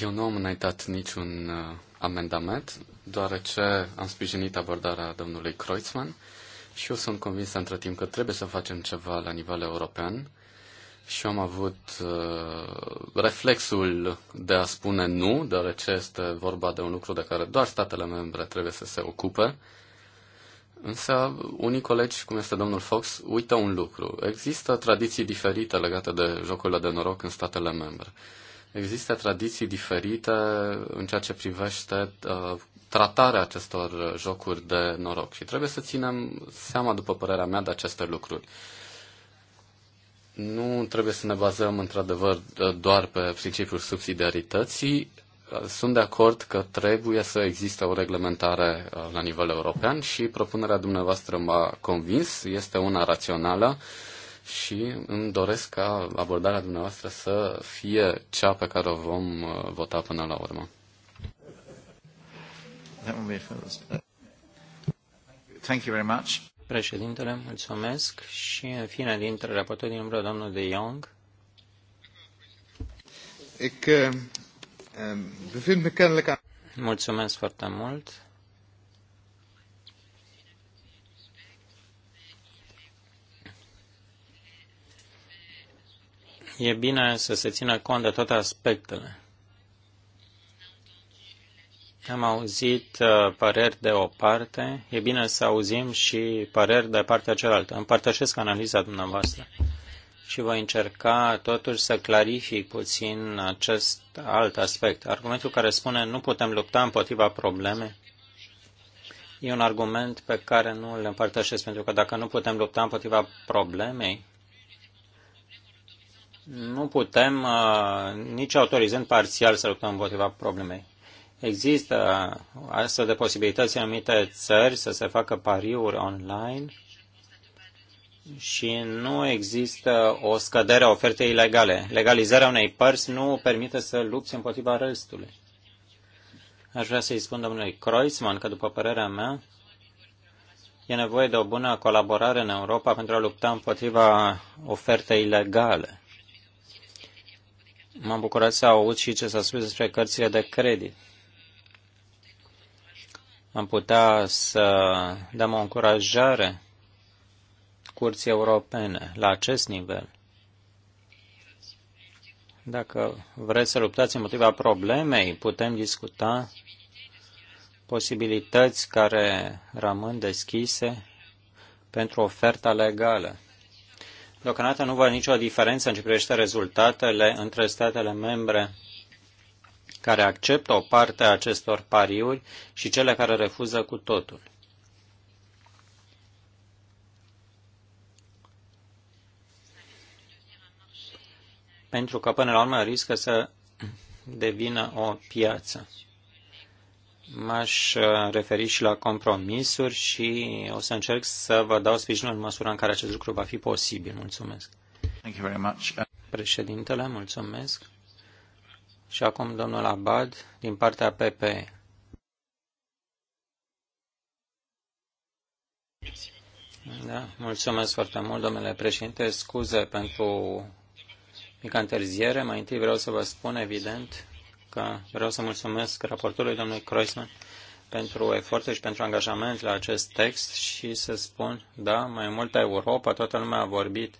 Eu nu am înaintat niciun uh, amendament, deoarece am sprijinit abordarea domnului Kreutzmann și eu sunt convins între timp că trebuie să facem ceva la nivel european și am avut uh, reflexul de a spune nu, deoarece este vorba de un lucru de care doar statele membre trebuie să se ocupe. Însă, unii colegi, cum este domnul Fox, uită un lucru. Există tradiții diferite legate de jocurile de noroc în statele membre. Uh, Există tradiții diferite în ceea ce privește uh, tratarea acestor jocuri de noroc și trebuie să ținem seama, după părerea mea, de aceste lucruri. Nu trebuie să ne bazăm, într-adevăr, uh, doar pe principiul subsidiarității. Uh, sunt de acord că trebuie să existe o reglementare uh, la nivel european și propunerea dumneavoastră m-a convins, este una rațională. Uh, și îmi doresc ca abordarea dumneavoastră să fie cea pe care o vom uh, vota până la urmă. Thank you very much. Președintele, mulțumesc și în fine dintre raportul din umbră, domnul de Young. Uh, um, mulțumesc foarte mult. E bine să se țină cont de toate aspectele. Am auzit uh, păreri de o parte, e bine să auzim și păreri de partea cealaltă. Împărtășesc analiza dumneavoastră și voi încerca totuși să clarific puțin acest alt aspect. Argumentul care spune nu putem lupta împotriva probleme e un argument pe care nu îl împărtășesc, pentru că dacă nu putem lupta împotriva problemei, nu putem, uh, nici autorizând parțial, să luptăm împotriva problemei. Există uh, astfel de posibilități în anumite țări să se facă pariuri online și nu există o scădere a ofertei ilegale. Legalizarea unei părți nu permite să lupți împotriva restului. Aș vrea să-i spun domnului Kreuzmann că, după părerea mea, e nevoie de o bună colaborare în Europa pentru a lupta împotriva ofertei ilegale. M-am bucurat să aud și ce s-a spus despre cărțile de credit. Am putea să dăm o încurajare curții europene la acest nivel. Dacă vreți să luptați împotriva problemei, putem discuta posibilități care rămân deschise pentru oferta legală. Deocamdată nu văd nicio diferență în ce privește rezultatele între statele membre care acceptă o parte a acestor pariuri și cele care refuză cu totul. Pentru că, până la urmă, riscă să devină o piață m-aș uh, referi și la compromisuri și o să încerc să vă dau sprijinul în măsura în care acest lucru va fi posibil. Mulțumesc. Thank you very much. Uh, Președintele, mulțumesc. Și acum domnul Abad din partea PPE. Da, mulțumesc foarte mult, domnule președinte. Scuze pentru mica întârziere. Mai întâi vreau să vă spun, evident, că vreau să mulțumesc raportorului domnului Kreuzmann pentru efortul și pentru angajament la acest text și să spun, da, mai multă Europa, toată lumea a vorbit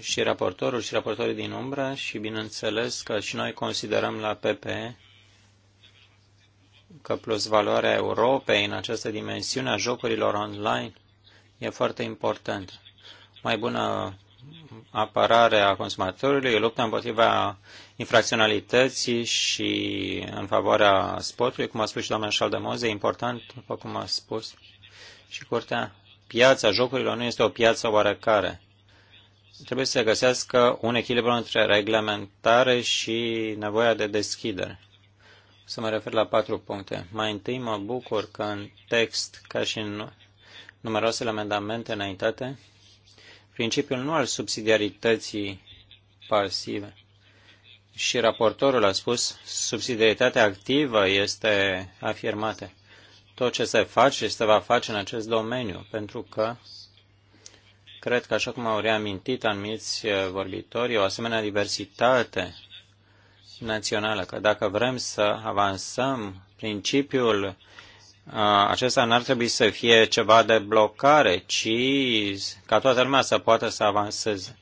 și raportorul și raportorii din umbră și bineînțeles că și noi considerăm la PPE că plus valoarea Europei în această dimensiune a jocurilor online e foarte importantă. Mai bună apărare a consumatorului, lupta împotriva infracționalității și în favoarea sportului, cum a spus și doamna Șaldemoze, e important, după cum a spus și curtea, piața jocurilor nu este o piață oarecare. Trebuie să se găsească un echilibru între reglementare și nevoia de deschidere. Să mă refer la patru puncte. Mai întâi mă bucur că în text, ca și în numeroasele amendamente înaintate, principiul nu al subsidiarității pasive, și raportorul a spus, subsidiaritatea activă este afirmată. Tot ce se face și se va face în acest domeniu, pentru că cred că, așa cum au reamintit anumiți uh, vorbitori, o asemenea diversitate națională, că dacă vrem să avansăm principiul uh, acesta n-ar trebui să fie ceva de blocare, ci ca toată lumea să poată să avanseze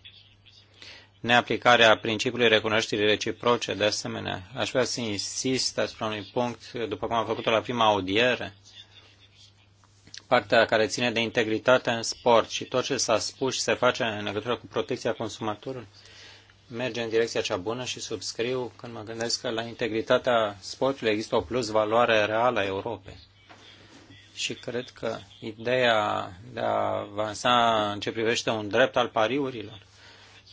neaplicarea principiului recunoașterii reciproce, de asemenea, aș vrea să insist asupra unui punct, după cum am făcut-o la prima audiere, partea care ține de integritate în sport și tot ce s-a spus și se face în legătură cu protecția consumatorului merge în direcția cea bună și subscriu când mă gândesc că la integritatea sportului există o plus valoare reală a Europei. Și cred că ideea de a avansa în ce privește un drept al pariurilor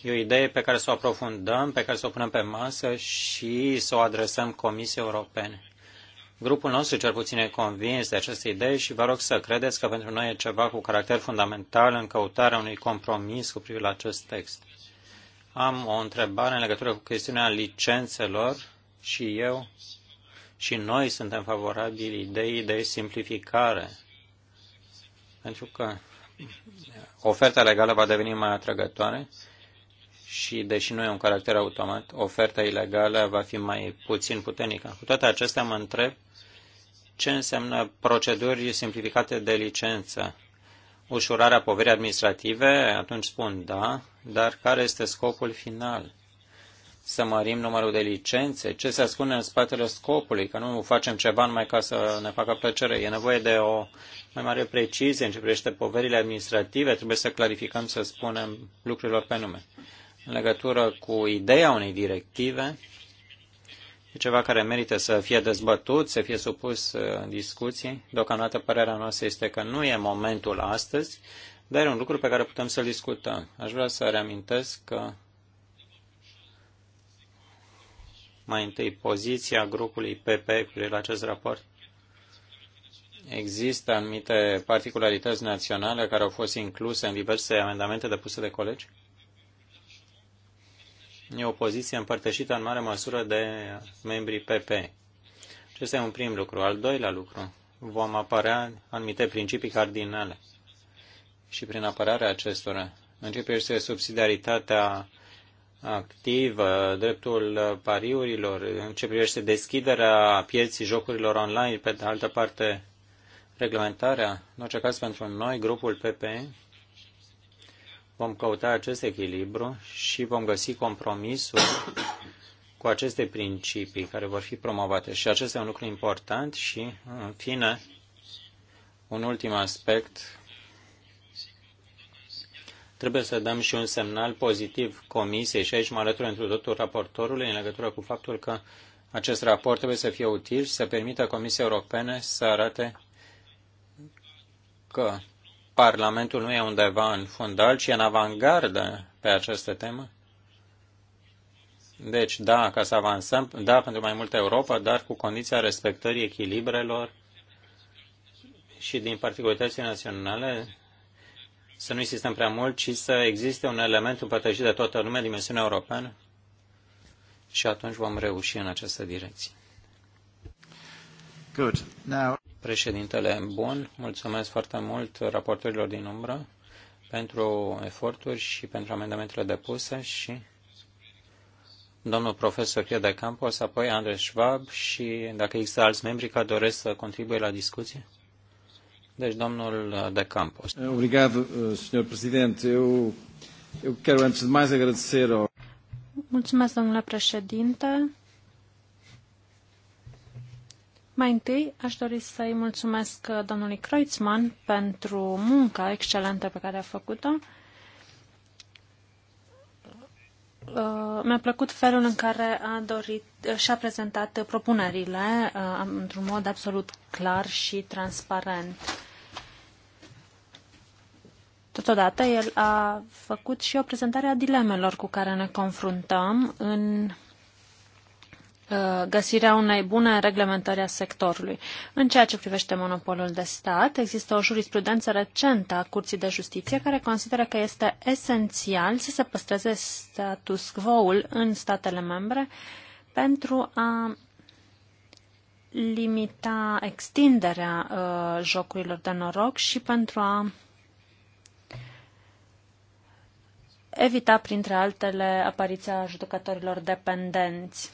E o idee pe care să o aprofundăm, pe care să o punem pe masă și să o adresăm Comisiei Europene. Grupul nostru cel puțin e convins de această idee și vă rog să credeți că pentru noi e ceva cu caracter fundamental în căutarea unui compromis cu privire la acest text. Am o întrebare în legătură cu chestiunea licențelor și eu și noi suntem favorabili ideii de simplificare. Pentru că oferta legală va deveni mai atrăgătoare și, deși nu e un caracter automat, oferta ilegală va fi mai puțin puternică. Cu toate acestea, mă întreb ce înseamnă proceduri simplificate de licență. Ușurarea poverii administrative? Atunci spun da, dar care este scopul final? Să mărim numărul de licențe? Ce se ascunde în spatele scopului? Că nu facem ceva numai ca să ne facă plăcere. E nevoie de o mai mare precizie în ce privește poverile administrative. Trebuie să clarificăm, să spunem lucrurilor pe nume în legătură cu ideea unei directive. E ceva care merită să fie dezbătut, să fie supus în uh, discuții. Deocamdată părerea noastră este că nu e momentul astăzi, dar e un lucru pe care putem să-l discutăm. Aș vrea să reamintesc că mai întâi poziția grupului PP cu la acest raport. Există anumite particularități naționale care au fost incluse în diverse amendamente depuse de colegi? E o poziție împărtășită în mare măsură de membrii PP. Acesta e un prim lucru. Al doilea lucru, vom apărea anumite principii cardinale. Și prin apărarea acestora se subsidiaritatea activă, dreptul pariurilor, în ce privește deschiderea pieții jocurilor online, pe de altă parte reglementarea, în orice caz pentru noi, grupul PP. Vom căuta acest echilibru și vom găsi compromisul cu aceste principii care vor fi promovate. Și acesta e un lucru important și, în fine, un ultim aspect. Trebuie să dăm și un semnal pozitiv comisiei și aici mă alătur întru totul raportorului în legătură cu faptul că acest raport trebuie să fie util și să permită Comisiei Europene să arate că Parlamentul nu e undeva în fundal, ci în avangardă pe această temă? Deci, da, ca să avansăm, da, pentru mai multă Europa, dar cu condiția respectării echilibrelor și din particularitățile naționale, să nu insistăm prea mult, ci să existe un element împărtășit de toată lumea, dimensiunea europeană, și atunci vom reuși în această direcție. Good. Now... Președintele, bun, mulțumesc foarte mult raportorilor din umbră pentru eforturi și pentru amendamentele depuse și domnul profesor Pierre de Campos, apoi Andres Schwab și dacă există alți membri care doresc să contribuie la discuție. Deci domnul de Campos. Obrigado, eh, senhor presidente. Eu, eu quero antes de mais agradecer ao... Mulțumesc, domnule președinte. Mai întâi, aș dori să-i mulțumesc domnului Kreutzmann pentru munca excelentă pe care a făcut-o. Uh, mi-a plăcut felul în care a dorit și-a prezentat propunerile uh, într-un mod absolut clar și transparent. Totodată, el a făcut și o prezentare a dilemelor cu care ne confruntăm în Uh, găsirea unei bune reglementări a sectorului. În ceea ce privește monopolul de stat, există o jurisprudență recentă a Curții de Justiție care consideră că este esențial să se păstreze status quo-ul în statele membre pentru a limita extinderea uh, jocurilor de noroc și pentru a evita, printre altele, apariția judecătorilor dependenți.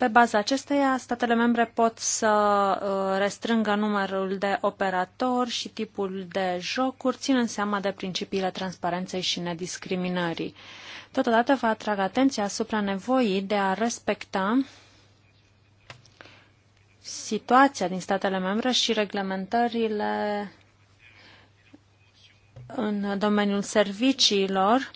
Pe baza acesteia, statele membre pot să uh, restrângă numărul de operatori și tipul de jocuri, ținând seama de principiile transparenței și nediscriminării. Totodată vă atrag atenția asupra nevoii de a respecta situația din statele membre și reglementările în domeniul serviciilor,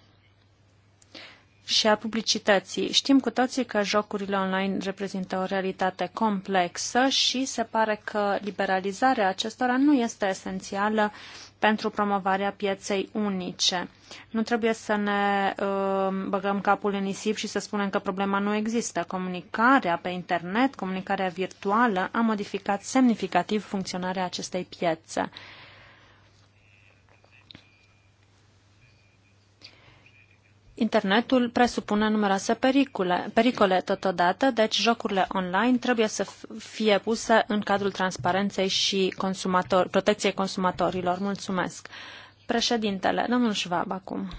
și a publicității. Știm cu toții că jocurile online reprezintă o realitate complexă și se pare că liberalizarea acestora nu este esențială pentru promovarea pieței unice. Nu trebuie să ne uh, băgăm capul în nisip și să spunem că problema nu există. Comunicarea pe internet, comunicarea virtuală a modificat semnificativ funcționarea acestei piețe. Internetul presupune numeroase pericole, pericole totodată, deci jocurile online trebuie să fie puse în cadrul transparenței și consumator, protecției consumatorilor. Mulțumesc. Președintele, domnul Schwab, acum.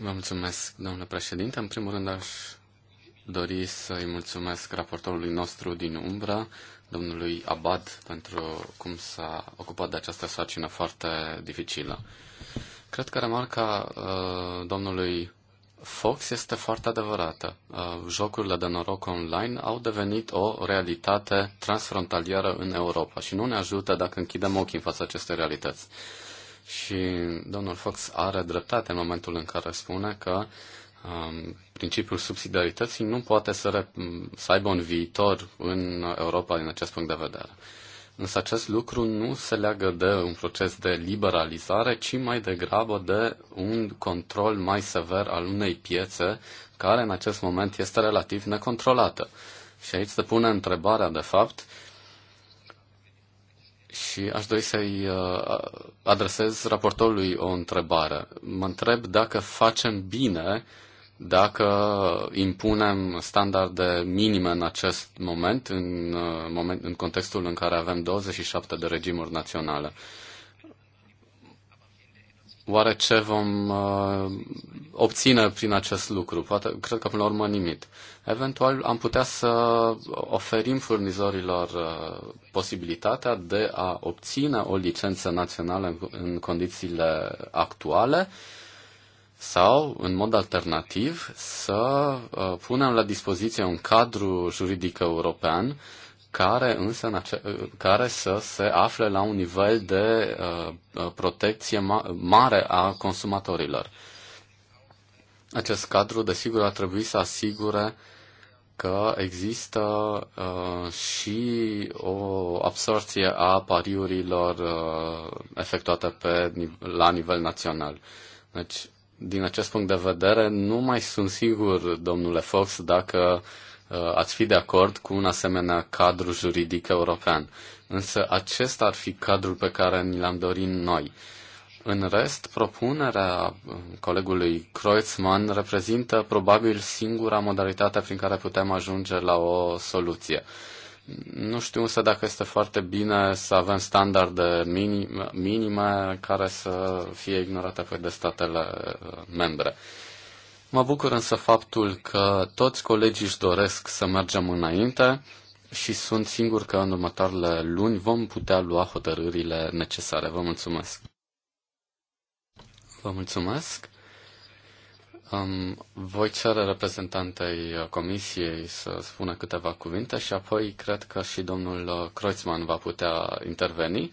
Vă mulțumesc, domnule președinte. În primul rând aș dori să-i mulțumesc raportorului nostru din Umbra, domnului Abad, pentru cum s-a ocupat de această sarcină foarte dificilă. Cred că remarca uh, domnului Fox este foarte adevărată. Uh, jocurile de noroc online au devenit o realitate transfrontalieră în Europa și nu ne ajută dacă închidem ochii în fața acestei realități. Și domnul Fox are dreptate în momentul în care spune că um, principiul subsidiarității nu poate să, să aibă un viitor în Europa din acest punct de vedere. Însă acest lucru nu se leagă de un proces de liberalizare, ci mai degrabă de un control mai sever al unei piețe care în acest moment este relativ necontrolată. Și aici se pune întrebarea, de fapt, și aș dori să-i uh, adresez raportorului o întrebare. Mă întreb dacă facem bine dacă impunem standarde minime în acest moment, în, uh, moment, în contextul în care avem 27 de regimuri naționale. Oare ce vom uh, obține prin acest lucru? Poate, cred că până la urmă nimic. Eventual am putea să oferim furnizorilor uh, posibilitatea de a obține o licență națională în, în condițiile actuale uh, sau, în mod alternativ, să uh, punem la dispoziție un cadru juridic european care însă în ace- uh, care să se afle la un nivel de uh, protecție mare a consumatorilor. Acest cadru, desigur, ar trebui să asigure că există uh, și o absorție a pariurilor uh, efectuate pe, la nivel național. Deci, din acest punct de vedere, nu mai sunt sigur, domnule Fox, dacă uh, ați fi de acord cu un asemenea cadru juridic european. Însă acesta ar fi cadrul pe care ni l-am dorit noi. În rest, propunerea uh, colegului Kreutzmann reprezintă probabil singura modalitate prin care putem ajunge la o soluție. Nu știu însă dacă este foarte bine să avem standarde minime care să fie ignorate apoi de statele uh, membre. Mă bucur însă faptul că toți colegii își doresc să mergem înainte și sunt sigur că în următoarele luni vom putea lua hotărârile necesare. Vă mulțumesc! Vă mulțumesc! Um, voi cere reprezentantei Comisiei să spună câteva cuvinte și apoi cred că și domnul uh, Kreutzmann va putea interveni.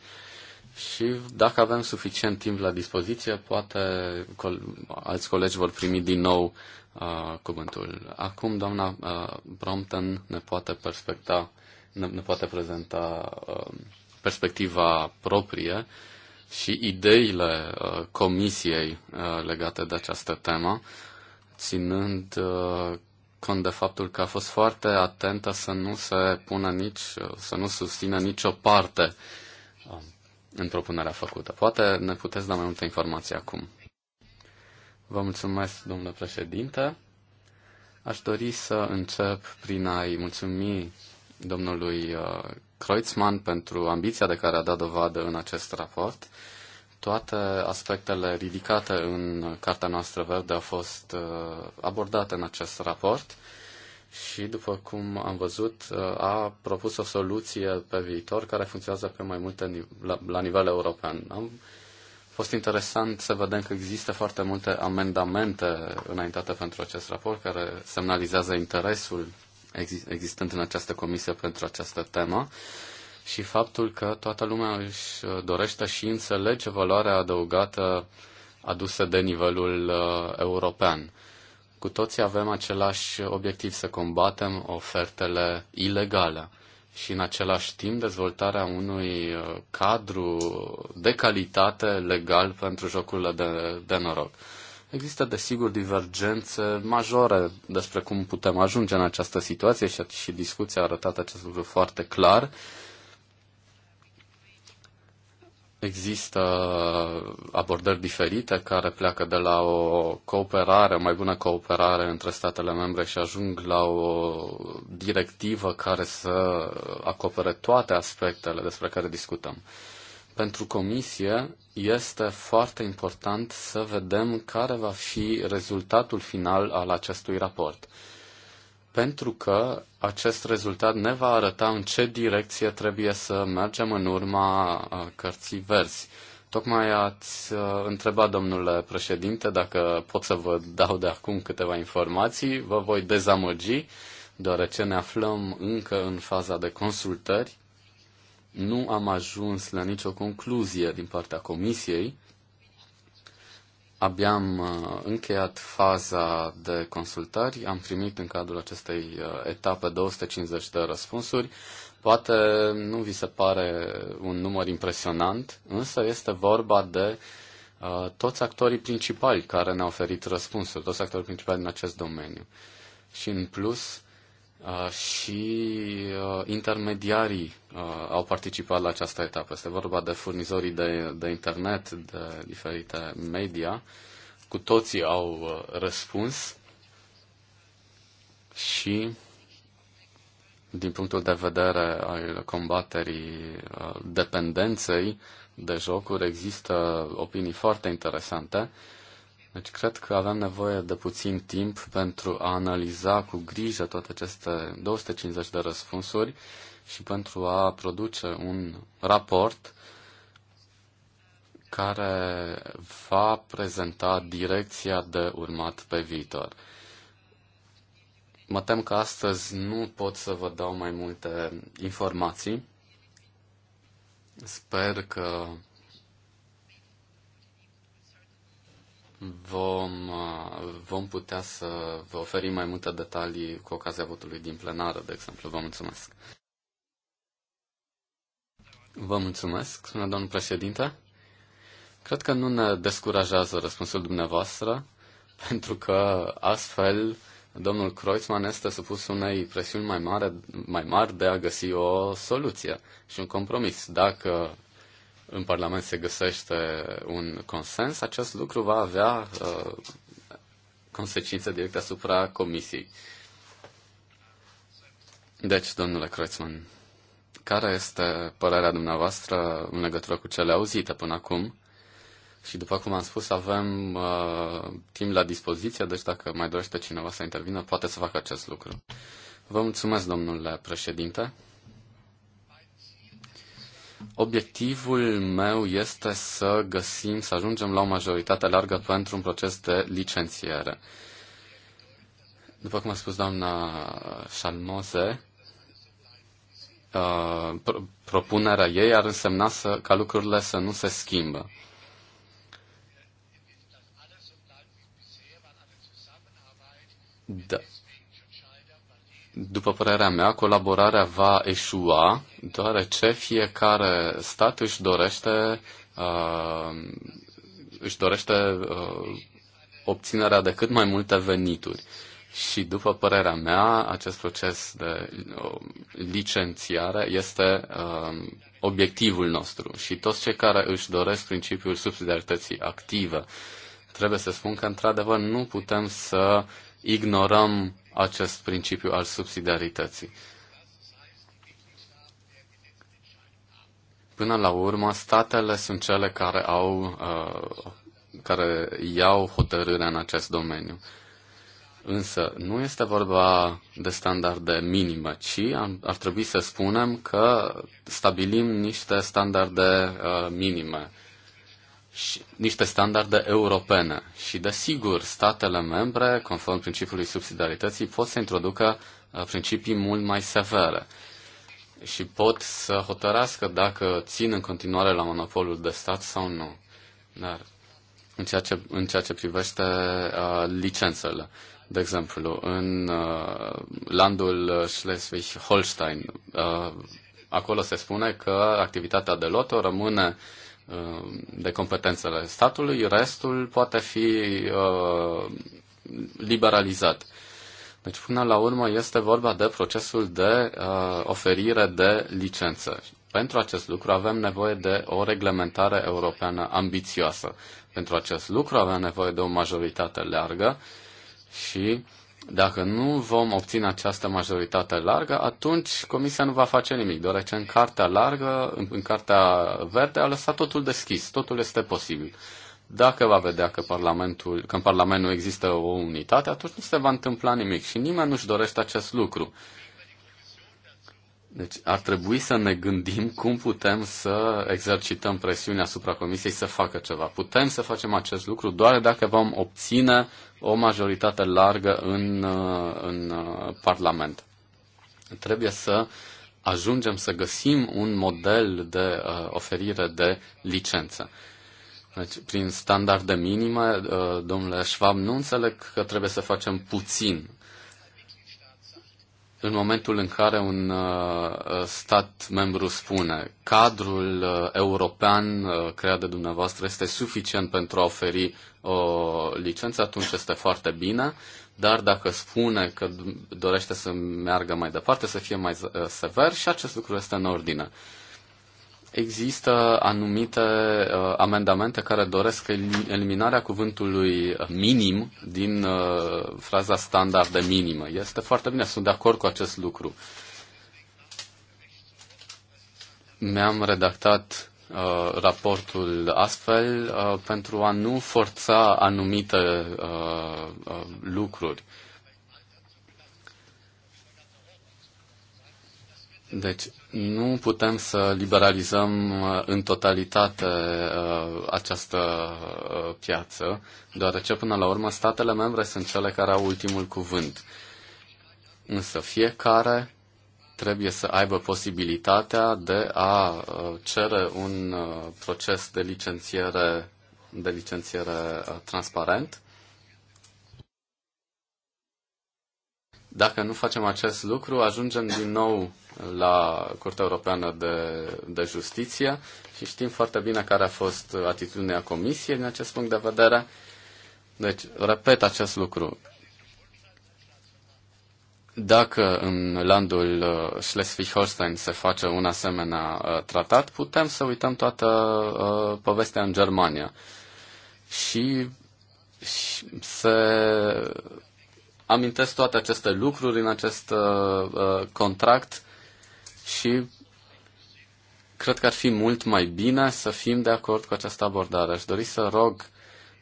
Și dacă avem suficient timp la dispoziție, poate col- alți colegi vor primi din nou uh, cuvântul. Acum doamna uh, Brompton ne poate, perspecta, ne, ne poate prezenta uh, perspectiva proprie și ideile uh, comisiei uh, legate de această temă, ținând uh, cont de faptul că a fost foarte atentă să nu se pună nici, să nu susțină nicio parte în propunerea făcută. Poate ne puteți da mai multe informații acum. Vă mulțumesc, domnule președinte. Aș dori să încep prin a-i mulțumi domnului Kreutzmann pentru ambiția de care a dat dovadă în acest raport. Toate aspectele ridicate în cartea noastră verde au fost uh, abordate în acest raport și, după cum am văzut, uh, a propus o soluție pe viitor care funcționează pe mai multe la, la nivel european. Am fost interesant să vedem că există foarte multe amendamente înaintate pentru acest raport care semnalizează interesul existând în această comisie pentru această temă și faptul că toată lumea își uh, dorește și înțelege valoarea adăugată adusă de nivelul uh, european. Cu toții avem același obiectiv, să combatem ofertele ilegale și în același timp dezvoltarea unui uh, cadru de calitate legal pentru jocurile de, de noroc. Există, desigur, divergențe majore despre cum putem ajunge în această situație și, și discuția a arătat acest lucru foarte clar. Există abordări diferite care pleacă de la o cooperare, o mai bună cooperare între statele membre și ajung la o directivă care să acopere toate aspectele despre care discutăm pentru comisie este foarte important să vedem care va fi rezultatul final al acestui raport. Pentru că acest rezultat ne va arăta în ce direcție trebuie să mergem în urma cărții verzi. Tocmai ați întrebat, domnule președinte, dacă pot să vă dau de acum câteva informații. Vă voi dezamăgi, deoarece ne aflăm încă în faza de consultări nu am ajuns la nicio concluzie din partea Comisiei. Abia am uh, încheiat faza de consultări, am primit în cadrul acestei uh, etape 250 de răspunsuri. Poate nu vi se pare un număr impresionant, însă este vorba de uh, toți actorii principali care ne-au oferit răspunsuri, toți actorii principali din acest domeniu. Și în plus, Uh, și uh, intermediarii uh, au participat la această etapă. Este vorba de furnizorii de, de internet, de diferite media. Cu toții au răspuns și din punctul de vedere al combaterii dependenței de jocuri există opinii foarte interesante deci cred că avem nevoie de puțin timp pentru a analiza cu grijă toate aceste 250 de răspunsuri și pentru a produce un raport care va prezenta direcția de urmat pe viitor. Mă tem că astăzi nu pot să vă dau mai multe informații. Sper că vom, uh, vom putea să vă oferim mai multe detalii cu ocazia votului din plenară, de exemplu. Vă mulțumesc. Vă mulțumesc, spune domnul președinte. Cred că nu ne descurajează răspunsul dumneavoastră, pentru că astfel domnul Kreuzmann este supus unei presiuni mai, mare, mai mari de a găsi o soluție și un compromis. Dacă în Parlament se găsește un consens, acest lucru va avea uh, consecințe directe asupra Comisiei. Deci, domnule Kreutzmann, care este părerea dumneavoastră în legătură cu cele auzite până acum? Și după cum am spus, avem uh, timp la dispoziție, deci dacă mai dorește cineva să intervină, poate să facă acest lucru. Vă mulțumesc, domnule președinte. Obiectivul meu este să găsim, să ajungem la o majoritate largă pentru un proces de licențiere. După cum a spus doamna Șalmoze, uh, propunerea ei ar însemna să, ca lucrurile să nu se schimbă. Da. După părerea mea, colaborarea va eșua, deoarece fiecare stat își dorește, uh, își dorește uh, obținerea de cât mai multe venituri. Și după părerea mea, acest proces de uh, licențiare este uh, obiectivul nostru și toți cei care își doresc principiul subsidiarității active. Trebuie să spun că, într-adevăr, nu putem să ignorăm acest principiu al subsidiarității. Până la urmă, statele sunt cele care au, uh, care iau hotărârea în acest domeniu. Însă nu este vorba de standarde minime, ci ar, ar trebui să spunem că stabilim niște standarde uh, minime și niște standarde europene. Și, desigur, statele membre, conform principiului subsidiarității, pot să introducă uh, principii mult mai severe și pot să hotărască dacă țin în continuare la monopolul de stat sau nu. Dar în ceea ce, în ceea ce privește uh, licențele, de exemplu, în uh, landul uh, Schleswig-Holstein, uh, acolo se spune că activitatea de loto rămâne uh, Uh, de competențele statului, restul poate fi uh, liberalizat. Deci, până la urmă, este vorba de procesul de uh, oferire de licență. Pentru acest lucru avem nevoie de o reglementare europeană ambițioasă. Pentru acest lucru avem nevoie de o majoritate largă și dacă nu vom obține această majoritate largă, atunci Comisia nu va face nimic, deoarece în cartea largă, în, în cartea verde, a lăsat totul deschis, totul este posibil. Dacă va vedea că, parlamentul, că în Parlament nu există o unitate, atunci nu se va întâmpla nimic și nimeni nu-și dorește acest lucru. Deci ar trebui să ne gândim cum putem să exercităm presiunea asupra Comisiei să facă ceva. Putem să facem acest lucru doar dacă vom obține o majoritate largă în, în Parlament. Trebuie să ajungem să găsim un model de uh, oferire de licență. Deci, prin standarde minime, uh, domnule Schwab, nu înțeleg că trebuie să facem puțin în momentul în care un uh, stat membru spune cadrul uh, european uh, creat de dumneavoastră este suficient pentru a oferi o licență, atunci este foarte bine, dar dacă spune că dorește să meargă mai departe, să fie mai sever și acest lucru este în ordine. Există anumite uh, amendamente care doresc eliminarea cuvântului uh, minim din uh, fraza de minimă. Este foarte bine, sunt de acord cu acest lucru. Mi-am redactat uh, raportul astfel uh, pentru a nu forța anumite uh, uh, lucruri. Deci, nu putem să liberalizăm uh, în totalitate uh, această uh, piață, deoarece până la urmă statele membre sunt cele care au ultimul cuvânt. Însă fiecare trebuie să aibă posibilitatea de a cere un proces de licențiere, de licențiere transparent. Dacă nu facem acest lucru, ajungem din nou la Curtea Europeană de, de Justiție și știm foarte bine care a fost atitudinea Comisiei din acest punct de vedere. Deci, repet acest lucru. Dacă în landul uh, Schleswig-Holstein se face un asemenea uh, tratat, putem să uităm toată uh, povestea în Germania. Și, și să amintesc toate aceste lucruri în acest uh, uh contract și cred că ar fi mult mai bine să fim de acord cu această abordare. Aș dori să rog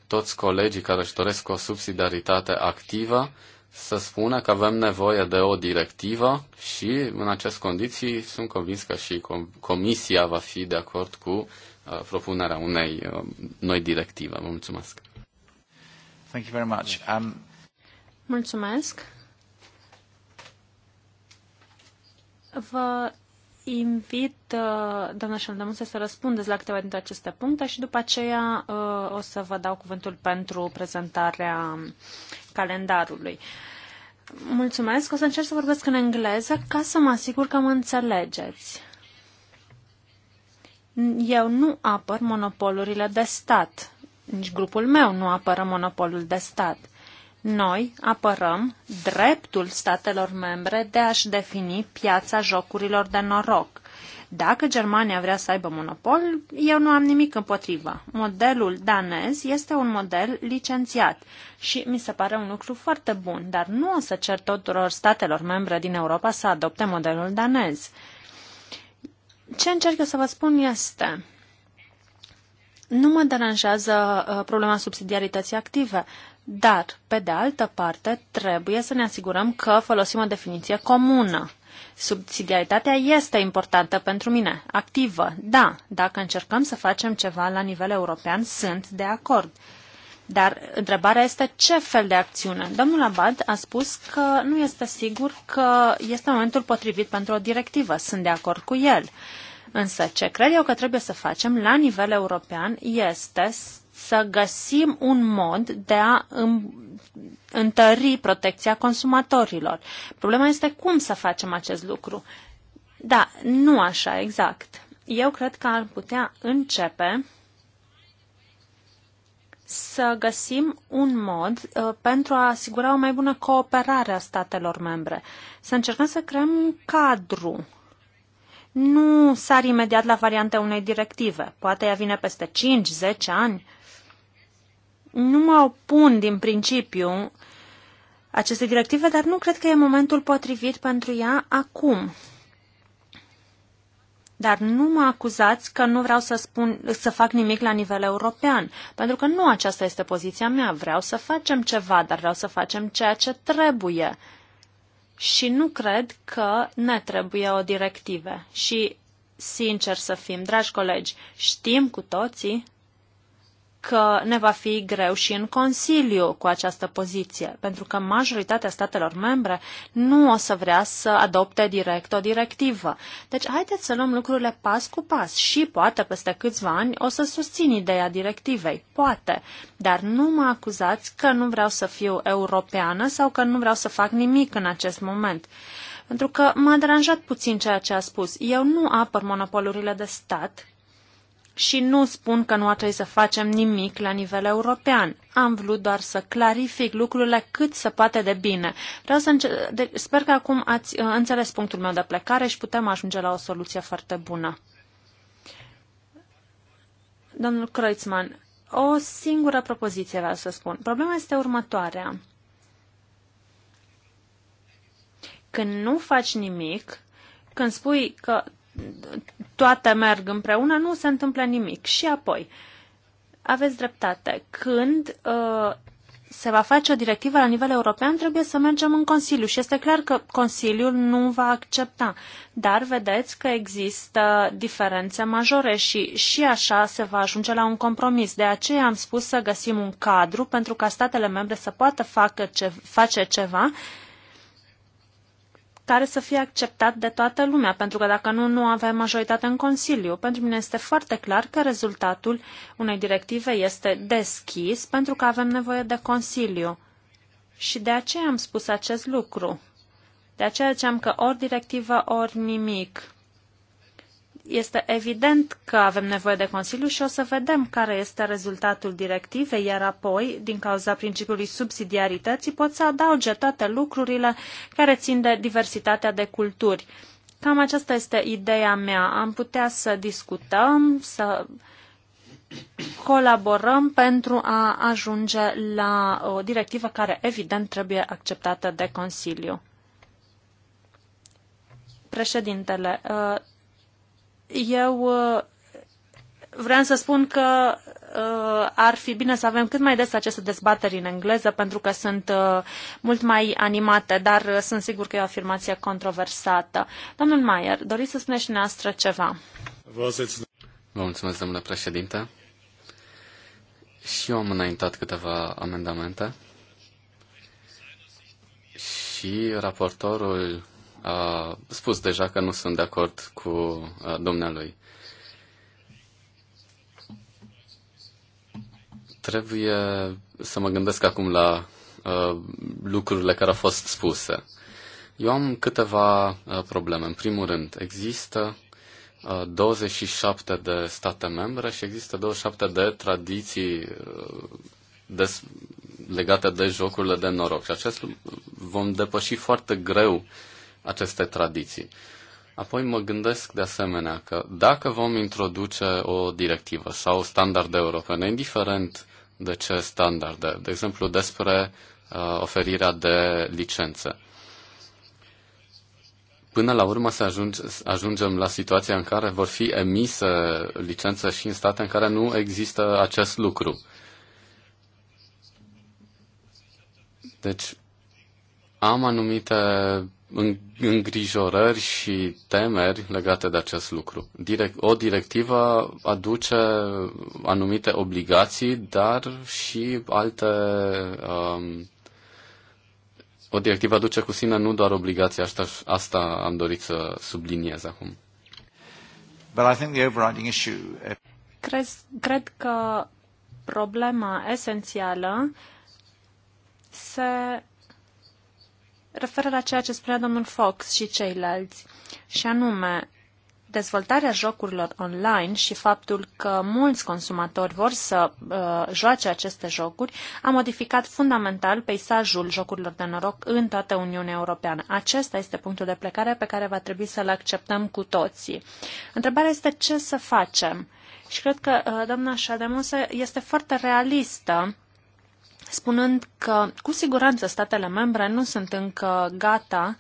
toți colegii care își doresc o subsidiaritate activă să spună că avem nevoie de o directivă și în aceste condiții sunt convins că și Comisia va fi de acord cu uh, propunerea unei uh, noi directive. Vă mulțumesc. Thank you very much. Um... Mulțumesc. Vă invit, uh, doamna Șandămuță, să răspundeți la câteva dintre aceste puncte și după aceea uh, o să vă dau cuvântul pentru prezentarea calendarului. Mulțumesc. O să încerc să vorbesc în engleză ca să mă asigur că mă înțelegeți. Eu nu apăr monopolurile de stat. Nici grupul meu nu apără monopolul de stat. Noi apărăm dreptul statelor membre de a-și defini piața jocurilor de noroc. Dacă Germania vrea să aibă monopol, eu nu am nimic împotrivă. Modelul danez este un model licențiat și mi se pare un lucru foarte bun, dar nu o să cer tuturor statelor membre din Europa să adopte modelul danez. Ce încerc eu să vă spun este, nu mă deranjează uh, problema subsidiarității active. Dar, pe de altă parte, trebuie să ne asigurăm că folosim o definiție comună. Subsidiaritatea este importantă pentru mine. Activă, da, dacă încercăm să facem ceva la nivel european, sunt de acord. Dar întrebarea este ce fel de acțiune. Domnul Abad a spus că nu este sigur că este momentul potrivit pentru o directivă. Sunt de acord cu el. Însă ce cred eu că trebuie să facem la nivel european este să găsim un mod de a întări protecția consumatorilor. Problema este cum să facem acest lucru. Da, nu așa exact. Eu cred că ar putea începe să găsim un mod uh, pentru a asigura o mai bună cooperare a statelor membre. Să încercăm să creăm un cadru. Nu sar imediat la varianta unei directive. Poate ea vine peste 5-10 ani nu mă opun din principiu acestei directive, dar nu cred că e momentul potrivit pentru ea acum. Dar nu mă acuzați că nu vreau să, spun, să fac nimic la nivel european, pentru că nu aceasta este poziția mea. Vreau să facem ceva, dar vreau să facem ceea ce trebuie. Și nu cred că ne trebuie o directivă. Și, sincer să fim, dragi colegi, știm cu toții că ne va fi greu și în Consiliu cu această poziție, pentru că majoritatea statelor membre nu o să vrea să adopte direct o directivă. Deci haideți să luăm lucrurile pas cu pas și poate peste câțiva ani o să susțin ideea directivei, poate, dar nu mă acuzați că nu vreau să fiu europeană sau că nu vreau să fac nimic în acest moment. Pentru că m-a deranjat puțin ceea ce a spus. Eu nu apăr monopolurile de stat, și nu spun că nu ar trebui să facem nimic la nivel european. Am vrut doar să clarific lucrurile cât se poate de bine. Vreau să înce- de- sper că acum ați uh, înțeles punctul meu de plecare și putem ajunge la o soluție foarte bună. Domnul Kreutzmann, o singură propoziție vreau să spun. Problema este următoarea. Când nu faci nimic, când spui că toate merg împreună, nu se întâmplă nimic. Și apoi, aveți dreptate, când uh, se va face o directivă la nivel european, trebuie să mergem în Consiliu și este clar că Consiliul nu va accepta. Dar vedeți că există diferențe majore și și așa se va ajunge la un compromis. De aceea am spus să găsim un cadru pentru ca statele membre să poată facă ce, face ceva care să fie acceptat de toată lumea, pentru că dacă nu, nu avem majoritate în Consiliu. Pentru mine este foarte clar că rezultatul unei directive este deschis, pentru că avem nevoie de Consiliu. Și de aceea am spus acest lucru. De aceea ziceam că ori directivă, ori nimic este evident că avem nevoie de Consiliu și o să vedem care este rezultatul directivei, iar apoi, din cauza principiului subsidiarității, pot să adauge toate lucrurile care țin de diversitatea de culturi. Cam aceasta este ideea mea. Am putea să discutăm, să colaborăm pentru a ajunge la o directivă care, evident, trebuie acceptată de Consiliu. Președintele, uh, eu uh, vreau să spun că uh, ar fi bine să avem cât mai des aceste dezbateri în engleză, pentru că sunt uh, mult mai animate, dar sunt sigur că e o afirmație controversată. Domnul Maier, doriți să spuneți și noastră ceva? Vă mulțumesc, domnule președinte. Și eu am înaintat câteva amendamente și raportorul spus deja că nu sunt de acord cu dumnealui. Trebuie să mă gândesc acum la lucrurile care au fost spuse. Eu am câteva probleme. În primul rând, există 27 de state membre și există 27 de tradiții des legate de jocurile de noroc. Și acest vom depăși foarte greu aceste tradiții. Apoi mă gândesc de asemenea că dacă vom introduce o directivă sau standarde europene, indiferent de ce standarde, de exemplu despre uh, oferirea de licențe, până la urmă să ajunge, ajungem la situația în care vor fi emise licențe și în state în care nu există acest lucru. Deci am anumite îngrijorări și temeri legate de acest lucru. Direct, o directivă aduce anumite obligații, dar și alte. Um, o directivă aduce cu sine nu doar obligații, asta, asta am dorit să subliniez acum. But I think the overriding issue... Eh, cred, cred că problema esențială se referă la ceea ce spunea domnul Fox și ceilalți, și anume dezvoltarea jocurilor online și faptul că mulți consumatori vor să uh, joace aceste jocuri a modificat fundamental peisajul jocurilor de noroc în toată Uniunea Europeană. Acesta este punctul de plecare pe care va trebui să-l acceptăm cu toții. Întrebarea este ce să facem. Și cred că uh, doamna Șademuse este foarte realistă spunând că cu siguranță statele membre nu sunt încă gata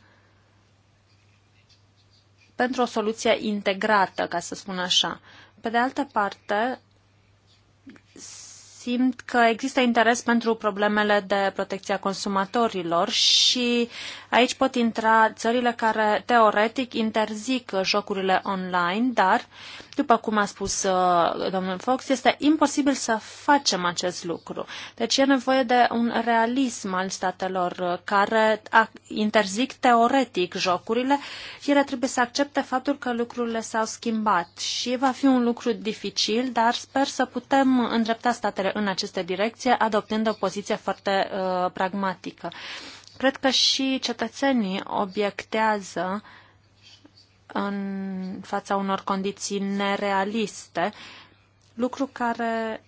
pentru o soluție integrată, ca să spun așa. Pe de altă parte, simt că există interes pentru problemele de protecția consumatorilor și Aici pot intra țările care teoretic interzic jocurile online, dar, după cum a spus uh, domnul Fox, este imposibil să facem acest lucru. Deci e nevoie de un realism al statelor uh, care interzic teoretic jocurile. Ele trebuie să accepte faptul că lucrurile s-au schimbat și va fi un lucru dificil, dar sper să putem îndrepta statele în aceste direcție, adoptând o poziție foarte uh, pragmatică. Cred că și cetățenii obiectează în fața unor condiții nerealiste, lucru care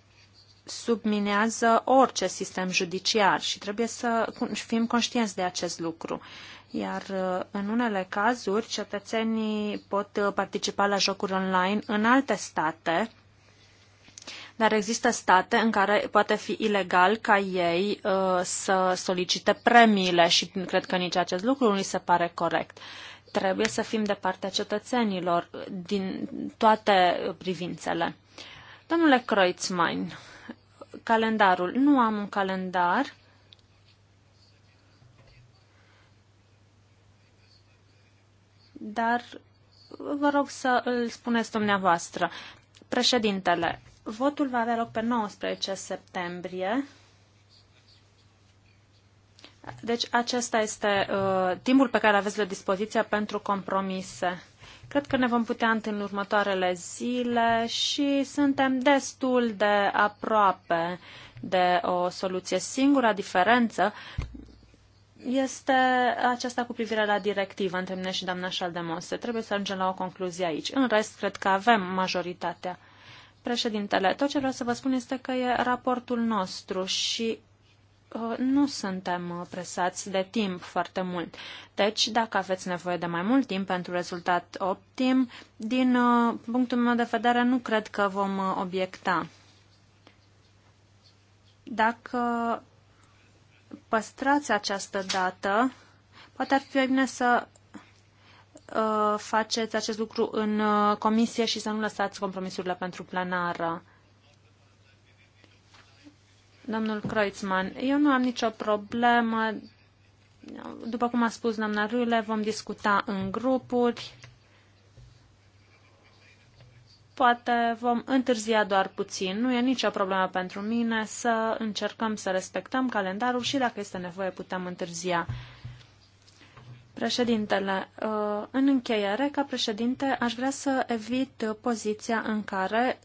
subminează orice sistem judiciar și trebuie să fim conștienți de acest lucru. Iar uh, în unele cazuri, cetățenii pot uh, participa la jocuri online în alte state, dar există state în care poate fi ilegal ca ei uh, să solicite premiile și cred că nici acest lucru nu se pare corect. Trebuie să fim de partea cetățenilor din toate privințele. Domnule Kreutzmann, calendarul. Nu am un calendar. Dar vă rog să îl spuneți dumneavoastră. Președintele, Votul va avea loc pe 19 septembrie. Deci acesta este uh, timpul pe care aveți la dispoziție pentru compromise. Cred că ne vom putea întâlni următoarele zile și suntem destul de aproape de o soluție. Singura diferență este aceasta cu privire la directivă între mine și doamna Șaldemose. Trebuie să ajungem la o concluzie aici. În rest, cred că avem majoritatea. Președintele, tot ce vreau să vă spun este că e raportul nostru și uh, nu suntem uh, presați de timp foarte mult. Deci, dacă aveți nevoie de mai mult timp pentru rezultat optim, din uh, punctul meu de vedere, nu cred că vom obiecta. Dacă păstrați această dată, poate ar fi bine să Uh, faceți acest lucru în uh, comisie și să nu lăsați compromisurile pentru plenară. Domnul Kreutzmann, eu nu am nicio problemă. După cum a spus doamna Rule, vom discuta în grupuri. Poate vom întârzia doar puțin. Nu e nicio problemă pentru mine să încercăm să respectăm calendarul și dacă este nevoie putem întârzia. Președintele, uh, în încheiere, ca președinte, aș vrea să evit poziția în care,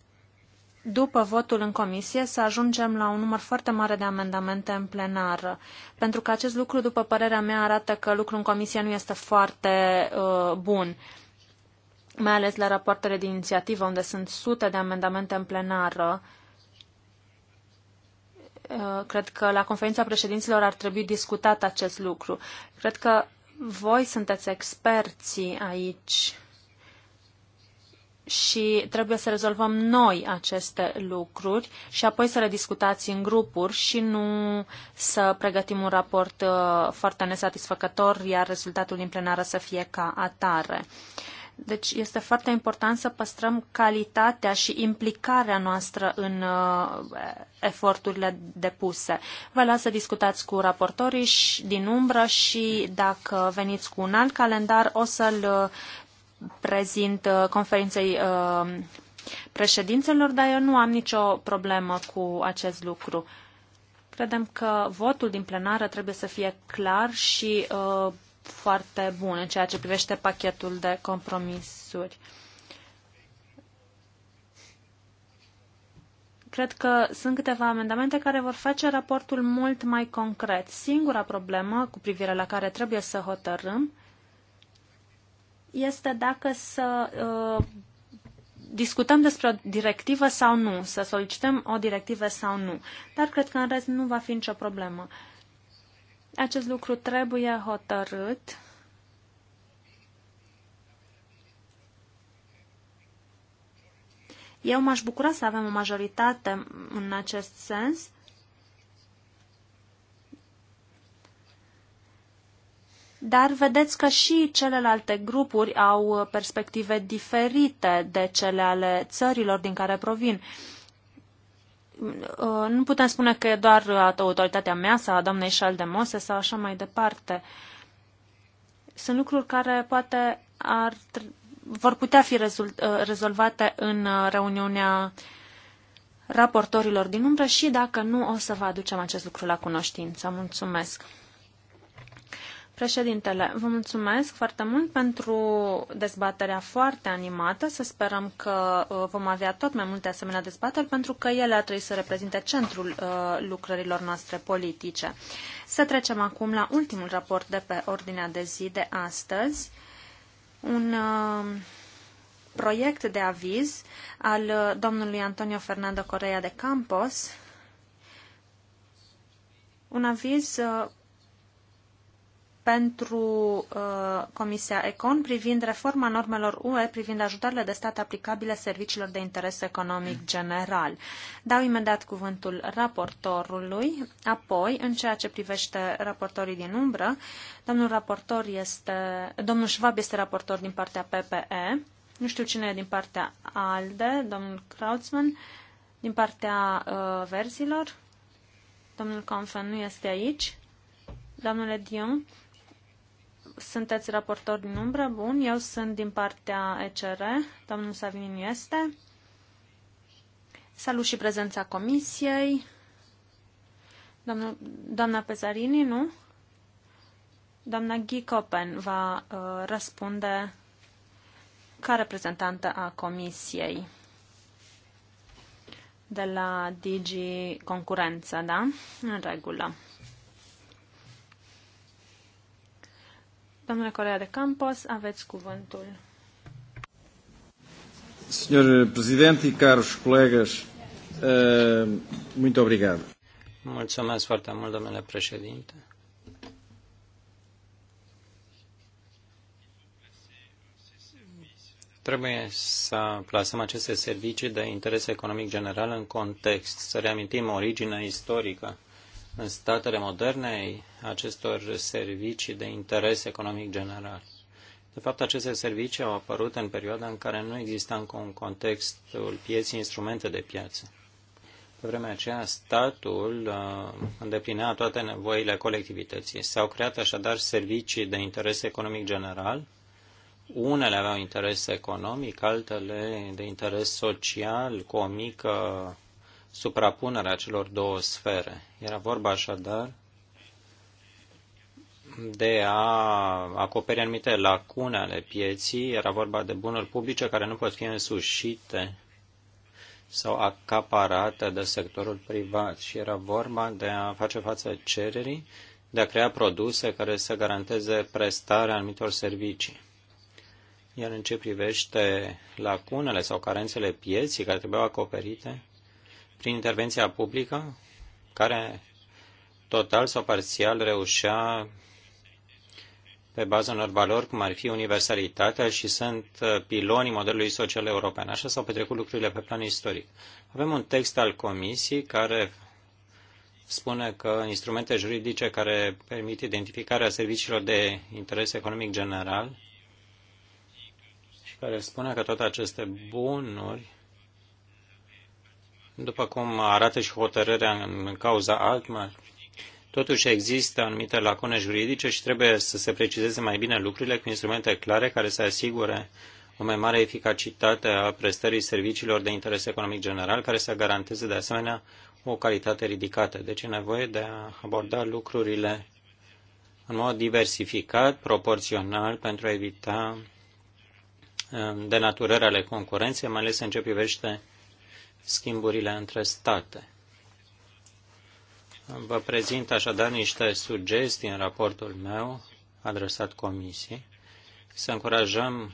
după votul în comisie, să ajungem la un număr foarte mare de amendamente în plenară. Pentru că acest lucru, după părerea mea, arată că lucrul în comisie nu este foarte uh, bun mai ales la rapoartele de inițiativă, unde sunt sute de amendamente în plenară. Uh, cred că la conferința președinților ar trebui discutat acest lucru. Cred că voi sunteți experții aici și trebuie să rezolvăm noi aceste lucruri și apoi să le discutați în grupuri și nu să pregătim un raport uh, foarte nesatisfăcător, iar rezultatul din plenară să fie ca atare. Uh, deci este foarte important să păstrăm calitatea și implicarea noastră în uh, eforturile depuse. Vă las să discutați cu raportorii și din umbră și dacă veniți cu un alt calendar, o să-l uh, prezint uh, conferinței președințelor, dar eu nu am nicio problemă cu acest lucru. Credem că votul din plenară trebuie să fie clar și uh, foarte bun în ceea ce privește pachetul de compromisuri. Cred că sunt câteva amendamente care vor face raportul mult mai concret. Singura problemă cu privire la care trebuie să hotărâm este dacă să uh, discutăm despre o directivă sau nu, să solicităm o directivă sau nu. Dar cred că în rest nu va fi nicio problemă. Uh, acest lucru trebuie hotărât. Eu m-aș bucura să avem o majoritate în acest sens. Dar vedeți că și celelalte grupuri au perspective diferite de cele ale țărilor din care provin. Uh, Uh, nu putem spune că e doar autoritatea mea sau a doamnei Mose sau așa mai departe. Sunt lucruri care poate ar, vor putea fi uh, rezolvate în uh, reuniunea raportorilor din umbră și dacă nu, o să vă aducem acest lucru la cunoștință. Mulțumesc! Președintele, vă mulțumesc foarte mult pentru dezbaterea foarte animată. Să sperăm că uh, vom avea tot mai multe asemenea dezbateri, pentru că ele ar trebui să reprezinte centrul uh, lucrărilor noastre politice. Să trecem acum la ultimul raport de pe ordinea de zi de astăzi. Un uh, proiect de aviz al domnului Antonio Fernando Correa de Campos, un aviz pentru uh, Comisia Econ privind reforma normelor UE privind ajutoarele de stat aplicabile serviciilor de interes economic general. Dau imediat cuvântul raportorului, apoi, în ceea ce privește raportorii din umbră, domnul raportor este, domnul Schwab este raportor din partea PPE, nu știu cine e din partea ALDE, domnul Krautzmann, din partea uh, verzilor, domnul Confen nu este aici, domnule Dion, sunteți raportor din umbră, bun. Eu sunt din partea ECR, domnul Savinin este. Salut și prezența comisiei. Domnul, doamna Pezarini, nu? Doamna Ghicopen va uh, răspunde ca reprezentantă a comisiei de la DG Concurență, da? În regulă. Domnule Corea de Campos, aveți cuvântul. Senhor Presidente e caros colegas, uh, muito obrigado. Mulțumesc foarte mult, domnule președinte. Trebuie să plasăm aceste servicii de interes economic general în context, să reamintim originea istorică în statele moderne acestor servicii de interes economic general. De fapt, aceste servicii au apărut în perioada în care nu exista încă un contextul pieții instrumente de piață. Pe vremea aceea, statul uh, îndeplinea toate nevoile colectivității. S-au creat așadar servicii de interes economic general. Unele aveau interes economic, altele de interes social, cu o mică suprapunerea celor două sfere. Era vorba așadar de a acoperi anumite lacune ale pieții, era vorba de bunuri publice care nu pot fi însușite sau acaparate de sectorul privat și era vorba de a face față cererii, de a crea produse care să garanteze prestarea anumitor servicii. Iar în ce privește lacunele sau carențele pieții care trebuiau acoperite, prin intervenția publică, care total sau parțial reușea pe baza unor valori cum ar fi universalitatea și sunt uh, pilonii modelului social european. Așa s-au petrecut lucrurile pe plan istoric. Avem un text al Comisiei care spune că instrumente juridice care permit identificarea serviciilor de interes economic general și care spune că toate aceste bunuri după cum arată și hotărârea în cauza Altmar, Totuși există anumite lacune juridice și trebuie să se precizeze mai bine lucrurile cu instrumente clare care să asigure o mai mare eficacitate a prestării serviciilor de interes economic general, care să garanteze de asemenea o calitate ridicată. Deci e nevoie de a aborda lucrurile în mod diversificat, proporțional, pentru a evita uh, denaturări ale concurenței, mai ales în ce privește schimburile între state. Vă prezint așadar niște sugestii în raportul meu adresat Comisiei, să încurajăm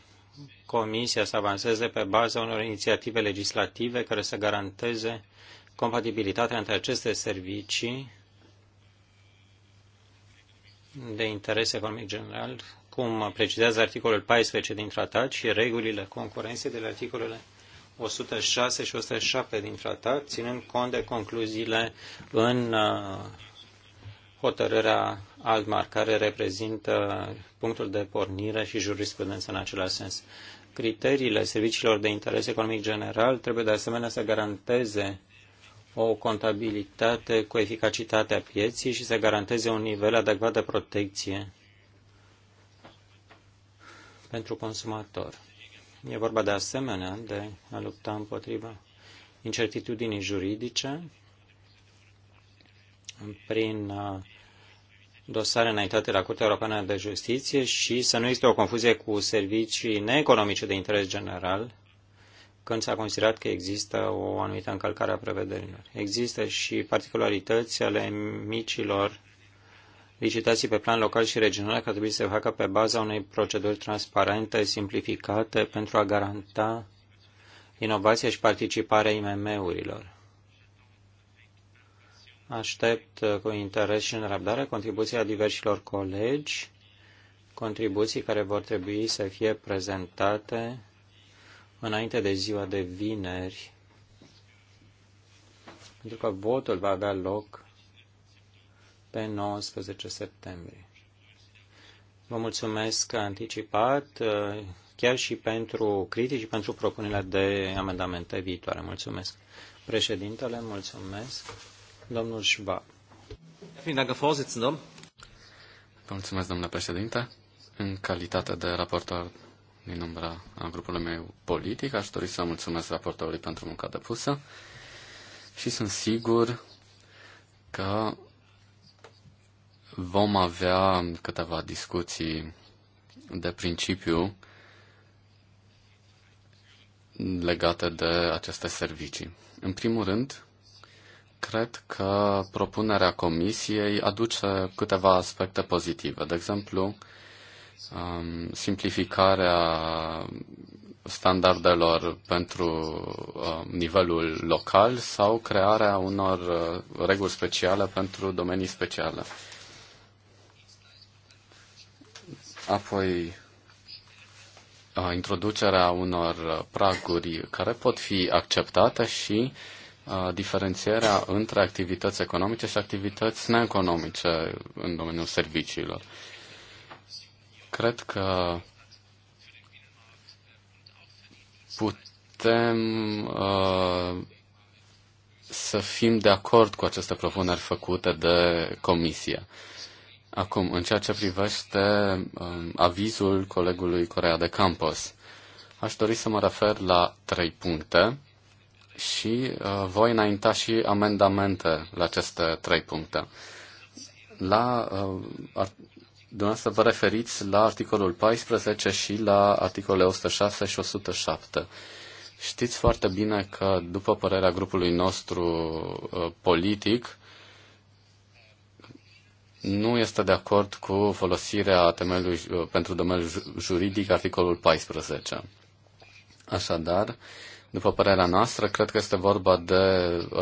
Comisia să avanseze pe baza unor inițiative legislative care să garanteze compatibilitatea între aceste servicii de interes economic general, cum precizează articolul 14 din tratat și regulile concurenței de la articolele 106 și 107 din tratat, ținând cont de concluziile în uh, hotărârea Altmar, care reprezintă punctul de pornire și jurisprudență în același sens. Criteriile serviciilor de interes economic general trebuie de asemenea să garanteze o contabilitate cu eficacitatea pieții și să garanteze un nivel adecvat de protecție pentru consumator. E vorba de asemenea de a lupta împotriva incertitudinii juridice prin uh, dosare înaintate la Curtea Europeană de Justiție și să nu există o confuzie cu servicii neeconomice de interes general când s-a considerat că există o anumită încălcare a prevederilor. Există și particularități ale micilor licitații pe plan local și regional care trebuie să se facă pe baza unei proceduri transparente, simplificate, pentru a garanta inovația și participarea IMM-urilor. Aștept uh, cu interes și răbdare contribuția diversilor colegi, contribuții care vor trebui să fie prezentate înainte de ziua de vineri, pentru că votul va avea loc pe 19 septembrie. Vă mulțumesc anticipat, uh, chiar și pentru critici și pentru propunerea de amendamente viitoare. Mulțumesc. Președintele, mulțumesc. Domnul Șba. Vă mulțumesc, domnule președinte. În calitate de raportor din umbra a grupului meu politic, aș dori să mulțumesc raportorului pentru munca depusă și sunt sigur că Vom avea câteva discuții de principiu legate de aceste servicii. În primul rând, cred că propunerea comisiei aduce câteva aspecte pozitive. De exemplu, um, simplificarea standardelor pentru uh, nivelul local sau crearea unor uh, reguli speciale pentru domenii speciale. Apoi, introducerea unor praguri care pot fi acceptate și diferențierea între activități economice și activități neeconomice în domeniul serviciilor. Cred că putem uh, să fim de acord cu aceste propuneri făcute de comisie. Uh, Acum, în ceea ce privește um, avizul colegului Corea de Campos, aș dori să mă refer la trei puncte și uh, voi înainta și amendamente la aceste trei puncte. La, uh, ar, dumneavoastră vă referiți la articolul 14 și la articolele 106 și 107. Știți foarte bine că, după părerea grupului nostru uh, politic, nu este de acord cu folosirea temelului, uh, pentru domeniul juridic articolul 14. Așadar, după părerea noastră, cred că este vorba de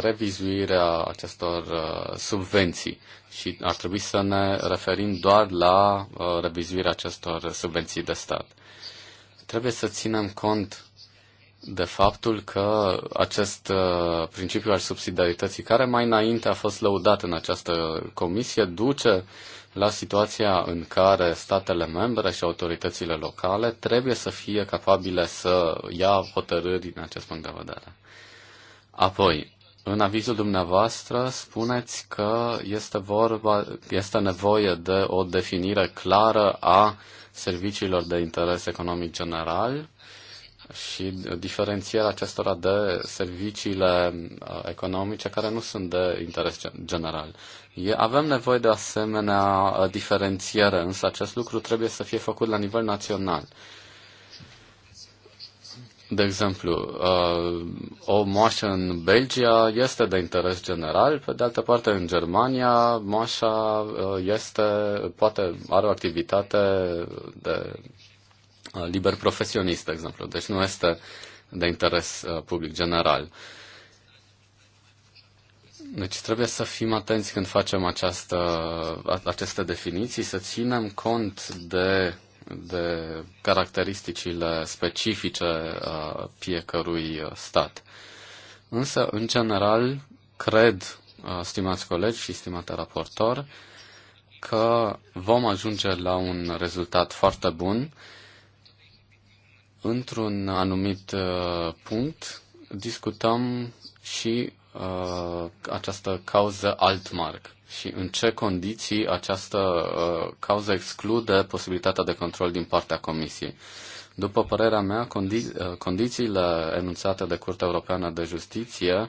revizuirea acestor uh, subvenții și ar trebui să ne referim doar la uh, revizuirea acestor subvenții de stat. Trebuie să ținem cont de faptul că acest uh, principiu al subsidiarității, care mai înainte a fost lăudat în această comisie, duce la situația în care statele membre și autoritățile locale trebuie să fie capabile să ia hotărâri din acest punct de vedere. Apoi, în avizul dumneavoastră spuneți că este, vorba, este nevoie de o definire clară a serviciilor de interes economic general și diferențierea acestora de serviciile uh, economice care nu sunt de interes general. Avem nevoie de asemenea uh, diferențiere, însă acest lucru trebuie să fie făcut la nivel național. De exemplu, uh, o moașă în Belgia este de interes general, pe de altă parte în Germania moașa este, poate are o activitate de Uh, liber profesionist, de exemplu. Deci nu este de interes uh, public general. Deci trebuie să fim atenți când facem această, aceste definiții, să ținem cont de, de caracteristicile specifice a uh, fiecărui stat. Însă, în general, cred, stimați colegi și stimate raportor, că vom ajunge la un rezultat foarte bun într-un anumit uh, punct discutăm și uh, această cauză altmark și în ce condiții această uh, cauză exclude posibilitatea de control din partea Comisiei. După părerea mea, condi- uh, condițiile enunțate de Curtea Europeană de Justiție uh,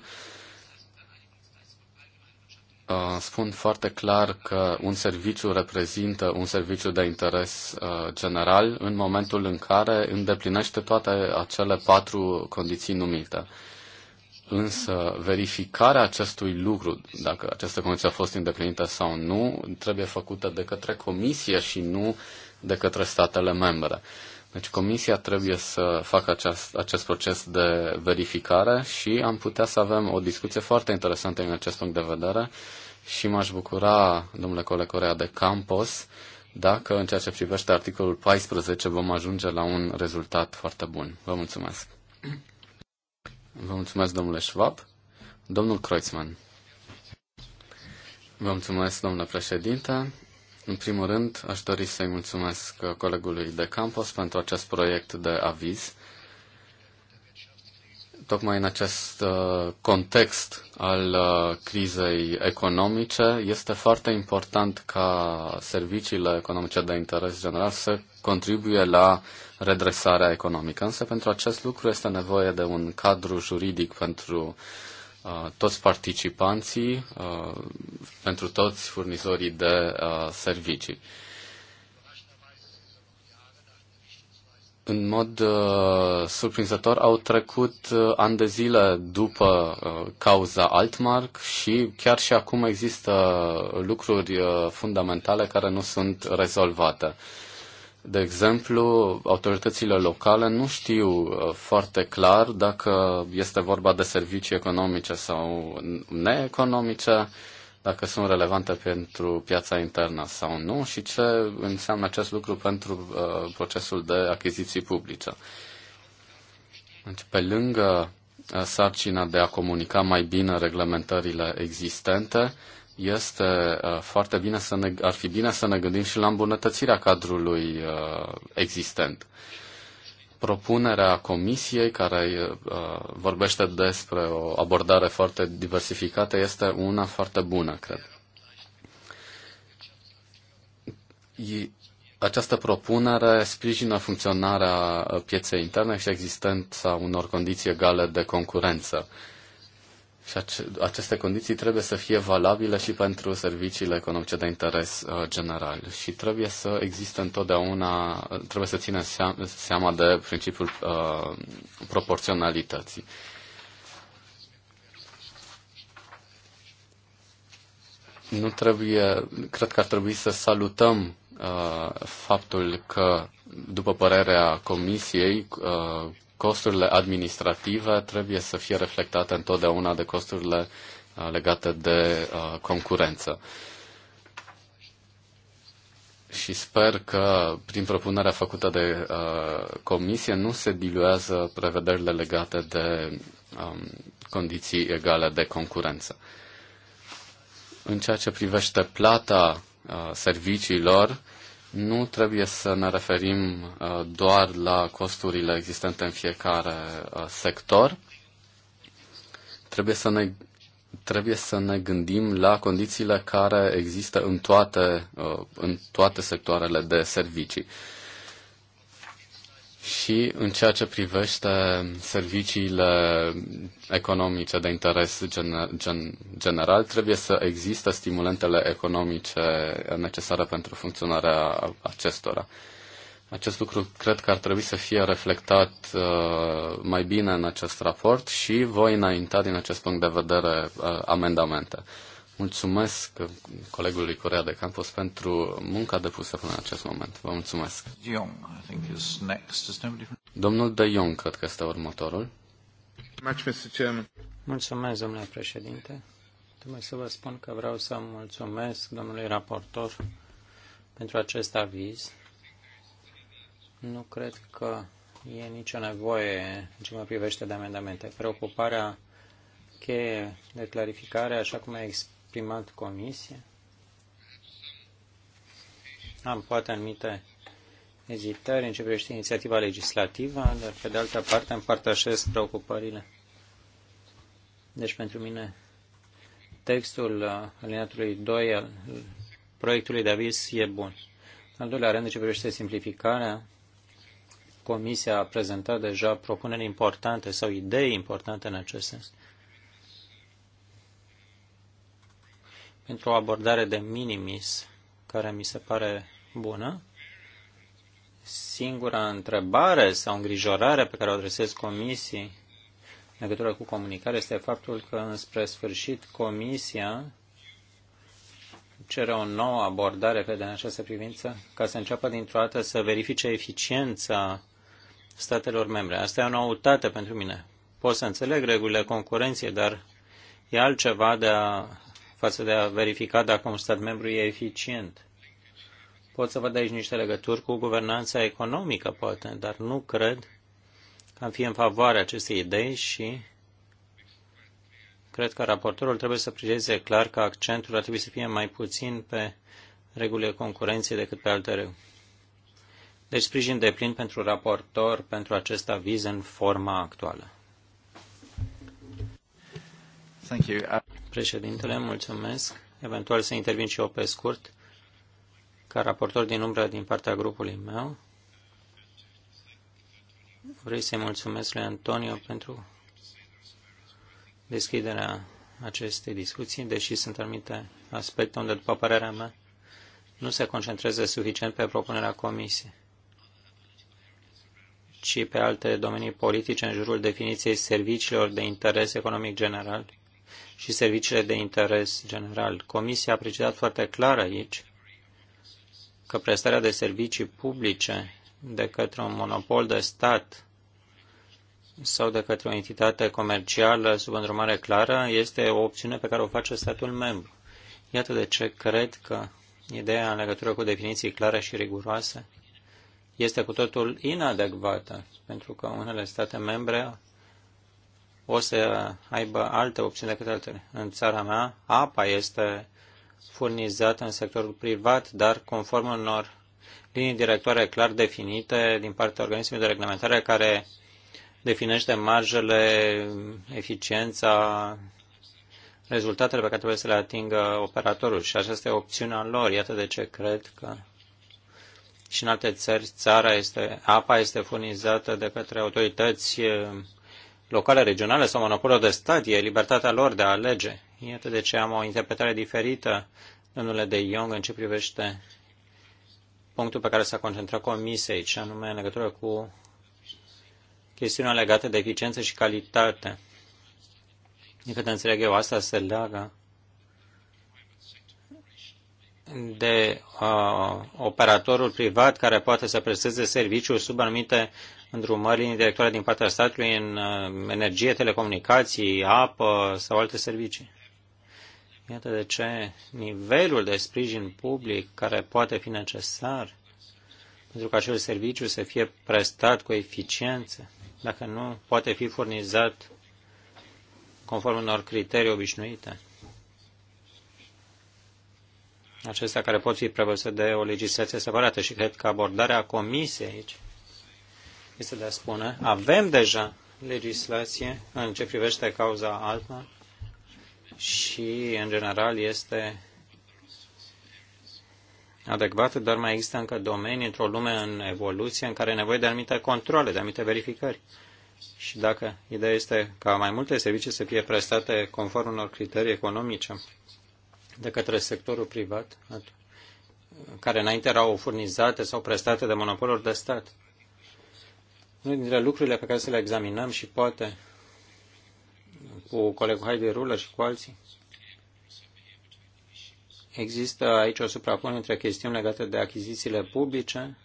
Uh, spun foarte clar că un serviciu reprezintă un serviciu de interes uh, general în momentul în care îndeplinește toate acele patru condiții numite. Însă verificarea acestui lucru, dacă aceste condiții au fost îndeplinite sau nu, trebuie făcută de către comisie și nu de către statele membre. Uh, deci comisia trebuie să facă acest, acest proces de verificare și am putea să avem o discuție foarte interesantă în acest punct de vedere și m-aș bucura, domnule coleg Corea de Campos, dacă în ceea ce privește articolul 14 vom ajunge la un rezultat foarte bun. Vă mulțumesc. Vă mulțumesc, domnule Schwab. Domnul Kreuzmann. Vă mulțumesc, domnule președinte. În primul rând, aș dori să-i mulțumesc colegului de campus pentru acest proiect de aviz. Tocmai în acest uh, context al uh, crizei economice, este foarte important ca serviciile economice de interes general să contribuie la redresarea economică. Însă pentru acest lucru este nevoie de un cadru juridic pentru uh, Uh, toți participanții, uh, pentru toți furnizorii de uh, servicii. În mod uh, surprinzător au trecut uh, ani de zile după uh, cauza Altmark și chiar și acum există lucruri uh, fundamentale care nu sunt rezolvate. Uh, de exemplu, autoritățile locale nu știu uh, foarte clar dacă este vorba de servicii economice sau neeconomice, dacă sunt relevante pentru piața internă sau nu și ce înseamnă acest lucru pentru uh, procesul de achiziții publice. Deci, pe lângă uh, sarcina de a comunica mai bine reglementările existente, este uh, foarte bine să ne, ar fi bine să ne gândim și la îmbunătățirea cadrului uh, existent. Propunerea comisiei care uh, vorbește despre o abordare foarte diversificată este una foarte bună, cred. Această propunere sprijină funcționarea pieței interne și existența unor condiții egale de concurență. Uh, și aceste condiții trebuie să fie valabile și pentru serviciile economice de interes uh, general. Și trebuie să existe întotdeauna, trebuie să ținem seama de principiul uh, proporționalității. Nu trebuie, cred că ar trebui să salutăm uh, faptul că, după părerea Comisiei, uh, costurile administrative trebuie să fie reflectate întotdeauna de costurile uh, legate de uh, concurență. Și sper că prin propunerea făcută de uh, comisie nu se diluează prevederile legate de um, condiții egale de concurență. În ceea ce privește plata uh, serviciilor, nu trebuie să ne referim uh, doar la costurile existente în fiecare uh, sector. Trebuie să ne, trebuie să ne gândim la condițiile care există în toate, uh, în toate sectoarele de servicii și în ceea ce privește serviciile economice de interes gen, gen, general, trebuie să există stimulentele economice necesare pentru funcționarea acestora. Acest lucru cred că ar trebui să fie reflectat uh, mai bine în acest raport și voi înainta din acest punct de vedere uh, amendamente. Mulțumesc colegului Corea de Campos pentru munca depusă până în acest moment. Vă mulțumesc. Young, I think is next. Is Domnul De Jong, cred că este următorul. Mulțumesc, domnule președinte. Trebuie să vă spun că vreau să mulțumesc domnului raportor pentru acest aviz. Nu cred că e nicio nevoie în ce mă privește de amendamente. Preocuparea cheie de clarificare, așa cum a expus primat comisie. Am poate anumite ezitări în ce privește inițiativa legislativă, dar pe de altă parte împărtășesc preocupările. Deci pentru mine textul uh, alineatului 2 al proiectului de avis e bun. În al doilea rând, ce privește simplificarea, Comisia a prezentat deja propuneri importante sau idei importante în acest sens. pentru o abordare de minimis care mi se pare bună. Singura întrebare sau îngrijorare pe care o adresez comisiei în legătură cu comunicare este faptul că înspre sfârșit comisia cere o nouă abordare pe de în această privință ca să înceapă dintr-o dată să verifice eficiența statelor membre. Asta e o noutate pentru mine. Pot să înțeleg regulile concurenței, dar e altceva de a față de a verifica dacă un stat membru e eficient. Pot să văd aici niște legături cu guvernanța economică, poate, dar nu cred că am fi în favoarea acestei idei și cred că raportorul trebuie să precizeze clar că accentul ar trebui să fie mai puțin pe regulile concurenței decât pe alte reguli. Deci sprijin de plin pentru raportor pentru acest aviz în forma actuală. Thank you. Președintele, mulțumesc. Eventual să intervin și eu pe scurt, ca raportor din umbră din partea grupului meu. Vrei să-i mulțumesc lui Antonio pentru deschiderea acestei discuții, deși sunt anumite aspecte unde, după părerea mea, nu se concentrează suficient pe propunerea comisiei, ci pe alte domenii politice în jurul definiției serviciilor de interes economic general și serviciile de interes general. Comisia a precizat foarte clar aici că prestarea de servicii publice de către un monopol de stat sau de către o entitate comercială sub îndrumare clară este o opțiune pe care o face statul membru. Iată de ce cred că ideea în legătură cu definiții clare și riguroase este cu totul inadecvată, pentru că unele state membre o să aibă alte opțiuni decât altele. În țara mea, apa este furnizată în sectorul privat, dar conform unor linii directoare clar definite din partea organismului de reglementare care definește marjele, eficiența, rezultatele pe care trebuie să le atingă operatorul și aceasta e opțiunea lor. Iată de ce cred că și în alte țări țara este, apa este furnizată de către autorități locale, regionale sau monopolul de stat, e libertatea lor de a alege. Iată de ce am o interpretare diferită, domnule de Young, în ce privește punctul pe care s-a concentrat comisia aici, anume în legătură cu chestiunea legată de eficiență și calitate. Din câte înțeleg eu, asta se leagă de uh, operatorul privat care poate să presteze serviciul sub anumite îndrumări linii directoare din partea statului în uh, energie, telecomunicații, apă sau alte servicii. Iată de ce nivelul de sprijin public care poate fi necesar pentru ca acel serviciu să fie prestat cu eficiență, dacă nu poate fi furnizat conform unor criterii obișnuite. Acestea care pot fi prevăzute de o legislație separată și cred că abordarea comisiei aici este de a spune, avem deja legislație în ce privește cauza altă și, în general, este adecvată, dar mai există încă domenii într-o lume în evoluție în care e nevoie de anumite controle, de anumite verificări. Și dacă ideea este ca mai multe servicii să fie prestate conform unor criterii economice de către sectorul privat, care înainte erau furnizate sau prestate de monopoluri de stat. Unul dintre lucrurile pe care să le examinăm și poate cu colegul Heidi Ruller și cu alții, există aici o suprapunere între chestiuni legate de achizițiile publice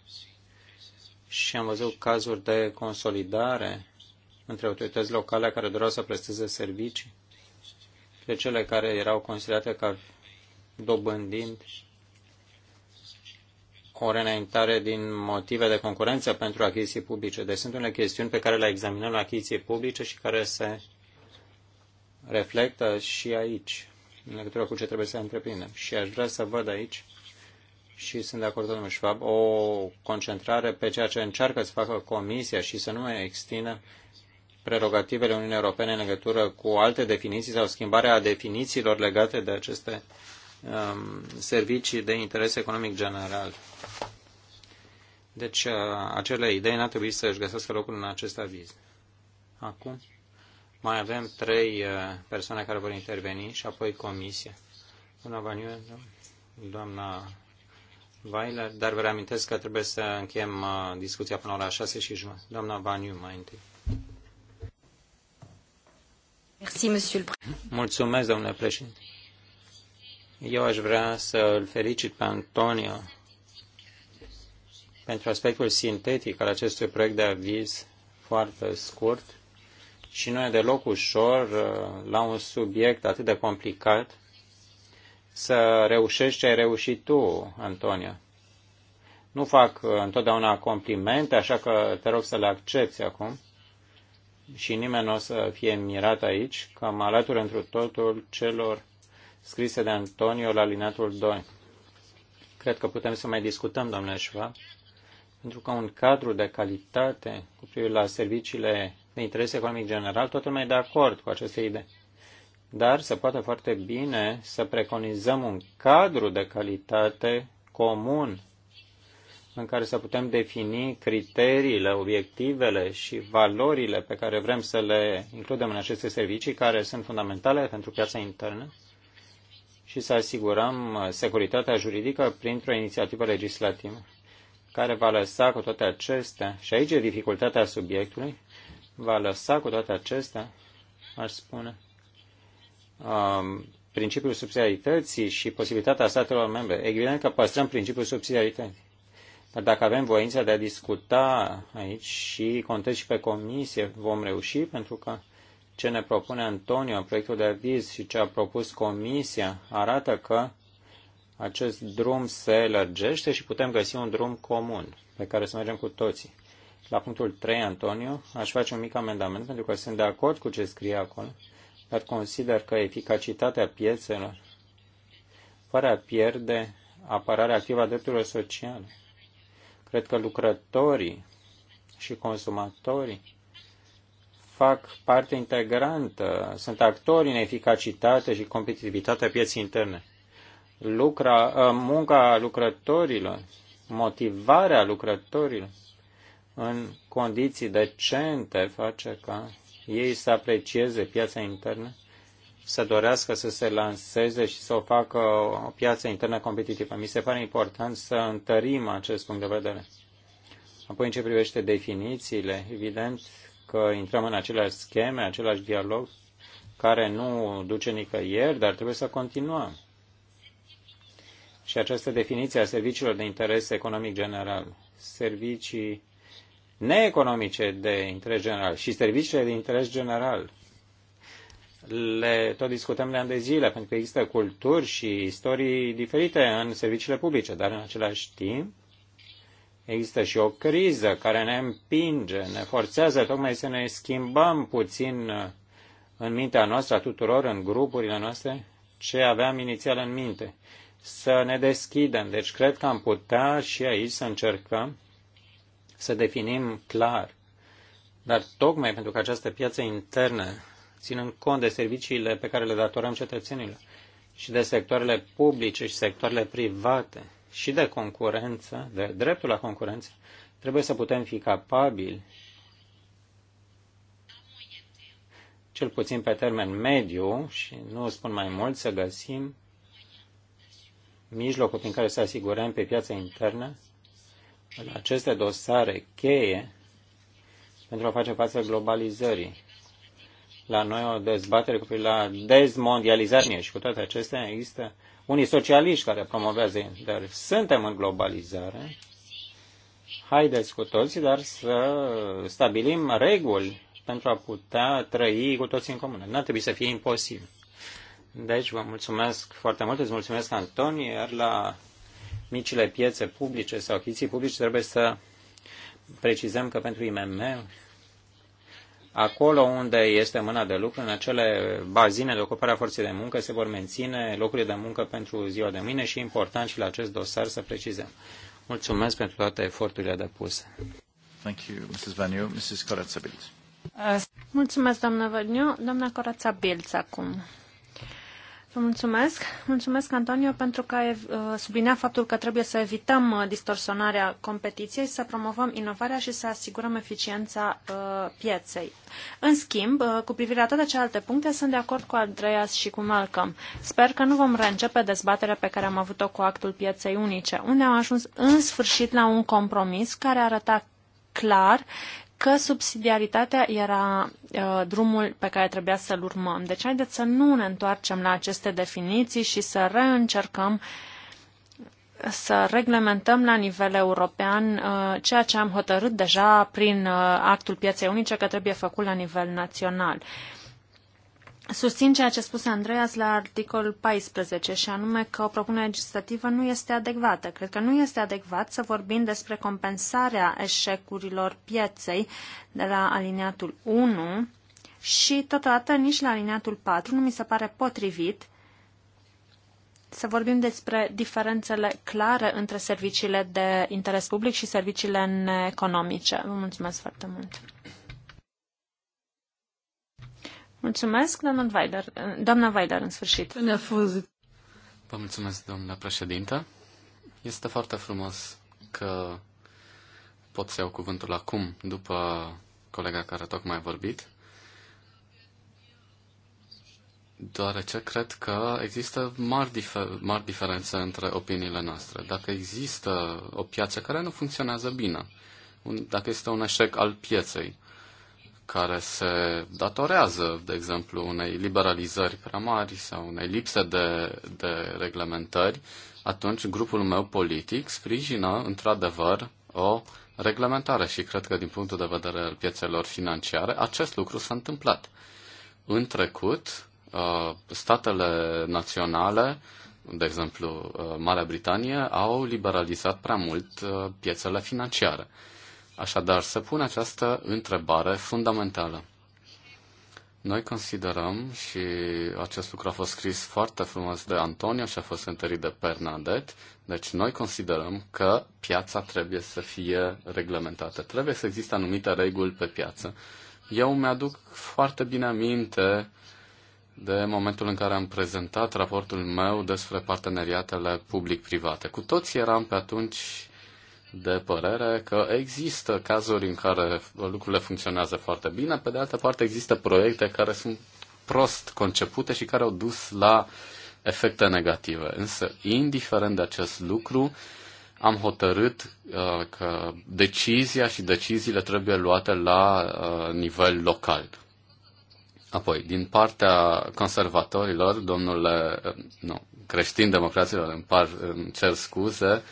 și am văzut cazuri de consolidare între autorități locale care doreau să presteze servicii, pe cele care erau considerate ca dobândind o reînaintare din motive de concurență pentru achiziții publice. Deci sunt unele chestiuni pe care le examinăm la achiziții publice și care se reflectă și aici, în legătură cu ce trebuie să întreprindem. Și aș vrea să văd aici, și sunt de acord cu domnul Schwab, o concentrare pe ceea ce încearcă să facă Comisia și să nu extindă prerogativele Uniunii Europene în legătură cu alte definiții sau schimbarea definițiilor legate de aceste Um, servicii de interes economic general. Deci, uh, acele idei n-ar trebui să-și găsească locul în acest aviz. Acum, mai avem trei uh, persoane care vor interveni și apoi comisia. Doamna Vaniu, doamna Weiler, dar vă reamintesc că trebuie să încheiem uh, discuția până la șase 6 și jumătate. Doamna Vaniu, mai întâi. Mulțumesc, domnule președinte. Eu aș vrea să îl felicit pe Antonio pentru aspectul sintetic al acestui proiect de aviz foarte scurt și nu e deloc ușor uh, la un subiect atât de complicat să reușești ce ai reușit tu, Antonio. Nu fac uh, întotdeauna complimente, așa că te rog să le accepti acum și nimeni nu o să fie mirat aici că mă alătur întru totul celor scrise de Antonio la linatul 2. Cred că putem să mai discutăm, domnule Schwab, pentru că un cadru de calitate cu privire la serviciile de interes economic general, toată lumea e de acord cu aceste idei. Dar se poate foarte bine să preconizăm un cadru de calitate comun în care să putem defini criteriile, obiectivele și valorile pe care vrem să le includem în aceste servicii, care sunt fundamentale pentru piața internă și să asigurăm uh, securitatea juridică printr-o inițiativă legislativă care va lăsa cu toate acestea, și aici e dificultatea subiectului, va lăsa cu toate acestea, aș spune, um, principiul subsidiarității și posibilitatea statelor membre. Evident că păstrăm principiul subsidiarității. Dar dacă avem voința de a discuta aici și contez și pe comisie, vom reuși, pentru că ce ne propune Antonio în proiectul de aviz și ce a propus Comisia arată că acest drum se lărgește și putem găsi un drum comun pe care să mergem cu toții. La punctul 3, Antonio, aș face un mic amendament pentru că sunt de acord cu ce scrie acolo, dar consider că eficacitatea piețelor, fără a pierde apărarea activă a drepturilor sociale, cred că lucrătorii și consumatorii fac parte integrantă, sunt actori în eficacitate și competitivitatea pieții interne. Lucra, ă, munca lucrătorilor, motivarea lucrătorilor în condiții decente face ca ei să aprecieze piața internă, să dorească să se lanseze și să o facă o piață internă competitivă. Mi se pare important să întărim acest punct de vedere. Apoi, în ce privește definițiile, evident, că intrăm în aceleași scheme, același dialog care nu duce nicăieri, dar trebuie să continuăm. Și această definiție a serviciilor de interes economic general, servicii neeconomice de interes general și serviciile de interes general, le tot discutăm de ani de zile, pentru că există culturi și istorii diferite în serviciile publice, dar în același timp Există și o criză care ne împinge, ne forțează tocmai să ne schimbăm puțin uh, în mintea noastră a tuturor, în grupurile noastre, ce aveam inițial în minte. Să ne deschidem. Deci cred că am putea și aici să încercăm să definim clar. Dar tocmai pentru că această piață internă, ținând cont de serviciile pe care le datorăm cetățenilor și de sectoarele publice și sectoarele private, și de concurență, de dreptul la concurență, trebuie să putem fi capabili, cel puțin pe termen mediu, și nu spun mai mult, să găsim mijlocul prin care să asigurăm pe piața internă aceste dosare cheie pentru a face față globalizării. La noi o dezbatere cu privire la dezmondializare și cu toate acestea există unii socialiști care promovează, dar suntem în globalizare. Haideți cu toții, dar să stabilim reguli pentru a putea trăi cu toții în comună. Nu ar trebui să fie imposibil. Deci vă mulțumesc foarte mult, îți mulțumesc, Antoni, iar la micile piețe publice sau achiziții publice trebuie să precizăm că pentru IMM Acolo unde este mâna de lucru, în acele bazine de ocupare a forței de muncă, se vor menține locurile de muncă pentru ziua de mâine și e important și la acest dosar să precizăm. Mulțumesc pentru toate eforturile depuse. Thank you, Mrs. Vaniu. Mrs. Mulțumesc, doamnă Vaniu. Doamna Corazza Bilț acum. Vă mulțumesc. Mulțumesc, Antonio, pentru că ai uh, subliniat faptul că trebuie să evităm uh, distorsionarea competiției, să promovăm inovarea și să asigurăm eficiența uh, pieței. În schimb, cu privire la toate celelalte puncte, sunt de acord cu Andreas și cu Malcolm. Sper că nu vom reîncepe dezbaterea pe care am avut-o cu actul pieței unice, unde am ajuns în sfârșit la un compromis care arăta clar că subsidiaritatea era uh, drumul pe care trebuia să-l urmăm. Deci haideți să nu ne întoarcem la aceste definiții și să reîncercăm să reglementăm la nivel european uh, ceea ce am hotărât deja prin uh, actul pieței unice că trebuie făcut la nivel național. Uh, Susțin ceea ce a spus Andreas la articolul 14 și anume că o propunere legislativă nu este adecvată. Cred că nu este adecvat să vorbim despre compensarea eșecurilor pieței de la aliniatul 1 și totodată nici la aliniatul 4 nu mi se pare potrivit să vorbim despre diferențele clare între serviciile de interes public și serviciile economice. Vă mulțumesc foarte mult! Mulțumesc, domnul Weider. Doamna Weider, în sfârșit. Vă mulțumesc, domnule președinte. Este foarte frumos că pot să iau cuvântul acum, după colega care tocmai a vorbit, deoarece cred că există mari, difer- mari diferențe între opiniile noastre. Dacă există o piață care nu funcționează bine, un, dacă este un eșec al pieței, care se datorează, de exemplu, unei liberalizări prea mari sau unei lipse de, de reglementări, atunci grupul meu politic sprijină, într-adevăr, o reglementare și cred că din punctul de vedere al piețelor financiare acest lucru s-a întâmplat. În trecut, uh, statele naționale, de exemplu uh, Marea Britanie, au liberalizat prea mult uh, piețele financiare. Așadar, se pune această întrebare fundamentală. Noi considerăm, și acest lucru a fost scris foarte frumos de Antonio și a fost întărit de Pernadet, deci noi considerăm că piața trebuie să fie reglementată. Trebuie să existe anumite reguli pe piață. Eu mi-aduc foarte bine aminte de momentul în care am prezentat raportul meu despre parteneriatele public-private. Cu toții eram pe atunci de părere că există cazuri în care lucrurile funcționează foarte bine, pe de altă parte există proiecte care sunt prost concepute și care au dus la efecte negative. Însă, indiferent de acest lucru, am hotărât uh, că decizia și deciziile trebuie luate la uh, nivel local. Apoi, din partea conservatorilor, domnule, uh, nu, creștin-democraților, îmi, par, îmi cer scuze,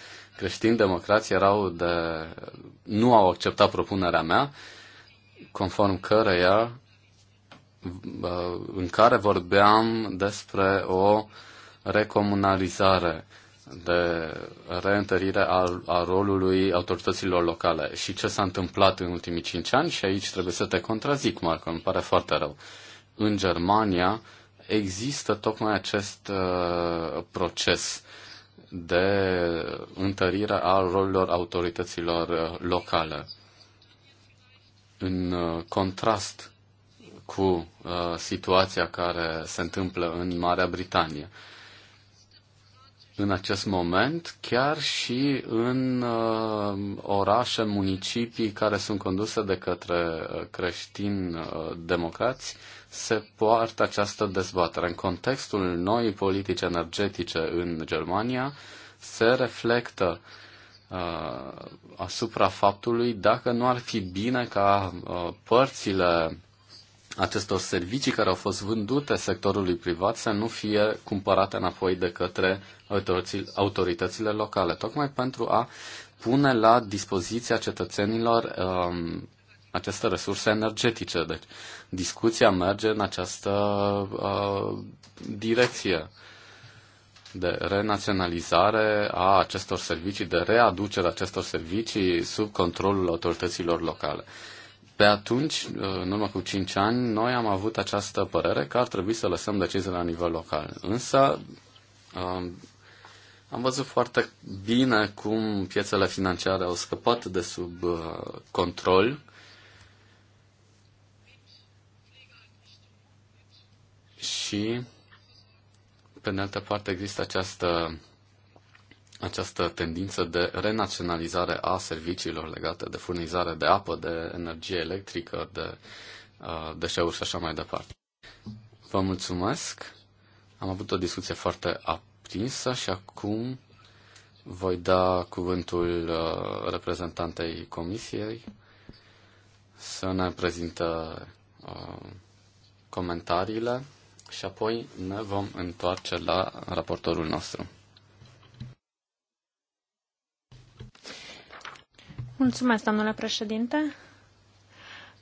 creștini-democrații erau de, nu au acceptat propunerea mea, conform căreia în care vorbeam despre o recomunalizare de reîntărire a, a rolului autorităților locale și ce s-a întâmplat în ultimii cinci ani și aici trebuie să te contrazic, Marco, îmi pare foarte rău. În Germania există tocmai acest uh, proces de întărire a rolurilor autorităților uh, locale. În uh, contrast cu uh, situația care se întâmplă în Marea Britanie. În acest moment, chiar și în uh, orașe, municipii care sunt conduse de către creștini uh, democrați, uh, se poartă această dezbatere. În contextul noii politici energetice în Germania se reflectă uh, asupra faptului dacă nu ar fi bine ca uh, părțile acestor servicii care au fost vândute sectorului privat să nu fie cumpărate înapoi de către autoritățile locale, tocmai pentru a pune la dispoziția cetățenilor um, aceste resurse energetice. Deci, discuția merge în această uh, direcție de renaționalizare a acestor servicii, de readucere a acestor servicii sub controlul autorităților locale. Pe atunci, uh, în urmă cu 5 ani, noi am avut această părere că ar trebui să lăsăm deciziile la nivel local. Însă, um, am văzut foarte bine cum piețele financiare au scăpat de sub uh, control și, pe de altă parte, există această, această tendință de renaționalizare a serviciilor legate de furnizare de apă, de energie electrică, de uh, deșeuri și așa mai departe. Vă mulțumesc. Am avut o discuție foarte aprinsă și acum voi da cuvântul uh, reprezentantei comisiei să ne prezintă uh, comentariile și apoi ne vom întoarce la raportorul nostru. Mulțumesc, domnule președinte.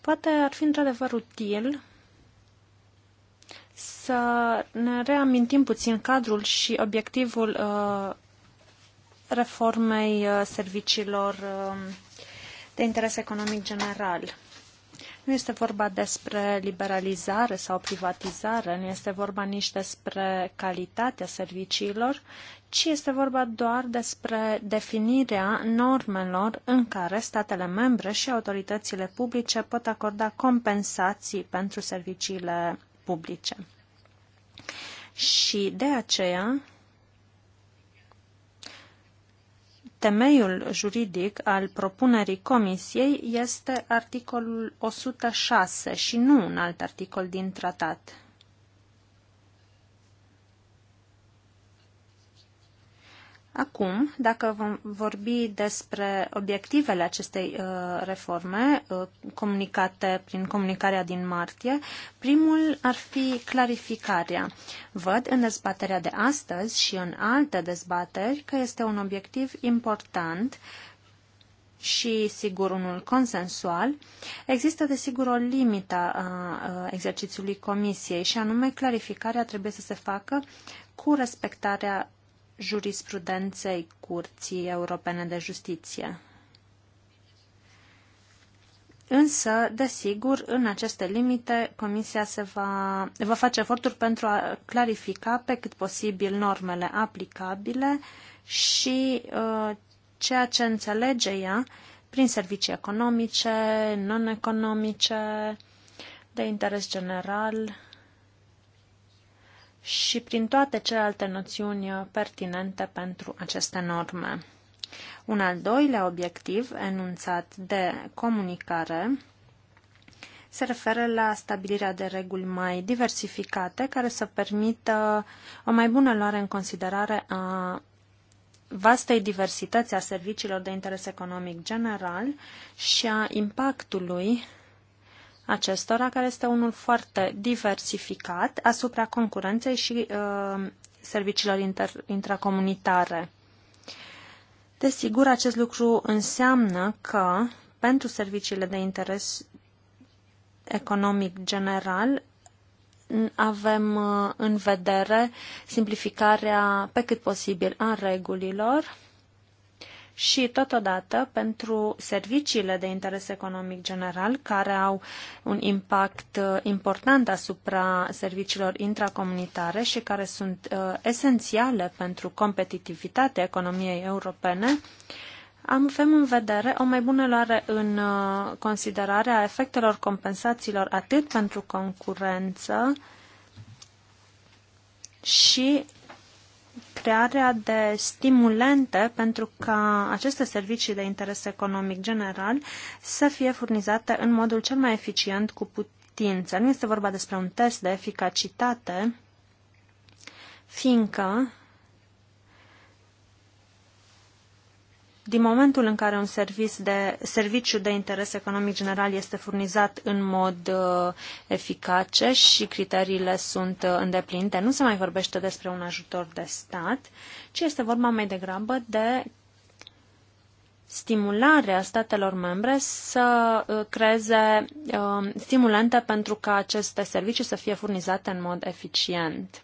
Poate ar fi într-adevăr util să ne reamintim puțin cadrul și obiectivul uh, reformei uh, serviciilor uh, de interes economic general. Nu este vorba despre liberalizare sau privatizare, nu este vorba nici despre calitatea serviciilor, ci este vorba doar despre definirea normelor în care statele membre și autoritățile publice pot acorda compensații pentru serviciile publice. Și de aceea temeiul juridic al propunerii Comisiei este articolul 106 și nu un alt articol din tratat. Acum, dacă vom vorbi despre obiectivele acestei uh, reforme uh, comunicate prin comunicarea din martie, primul ar fi clarificarea. Văd în dezbaterea de astăzi și în alte dezbateri că este un obiectiv important și, sigur, unul consensual, există, desigur, o limită a exercițiului Comisiei și anume clarificarea trebuie să se facă cu respectarea jurisprudenței Curții Europene de Justiție. Însă, desigur, în aceste limite, Comisia se va, va face eforturi pentru a clarifica pe cât posibil normele aplicabile și uh, ceea ce înțelege ea prin servicii economice, non-economice, de interes general și prin toate celelalte noțiuni uh, pertinente pentru aceste norme. Un al doilea obiectiv enunțat de comunicare se referă la stabilirea de reguli mai diversificate care să permită o mai bună luare în considerare a vastei diversități a serviciilor de interes economic general și a impactului acestora, care este unul foarte diversificat asupra concurenței și uh, serviciilor inter- intracomunitare. Desigur, acest lucru înseamnă că pentru serviciile de interes economic general avem uh, în vedere simplificarea pe cât posibil a regulilor și, totodată, pentru serviciile de interes economic general, care au un impact uh, important asupra serviciilor intracomunitare și care sunt uh, esențiale pentru competitivitatea economiei europene, avem în vedere o mai bună luare în uh, considerare a efectelor compensațiilor atât pentru concurență și crearea de stimulente pentru ca aceste servicii de interes economic general să fie furnizate în modul cel mai eficient cu putință. Nu este vorba despre un test de eficacitate, fiindcă Din momentul în care un serviciu de, serviciu de interes economic general este furnizat în mod uh, eficace și criteriile sunt uh, îndeplinite, nu se mai vorbește despre un ajutor de stat, ci este vorba mai degrabă de stimularea statelor membre să uh, creeze uh, stimulente pentru ca aceste servicii să fie furnizate în mod eficient.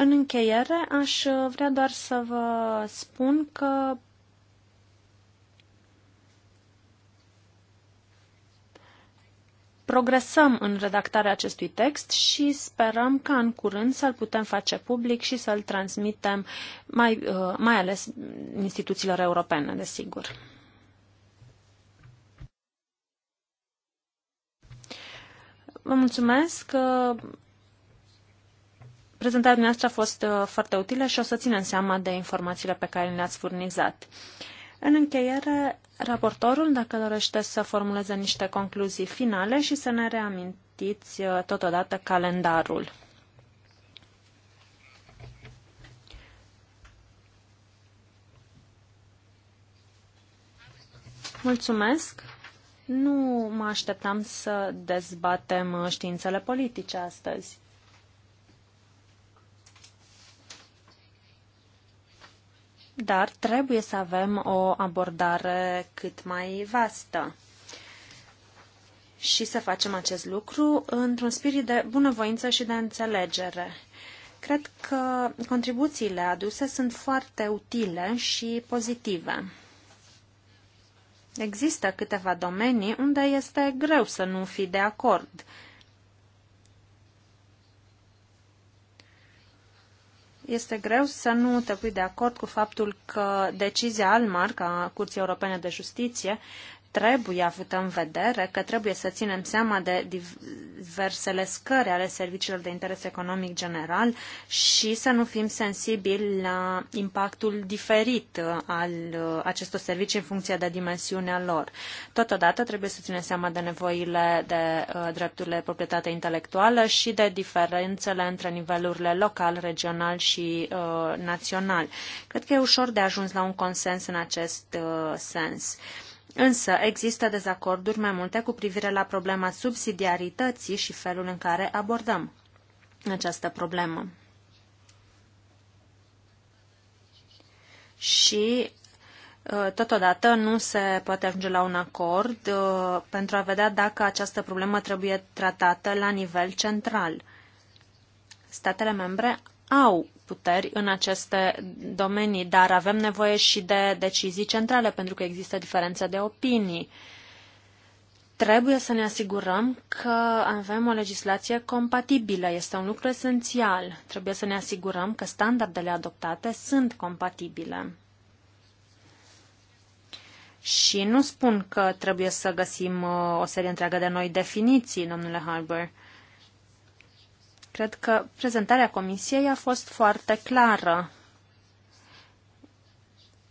În încheiere, aș vrea doar să vă spun că progresăm în redactarea acestui text și sperăm ca în curând să-l putem face public și să-l transmitem mai, uh, mai ales instituțiilor europene, desigur. Vă mulțumesc. Uh, prezentarea noastră a fost uh, foarte utilă și o să ținem seama de informațiile pe care le-ați furnizat. În încheiere, raportorul, dacă dorește să formuleze niște concluzii finale și să ne reamintiți uh, totodată calendarul. Mulțumesc. Nu mă așteptam să dezbatem uh, științele politice astăzi. dar trebuie să avem o abordare cât mai vastă și să facem acest lucru într-un spirit de bunăvoință și de înțelegere. Cred că contribuțiile aduse sunt foarte utile și pozitive. Există câteva domenii unde este greu să nu fi de acord este greu să nu te pui de acord cu faptul că decizia Almar, ca Curții Europene de Justiție, trebuie avută în vedere că trebuie să ținem seama de diversele scări ale serviciilor de interes economic general și să nu fim sensibili la impactul diferit uh, al uh, acestor servicii în funcție de dimensiunea lor. Totodată trebuie să ținem seama de nevoile de uh, drepturile proprietate intelectuală și de diferențele între nivelurile local, regional și uh, național. Cred că e ușor de ajuns la un consens în acest uh, sens. Uh, Însă există dezacorduri mai multe cu privire la problema subsidiarității și felul în care abordăm această problemă. Și ă, Totodată nu se poate ajunge la un acord ă, pentru a vedea dacă această problemă trebuie tratată la nivel central. Statele membre au puteri în aceste domenii, dar avem nevoie și de decizii centrale, pentru că există diferențe de opinii. Trebuie să ne asigurăm că avem o legislație compatibilă. Este un lucru esențial. Trebuie să ne asigurăm că standardele adoptate sunt compatibile. Și nu spun că trebuie să găsim uh, o serie întreagă de noi definiții, domnule Harbour. Cred că prezentarea Comisiei a fost foarte clară.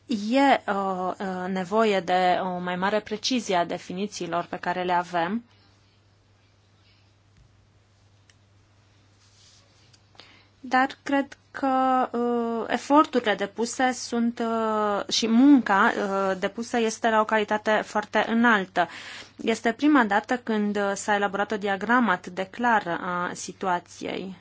E uh, uh, nevoie de o mai mare precizie a definițiilor pe care le avem. Dar cred că uh, eforturile depuse sunt uh, și munca uh, depusă este la o calitate foarte înaltă. Este prima dată când s-a elaborat o diagramă atât de clară a situației.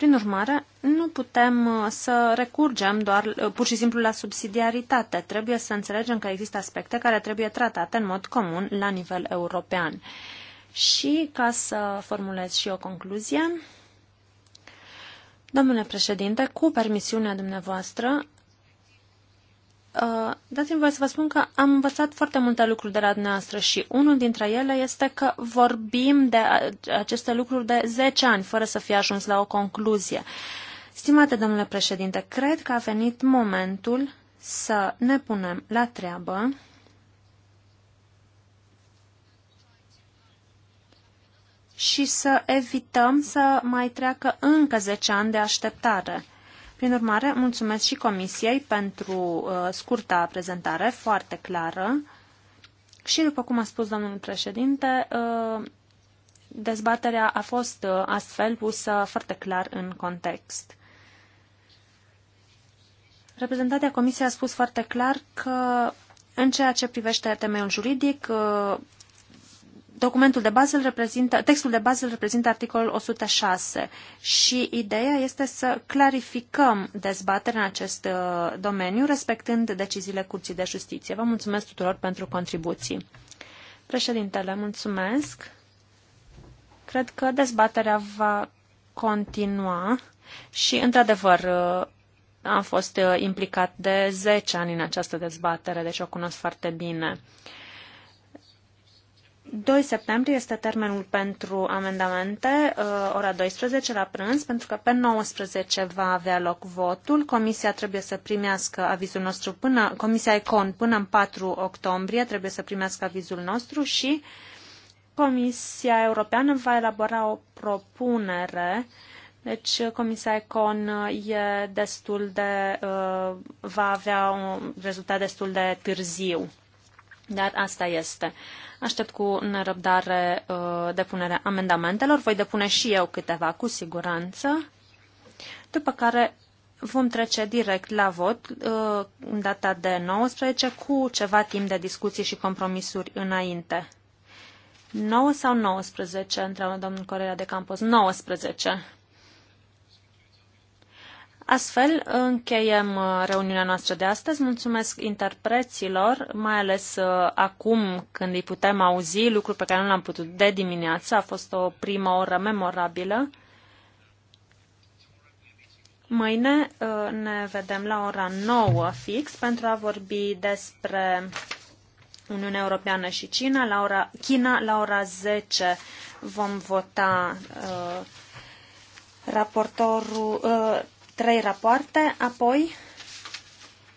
Prin urmare, nu putem uh, să recurgem doar uh, pur și simplu la subsidiaritate. Trebuie să înțelegem că există aspecte care trebuie tratate în mod comun la nivel european. Și ca să formulez și o concluzie, domnule președinte, cu permisiunea dumneavoastră, Uh, dați-mi voie să vă spun că am învățat foarte multe lucruri de la dumneavoastră și unul dintre ele este că vorbim de aceste lucruri de 10 ani fără să fie ajuns la o concluzie. Stimate domnule președinte, cred că a venit momentul să ne punem la treabă și să evităm să mai treacă încă 10 ani de așteptare. Prin urmare, mulțumesc și Comisiei pentru uh, scurta prezentare, foarte clară. Și, după cum a spus domnul președinte, uh, dezbaterea a fost uh, astfel pusă foarte clar în context. Reprezentatea Comisiei a spus foarte clar că în ceea ce privește temeiul juridic, Documentul de bază îl reprezintă, textul de bază îl reprezintă articolul 106 și ideea este să clarificăm dezbaterea în acest uh, domeniu, respectând deciziile Curții de Justiție. Vă mulțumesc tuturor pentru contribuții. Președintele, mulțumesc. Cred că dezbaterea va continua și, într-adevăr, uh, am fost uh, implicat de 10 ani în această dezbatere, deci o cunosc foarte bine. 2 septembrie este termenul pentru amendamente, uh, ora 12 la prânz, pentru că pe 19 va avea loc votul. Comisia trebuie să primească avizul nostru până, Comisia Econ până în 4 octombrie trebuie să primească avizul nostru și Comisia Europeană va elabora o propunere deci uh, Comisia Econ uh, e destul de, va avea un rezultat destul de târziu. Dar asta este. Aștept cu nerăbdare uh, depunerea amendamentelor. Voi depune și eu câteva, cu siguranță. După care vom trece direct la vot uh, în data de 19 cu ceva timp de discuții și compromisuri înainte. 9 sau 19, întreabă domnul Correa de Campos. 19. Astfel, încheiem uh, reuniunea noastră de astăzi. Mulțumesc interpreților, mai ales uh, acum când îi putem auzi, lucru pe care nu l-am putut de dimineață. A fost o primă oră memorabilă. Mâine uh, ne vedem la ora 9 fix pentru a vorbi despre Uniunea Europeană și China. La ora, China, la ora 10 vom vota uh, raportorul, uh, trei rapoarte, apoi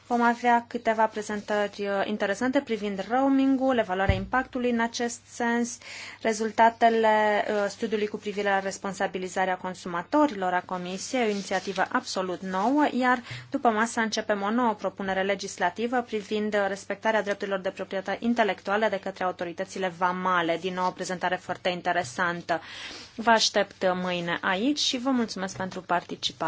vom avea câteva prezentări uh, interesante privind roamingul, evaluarea impactului în acest sens, rezultatele uh, studiului cu privire la responsabilizarea consumatorilor a Comisiei, o inițiativă absolut nouă, iar după masa începem o nouă propunere legislativă privind uh, respectarea drepturilor de proprietate intelectuală de către autoritățile vamale. Din nou o prezentare foarte interesantă. Vă aștept mâine aici și vă mulțumesc pentru participare.